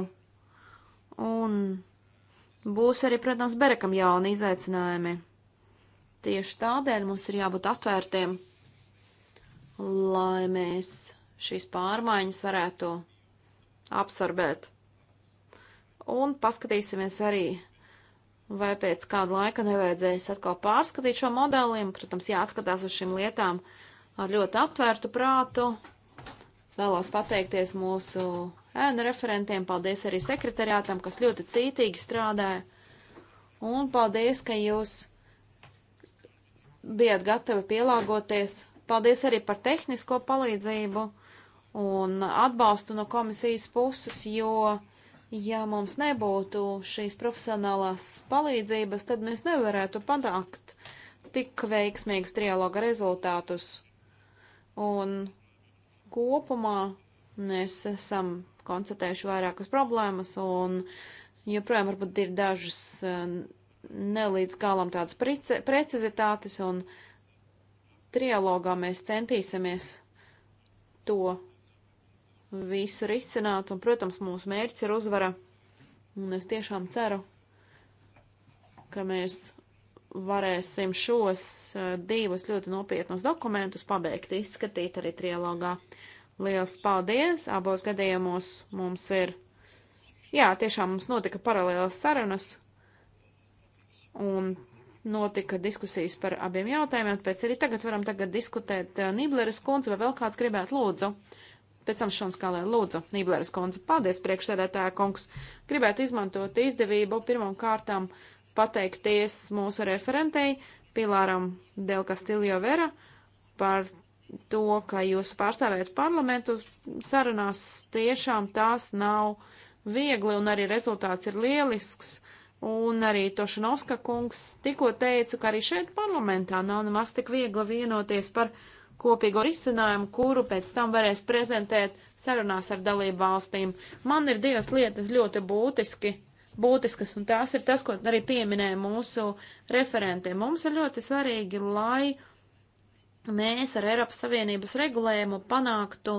un būs arī, protams, Berekam jauni izaicinājumi. Tieši tādēļ mums ir jābūt atvērtiem, lai mēs šīs pārmaiņas varētu absorbēt. Un paskatīsimies arī, vai pēc kāda laika nevajadzēs atkal pārskatīt šo modeli. Protams, jāskatās uz šīm lietām ar ļoti aptvērtu prātu. Vēlos pateikties mūsu ēnu referentiem, paldies arī sekretariātam, kas ļoti cītīgi strādāja. Un paldies, ka jūs bijāt gatavi pielāgoties. Paldies arī par tehnisko palīdzību un atbalstu no komisijas puses, jo, ja mums nebūtu šīs profesionālās palīdzības, tad mēs nevarētu panākt tik veiksmīgus trialoga rezultātus. Un kopumā mēs esam konstatējuši vairākas problēmas un joprojām varbūt ir dažas nelīdz galam tādas prece, precizitātes, un trialogā mēs centīsimies to visu risināt, un, protams, mūsu mērķis ir uzvara, un es tiešām ceru, ka mēs varēsim šos eh, divus ļoti nopietnus dokumentus pabeigt izskatīt arī trialogā. Liels paldies! Abos gadījumos mums ir, jā, tiešām mums notika paralēlas sarunas un notika diskusijas par abiem jautājumiem, pēc arī tagad varam tagad diskutēt eh, Nībleres kundze, vai vēl kāds gribētu lūdzu. Pēc tam Šons Kalē lūdzu, Nībleres kundze, paldies priekšsēdētāja kungs, gribētu izmantot izdevību pirmam kārtām pateikties mūsu referentei Pilāram Delka Stiljo Vera par to, ka jūs pārstāvējat parlamentu sarunās, tiešām tās nav viegli un arī rezultāts ir lielisks. Uh, Un arī Tošanovska kungs tikko teica, ka arī šeit parlamentā nav nemaz tik viegli vienoties par kopīgo risinājumu, kuru pēc tam varēs prezentēt sarunās ar dalību valstīm. Man ir divas lietas ļoti būtiski, būtiskas, un tās ir tas, ko arī pieminēja mūsu referentē. Mums ir ļoti svarīgi, lai mēs ar Eiropas Savienības regulējumu panāktu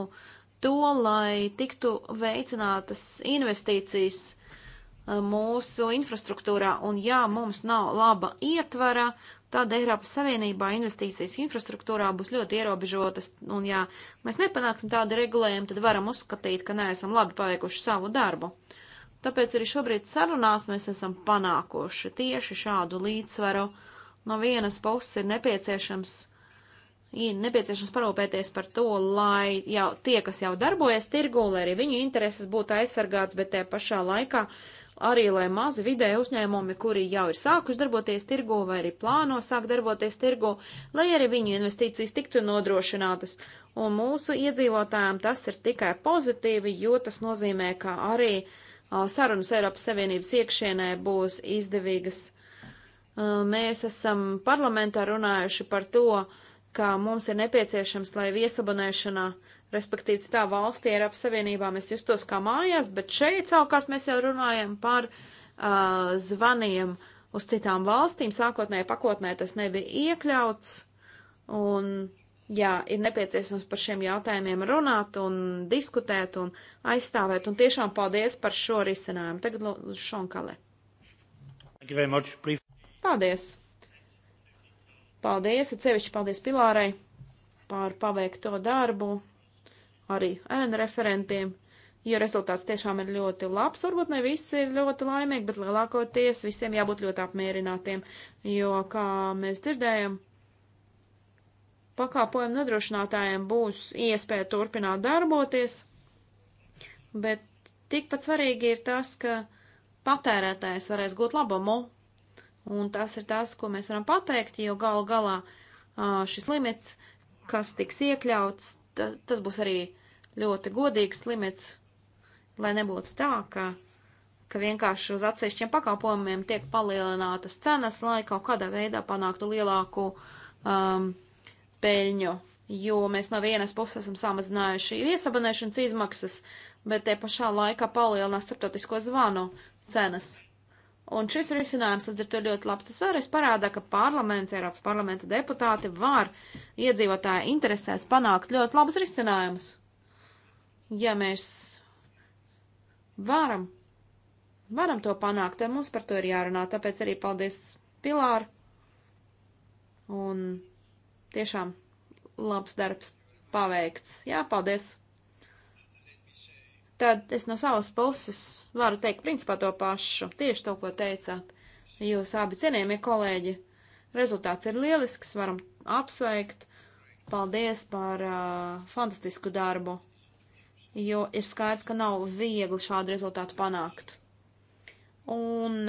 to, lai tiktu veicinātas investīcijas mūsu infrastruktūrā, un ja mums nav laba ietvara, tad Eiropas Savienībā investīcijas infrastruktūrā būs ļoti ierobežotas, un ja mēs nepanāksim tādu regulējumu, tad varam uzskatīt, ka neesam labi paveikuši savu darbu. Tāpēc arī šobrīd sarunās mēs esam panākuši tieši šādu līdzsvaru. No vienas puses ir nepieciešams, ir nepieciešams parūpēties par to, lai jau tie, kas jau darbojas tirgū, lai arī viņu intereses būtu aizsargāts, bet te pašā laikā uh, arī lai mazi vidēji uzņēmumi, kuri jau ir sākuši darboties tirgo vai arī plāno sākt darboties tirgo, lai arī viņu investīcijas tiktu nodrošinātas. Un mūsu iedzīvotājiem tas ir tikai pozitīvi, jo tas nozīmē, ka arī uh, sarunas Eiropas Savienības iekšienē būs izdevīgas. Uh, mēs esam parlamentā runājuši par to, ka mums ir nepiesabonēšana Respektīvi, citā valstī, Eiropas Savienībā mēs justos kā mājās, bet šeit savukārt mēs jau runājam par uh, zvaniem uz citām valstīm. Sākotnēji pakotnē tas nebija iekļauts, un jā, ir nepieciešams par šiem jautājumiem runāt un diskutēt un aizstāvēt, un tiešām paldies par šo risinājumu. Tagad lūdzu Šonkale. Paldies! Paldies, cevišķi paldies Pilārai par paveikto darbu arī ēnu referentiem, jo rezultāts tiešām ir ļoti labs. Varbūt ne visi ir ļoti laimīgi, bet lielākoties visiem jābūt ļoti apmierinātiem, jo, kā mēs dzirdējam, pakāpojumu nodrošinātājiem būs iespēja turpināt darboties, bet tikpat svarīgi ir tas, ka patērētājs varēs gūt labumu, un tas ir tas, ko mēs varam pateikt, jo gal galā šis limits, kas tiks iekļauts, ta, tas būs arī ļoti godīgs limits, lai nebūtu tā, ka, ka vienkārši uz atsevišķiem pakalpojumiem tiek palielinātas cenas, lai kaut kādā veidā panāktu lielāku um, peļņu. Jo mēs no vienas puses esam samazinājuši viesabonēšanas izmaksas, bet te pašā laikā palielinās starptautisko zvanu cenas. Un šis risinājums līdz ar to ļoti labs. Tas vēlreiz parāda, ka parlaments, Eiropas parlamenta deputāti var iedzīvotāja interesēs panākt ļoti labus risinājumus. Ja mēs varam, varam to panākt, tad mums par to ir jārunā. Tāpēc arī paldies Pilāru. Un tiešām labs darbs paveikts. Jā, paldies! tad es no savas puses varu teikt principā to pašu, tieši to, ko teicāt. Jūs abi cienījamie kolēģi, rezultāts ir lielisks, varam apsveikt, paldies par uh, fantastisku darbu, jo ir skaidrs, ka nav viegli šādu rezultātu panākt. Un,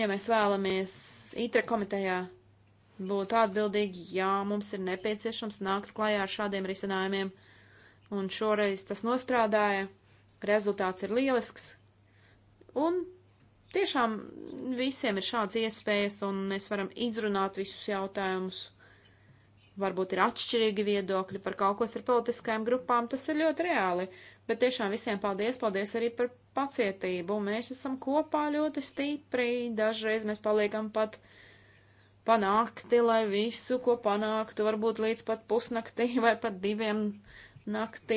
ja mēs vēlamies ITRE komitejā būt atbildīgi, jā, mums ir nepieciešams nākt klajā ar šādiem risinājumiem. Uh, un šoreiz tas nostrādāja. Rezultāts ir lielisks. Un tiešām visiem ir šāds iespējas, un mēs varam izrunāt visus jautājumus. Varbūt ir atšķirīgi viedokļi par kaut ko starp politiskajām grupām, tas ir ļoti reāli. Bet tiešām visiem paldies, paldies arī par pacietību. Mēs esam kopā ļoti stipri, dažreiz mēs paliekam pat panākti, lai visu, ko panāktu, varbūt līdz pat pusnaktī vai pat diviem naktī,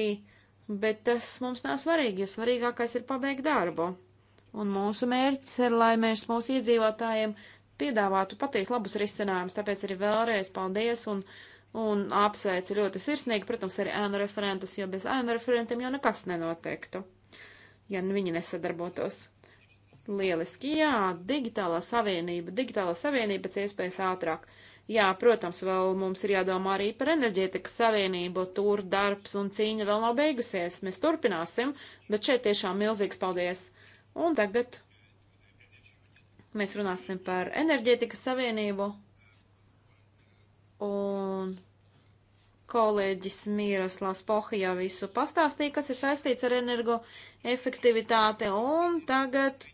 bet tas mums nav svarīgi, jo svarīgākais ir pabeigt darbu. Un mūsu mērķis ir, lai mēs mūsu iedzīvotājiem piedāvātu patiesu labus risinājumus, tāpēc arī vēlreiz paldies un, un apsveicu ļoti sirsnīgi, protams, arī ēnu referentus, jo bez ēnu referentiem jau nekas nenotiektu, ja viņi nesadarbotos. Lieliski, jā, digitālā savienība, digitālā savienība pēc iespējas ātrāk. Jā, protams, vēl mums ir jādomā arī par enerģētikas savienību. Tur darbs un cīņa vēl nav beigusies. Mēs turpināsim, bet šeit tiešām milzīgs paldies. Un tagad mēs runāsim par enerģētikas savienību. Un kolēģis Mīroslavs Poha jau visu pastāstīja, kas ir saistīts ar energoefektivitāti. Un tagad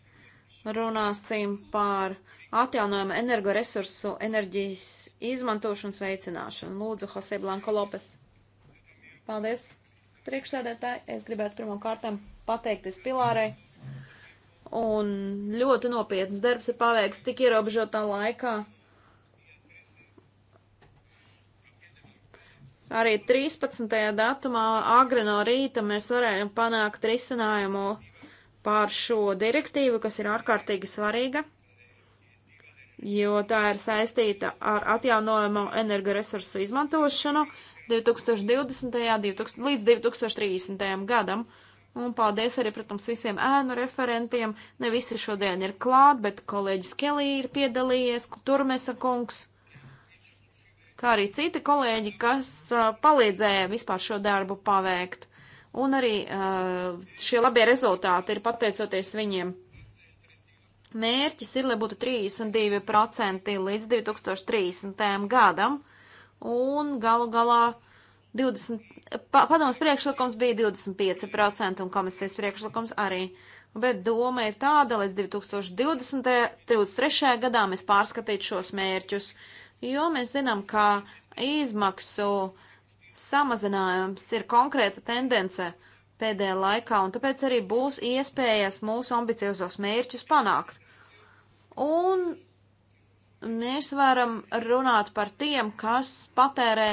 runāsim par atjaunojama energoresursu enerģijas izmantošanas veicināšanu. Lūdzu, Jose Blanko Lopes. Paldies, priekšsēdētāji. Es gribētu pirmām kārtām pateikties Pilārai. Un ļoti nopietns darbs ir paveikts tik ierobežotā laikā. Arī 13. datumā agri no rīta mēs varējām panākt risinājumu pār šo direktīvu, kas ir ārkārtīgi svarīga jo tā ir saistīta ar atjaunojamo energoresursu izmantošanu 2020. 2000, līdz 2030. gadam. Un paldies arī, protams, visiem ēnu referentiem. Ne visi šodien ir klāt, bet kolēģis Kelī ir piedalījies, Turmesa kungs, kā arī citi kolēģi, kas uh, palīdzēja vispār šo darbu paveikt. Un arī uh, šie labie rezultāti ir pateicoties viņiem. Mērķis ir, lai būtu 32% līdz 2030. gadam, un galu galā 20, pa, padomas priekšlikums bija 25% un komisijas priekšlikums arī. Bet doma ir tāda, līdz 2023. gadā mēs pārskatītu šos mērķus, jo mēs zinām, ka izmaksu samazinājums ir konkrēta tendence pēdējā laikā, un tāpēc arī būs iespējas mūsu ambiciozos mērķus panākt. Un mēs varam runāt par tiem, kas patērē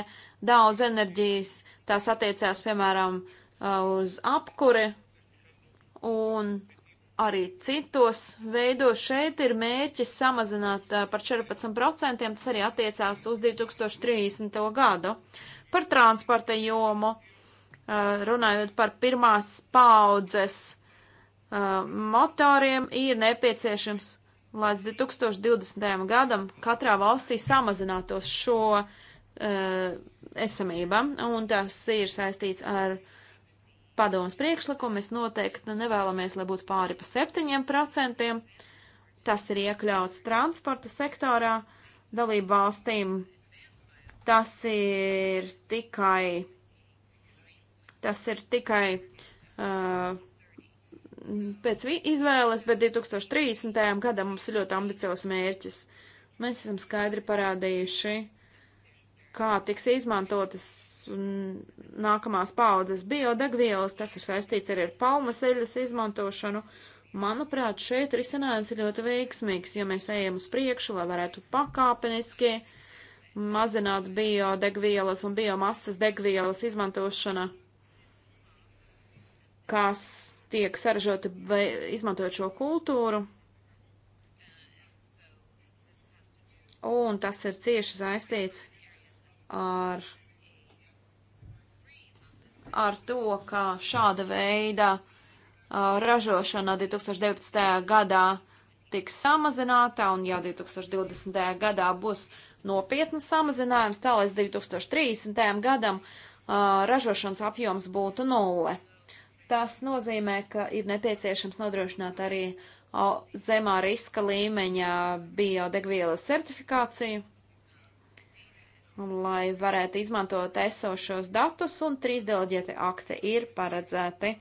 daudz enerģijas. Tās attiecās, piemēram, uz apkuri un arī citos veidos. Šeit ir mērķis samazināt par 14%, tas arī attiecās uz 2030. gadu. Par transporta jomu, runājot par pirmās paudzes motoriem, ir nepieciešams līdz 2020. gadam katrā valstī samazinātos šo uh, esamība, un tas ir saistīts ar padomus priekšlikumu. Mēs noteikti nevēlamies, lai būtu pāri pa 7%. Tas ir iekļauts transporta sektorā dalību valstīm. Tas ir tikai, tas ir tikai uh, pēc izvēles, bet 2030. gadam mums ir ļoti ambiciozs mērķis. Mēs esam skaidri parādījuši, kā tiks izmantotas nākamās paudzes biodegvielas, tas ir saistīts arī ar palmas eļas izmantošanu. Manuprāt, šeit risinājums ir ļoti veiksmīgs, jo mēs ejam uz priekšu, lai varētu pakāpeniski mazināt biodegvielas un biomasas degvielas izmantošana, kas tiek saražoti vai izmantojot šo kultūru. Un tas ir cieši saistīts ar, ar to, ka šāda veida uh, ražošana 2019. gadā tiks samazināta, un jau 2020. gadā būs nopietnas samazinājums, tā līdz 2030. gadam uh, ražošanas apjoms būtu nulle. Tas nozīmē, ka ir nepieciešams nodrošināt arī zemā riska līmeņa biodegvielas certifikāciju, lai varētu izmantot esošos datus, un trīs deleģēti akti ir paredzēti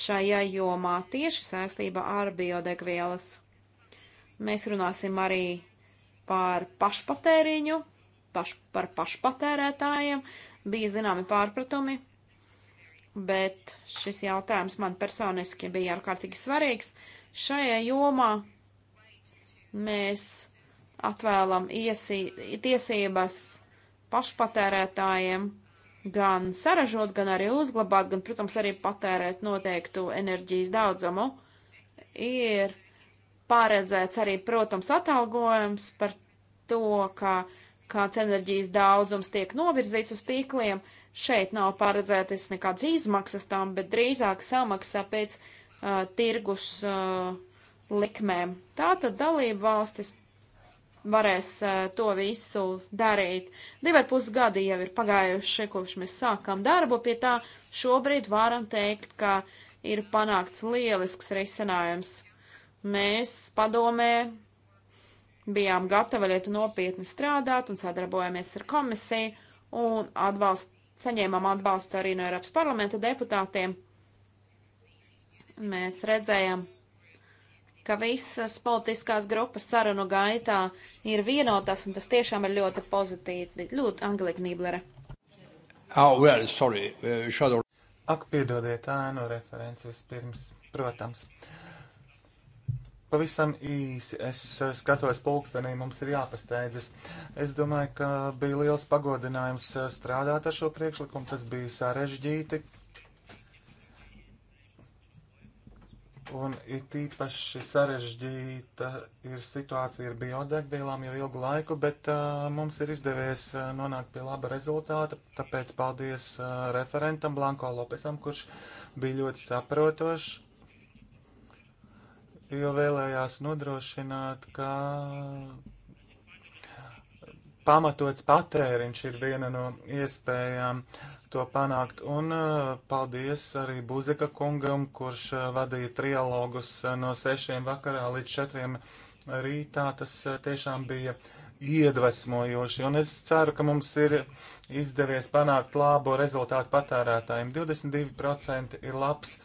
šajā jomā tieši saistībā ar biodegvielas. Mēs runāsim arī par pašpatēriņu, paš, par pašpatērētājiem. Bija zināmi pārpratumi bet šis jautājums man personiski bija ārkārtīgi svarīgs. Šajā jomā mēs atvēlam iesī, tiesības pašpatērētājiem gan saražot, gan arī uzglabāt, gan, protams, arī patērēt noteiktu enerģijas daudzumu. Ir paredzēts arī, protams, atalgojums par to, ka kāds enerģijas daudzums tiek novirzīts uz tīkliem, uh, Šeit nav paredzētas nekādas izmaksas tam, bet drīzāk samaksā pēc uh, tirgus uh, likmēm. Tātad dalību valstis varēs uh, to visu darīt. Divi ar pus gadi jau ir pagājuši, kopš mēs sākam darbu pie tā. Šobrīd varam teikt, ka ir panākts lielisks risinājums. Mēs padomē bijām gatavi ļoti nopietni strādāt un sadarbojamies ar komisiju un atbalst, saņēmām atbalstu arī no Eiropas parlamenta deputātiem. Mēs redzējām, ka visas politiskās grupas sarunu gaitā ir vienotas, un tas tiešām ir ļoti pozitīvi. Ļoti Angelika Nīblere. Oh, well, sorry, uh, shadow. Ak, piedodiet, ēnu referenci vispirms, protams. Uh, Pavisam īsi es skatos pulkstenī, mums ir jāpasteidzas. Es domāju, ka bija liels pagodinājums uh, strādāt ar šo priekšlikumu, tas bija sarežģīti. Un it īpaši sarežģīta ir situācija ar biodegvielām jau ilgu laiku, bet uh, mums ir izdevies uh, nonākt pie laba rezultāta, tāpēc paldies uh, referentam Blanko Lopesam, kurš bija ļoti saprotošs jo vēlējās nodrošināt, ka pamatots patēriņš ir viena no iespējām to panākt. Un eh, paldies arī Buzika kungam, kurš eh, vadīja trialogus eh, no sešiem vakarā līdz četriem rītā. Tas tiešām bija iedvesmojoši, un es ceru, ka mums ir izdevies panākt labo rezultātu patērētājiem. 22% ir labs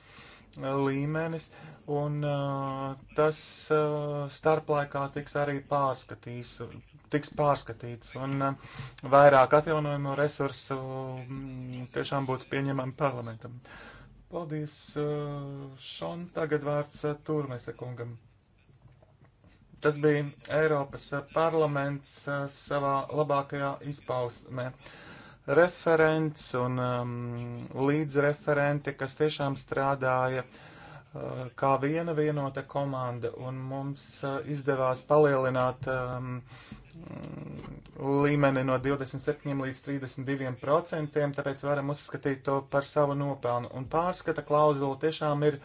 līmenis. Uh, un uh, tas uh, starplaikā tiks arī pārskatīs, tiks pārskatīts, un uh, vairāk atjaunojumu resursu mm, tiešām būtu pieņemami parlamentam. Paldies, uh, Šon, tagad vārds uh, Turmese kungam. Tas bija Eiropas uh, parlaments uh, savā labākajā izpausmē. Uh, referents un um, līdzreferenti, kas tiešām strādāja uh, Eh, kā viena vienota komanda, un mums eh, izdevās palielināt um, līmeni no 27 līdz 32 procentiem, tāpēc varam uzskatīt to par savu nopelnu. Un pārskata klauzula tiešām ir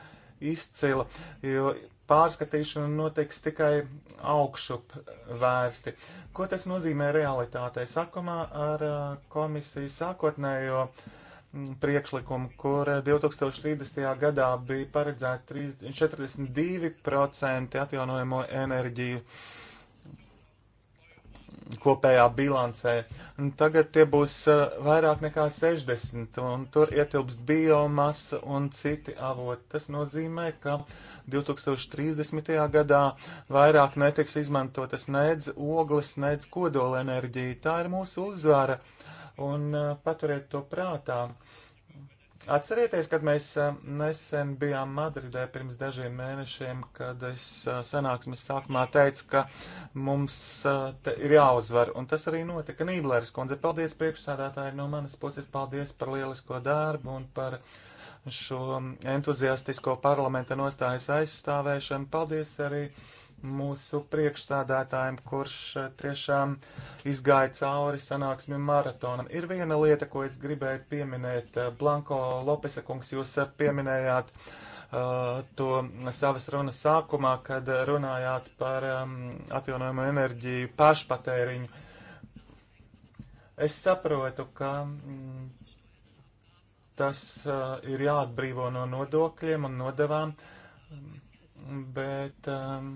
izcila, jo pārskatīšana notiks tikai augšup vērsti. Ko tas nozīmē realitātei? Sakumā ar eh, komisiju sākotnējo. Uh, priekšlikumu, kur 2030. Eh, gadā bija paredzēta 42% atjaunojamo enerģiju kopējā bilancē. Un tagad tie būs eh, vairāk nekā 60, un tur ietilpst biomasa un citi avoti. Tas nozīmē, ka 2030. gadā vairāk netiks izmantotas nedz ogles, nedz kodolenerģija. Tā ir mūsu uzvara un uh, paturiet to prātā. Atcerieties, kad mēs uh, nesen bijām Madridē pirms dažiem mēnešiem, kad es uh, sanāksmes sākumā teicu, ka mums ir jāuzvar, un tas arī notika. Nīblērs kundze, paldies priekšsādātāji no manas puses, paldies par lielisko darbu un par šo entuziastisko parlamenta nostājas aizstāvēšanu. Paldies arī mūsu priekšstādātājiem, kurš eh, tiešām izgāja cauri sanāksmi maratonam. Ir viena lieta, ko es gribēju pieminēt. Eh, Blanko Lopesa kungs, jūs eh, pieminējāt uh, to savas runas sākumā, kad runājāt par um, atjaunojumu enerģiju pašpatēriņu. Es saprotu, ka mm, tas uh, ir jāatbrīvo no nodokļiem un nodevām, bet um,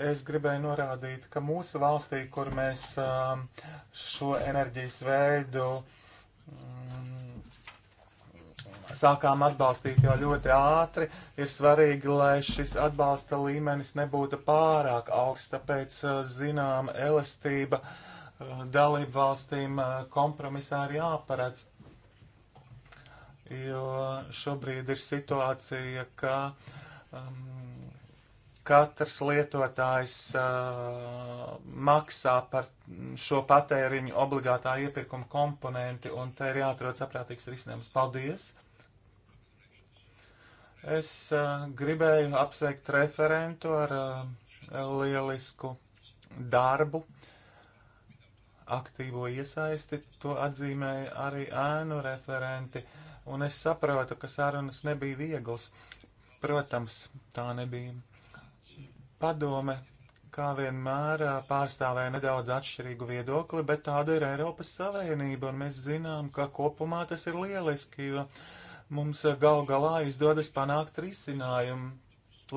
es gribēju norādīt, ka mūsu valstī, kur mēs um, šo enerģijas veidu mm, sākām atbalstīt jau ļoti ātri, ir svarīgi, lai šis atbalsta līmenis nebūtu pārāk augsts, tāpēc uh, zinām elastība uh, dalību valstīm uh, kompromisā ir jāparedz. Jo šobrīd ir situācija, ka um, katrs lietotājs uh, maksā par šo patēriņu obligātā iepirkuma komponenti, un te ir jāatrod saprātīgs risinājums. Paldies! Es uh, gribēju apsveikt referentu ar uh, lielisku darbu, aktīvo iesaisti, to atzīmēja arī ēnu referenti, un es saprotu, ka sarunas nebija vieglas. Protams, tā nebija Padome, kā vienmēr, pārstāvēja nedaudz atšķirīgu viedokli, bet tāda ir Eiropas Savienība, un mēs zinām, ka kopumā tas ir lieliski, jo mums gal galā izdodas panākt risinājumu,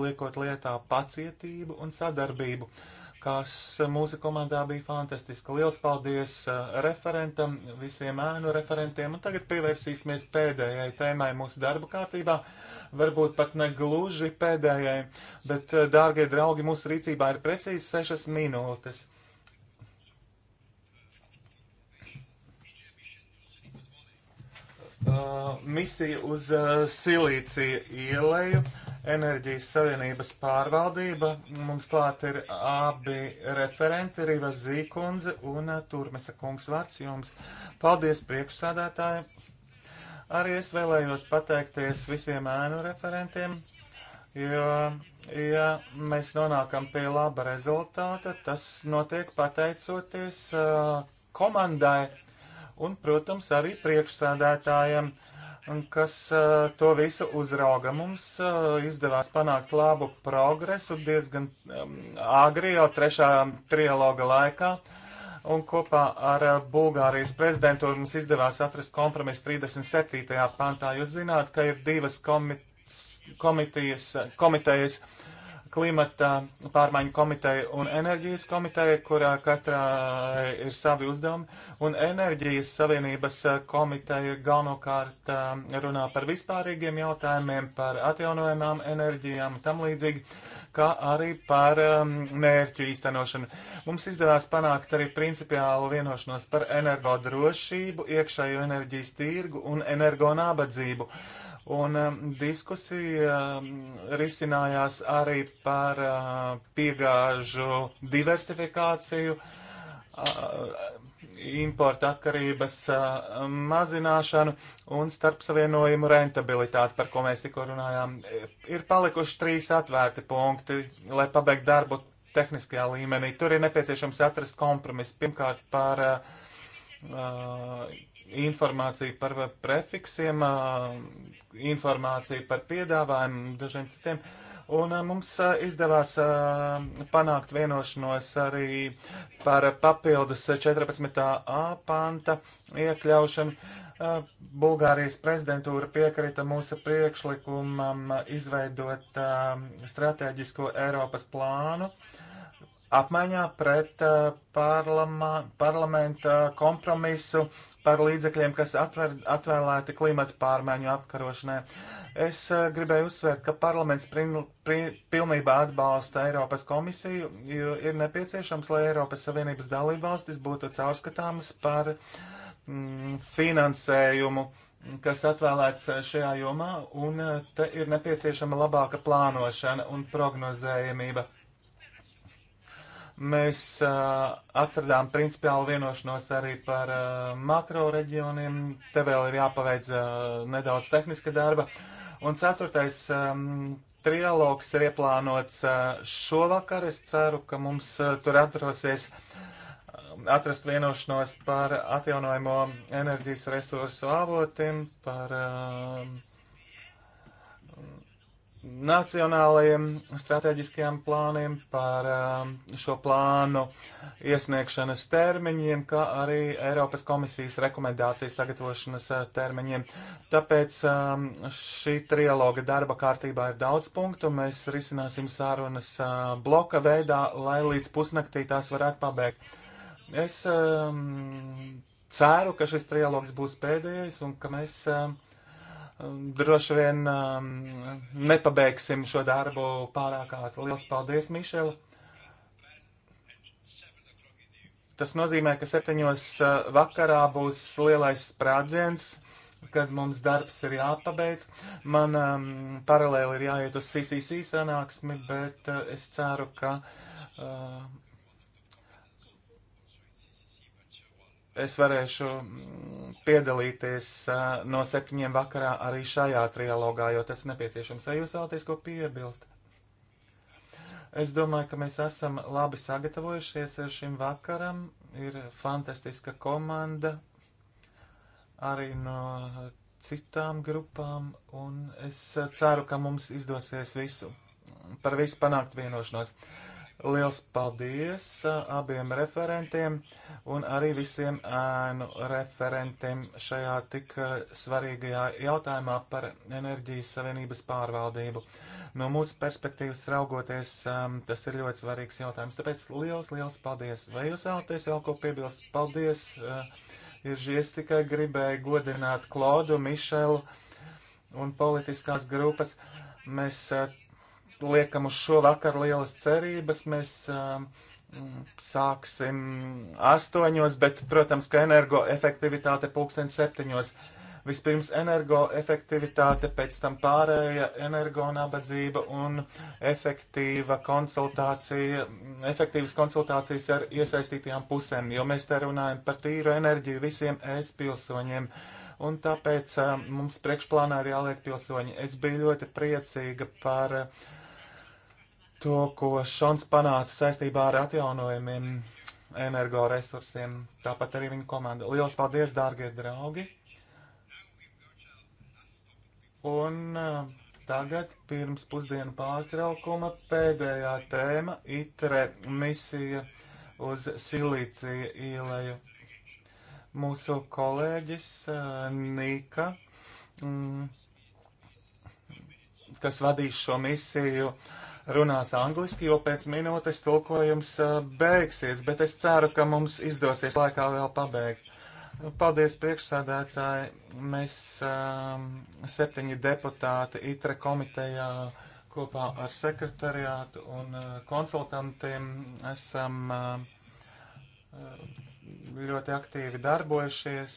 liekot lietā pacietību un sadarbību. Uh, kas mūsu komandā bija fantastiska. Liels paldies uh, referentam, visiem ēnu referentiem, un tagad pievērsīsimies pēdējai tēmai mūsu darba kārtībā. Varbūt pat ne gluži pēdējai, bet, uh, dārgie draugi, mūsu rīcībā ir precīzi sešas minūtes. Uh, misija uz uh, Silīcija ieleju, enerģijas savienības pārvaldība. Mums klāt ir abi referenti, Rīva Zīkundze un uh, Turmesa kungs vārds jums. Paldies priekšsādātāji. Arī es vēlējos pateikties visiem ēnu referentiem, jo, ja mēs nonākam pie laba rezultāta, tas notiek pateicoties uh, komandai un, protams, arī priekšsēdētājiem, kas to visu uzrauga. Mums izdevās panākt labu progresu diezgan agri jau trešā trialoga laikā. Un kopā ar Bulgārijas prezidentu mums izdevās atrast kompromisu 37. pantā. Jūs zināt, ka ir divas komitejas, komitejas klimata pārmaiņu komiteja un enerģijas komiteja, kurā katrā ir savi uzdevumi, un enerģijas savienības eh, komiteja galvenokārt eh, runā par vispārīgiem jautājumiem, par atjaunojumām enerģijām un tam līdzīgi, kā arī par um, mērķu īstenošanu. Mums izdevās panākt arī principiālu vienošanos par energodrošību, iekšējo enerģijas tirgu un energonabadzību. Uh, Un um, diskusija um, risinājās arī par uh, piegāžu diversifikāciju, uh, importa atkarības uh, mazināšanu un starpsavienojumu rentabilitāti, par ko mēs tikko runājām. Ir palikuši trīs atvērti punkti, lai pabeigtu darbu tehniskajā līmenī. Tur ir nepieciešams atrast kompromisu pirmkārt par uh, uh informāciju par prefiksiem, informāciju par piedāvājumu dažiem citiem. Un mums izdevās panākt vienošanos arī par papildus 14. a panta iekļaušanu. Bulgārijas prezidentūra piekrita mūsu priekšlikumam izveidot strateģisko Eiropas plānu, uh, apmaiņā pret eh, parlamā, parlamenta kompromisu par līdzekļiem, kas atver, atvēlēti klimata pārmaiņu apkarošanai. Es eh, gribēju uzsvērt, ka parlaments prin, prin, pilnībā atbalsta Eiropas komisiju, jo ir nepieciešams, lai Eiropas Savienības dalībvalstis būtu caurskatāmas par mm, finansējumu kas atvēlēts šajā jomā, un eh, te ir nepieciešama labāka plānošana un prognozējamība. Mēs uh, atradām principiālu vienošanos arī par uh, makro reģioniem. Te vēl ir jāpaveic uh, nedaudz tehniska darba. Un ceturtais um, trialogs ir ieplānots uh, šovakar. Es ceru, ka mums uh, tur atrosies atrast vienošanos par atjaunojamo enerģijas resursu avotiem, par uh, nacionālajiem strateģiskajiem plāniem, par um, šo plānu iesniegšanas termiņiem, kā arī Eiropas komisijas rekomendācijas sagatavošanas uh, termiņiem. Tāpēc um, šī trialoga darba kārtībā ir daudz punktu. Mēs risināsim sārunas uh, bloka veidā, lai līdz pusnaktī tās varētu pabeigt. Es um, ceru, ka šis trialogs būs pēdējais un ka mēs um, Um, droši vien um, nepabeigsim šo darbu pārāk ātri. Lielas paldies, Mišela! Tas nozīmē, ka septiņos uh, vakarā būs lielais sprādziens kad mums darbs ir jāpabeidz. Man um, paralēli ir jāiet uz CCC sanāksmi, bet uh, es ceru, ka uh, es varēšu mm, piedalīties no septiņiem vakarā arī šajā trialogā, jo tas nepieciešams. Vai jūs vēlaties ko piebilst? Es domāju, ka mēs esam labi sagatavojušies šim vakaram. Ir fantastiska komanda arī no citām grupām, un es ceru, ka mums izdosies visu par visu panākt vienošanos. Uh, Liels paldies abiem referentiem un arī visiem ēnu referentiem šajā tik svarīgajā jautājumā par enerģijas savienības pārvaldību. No mūsu perspektīvas raugoties, tas ir ļoti svarīgs jautājums. Tāpēc liels, liels paldies. Vai jūs vēlaties vēl ko piebilst? Paldies! ir žies tikai gribēja godināt Klaudu, Mišelu un politiskās grupas. Mēs liekam uz šo vakaru lielas cerības. Mēs um, mm, sāksim astoņos, bet, protams, ka energoefektivitāte pulksten septiņos. Vispirms energoefektivitāte, pēc tam pārēja energonabadzība un efektīva konsultācija, efektīvas konsultācijas ar iesaistītajām pusēm, jo mēs te runājam par tīru enerģiju visiem es pilsoņiem un tāpēc uh, mums priekšplānā ir jāliek pilsoņi. Es biju ļoti priecīga par uh, to, ko Šons panāca saistībā ar atjaunojumiem energoresursiem, tāpat arī viņa komanda. Lielas paldies, dārgie draugi! Un uh, tagad pirms pusdienu pārtraukuma pēdējā tēma - itre misija uz Silīcija ieleju. Mūsu kolēģis uh, Nika, mm, kas vadīs šo misiju, uh, runās angliski, jo pēc minūtes tulkojums uh, beigsies, bet es ceru, ka mums izdosies laikā vēl pabeigt. Paldies priekšsādātāji. Mēs um, septiņi deputāti ITRE komitejā kopā ar sekretariātu un uh, konsultantiem esam uh, uh ļoti aktīvi darbojušies,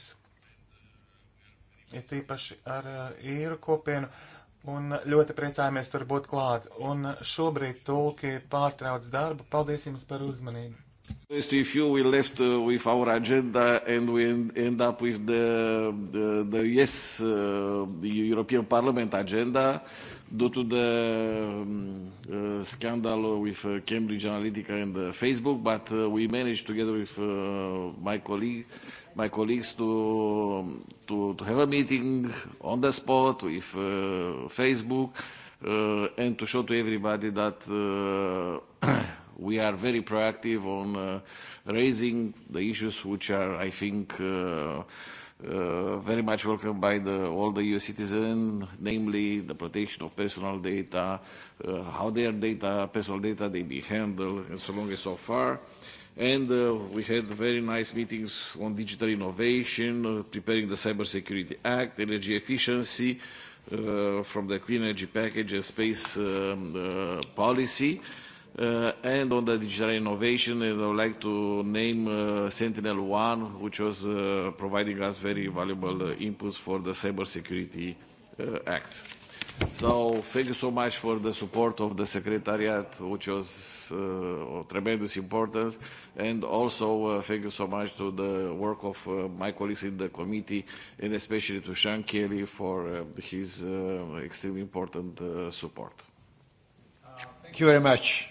ir ja tīpaši ar uh, īru kopienu. Uh, un ļoti priecājamies tur būt klāt. Un šobrīd tulki pārtrauc darbu. Paldies jums par uzmanību. If you we left uh, with our agenda and we end up with the, the, the yes, uh, the European Parliament agenda, uh, due to the um, uh, scandal with uh, Cambridge Analytica and uh, Facebook, but uh, we managed together with uh, my colleague, my colleagues to, um, to to have a meeting on the spot with uh, Facebook uh, and to show to everybody that. Uh, We are very proactive on uh, raising the issues which are, I think, uh, uh, very much welcomed by the, all the EU citizens, namely the protection of personal data, uh, how their data, personal data, they be handled, and so long and so far. And uh, we had very nice meetings on digital innovation, uh, preparing the Cybersecurity Act, energy efficiency uh, from the clean energy package and space um, uh, policy. Uh, Uh, and on the digital innovation, and I would like to name uh, Sentinel-1, which was uh, providing us very valuable uh, inputs for the Cybersecurity uh, Act. So thank you so much for the support of the Secretariat, which was uh, of tremendous importance, and also uh, thank you so much to the work of uh, my colleagues in the committee, and especially to Sean Kelly for uh, his uh, extremely important uh, support. Uh, thank you very much.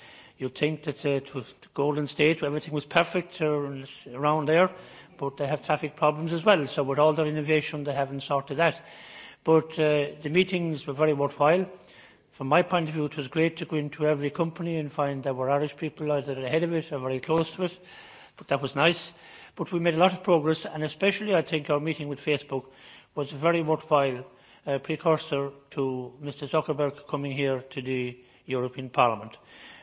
You'd think that uh, to Golden State everything was perfect uh, around there, but they have traffic problems as well. So with all their innovation, they haven't sorted that. But uh, the meetings were very worthwhile. From my point of view, it was great to go into every company and find there were Irish people either ahead of it or very close to it. But that was nice. But we made a lot of progress, and especially I think our meeting with Facebook was a very worthwhile uh, precursor to Mr Zuckerberg coming here to the European Parliament. Uh,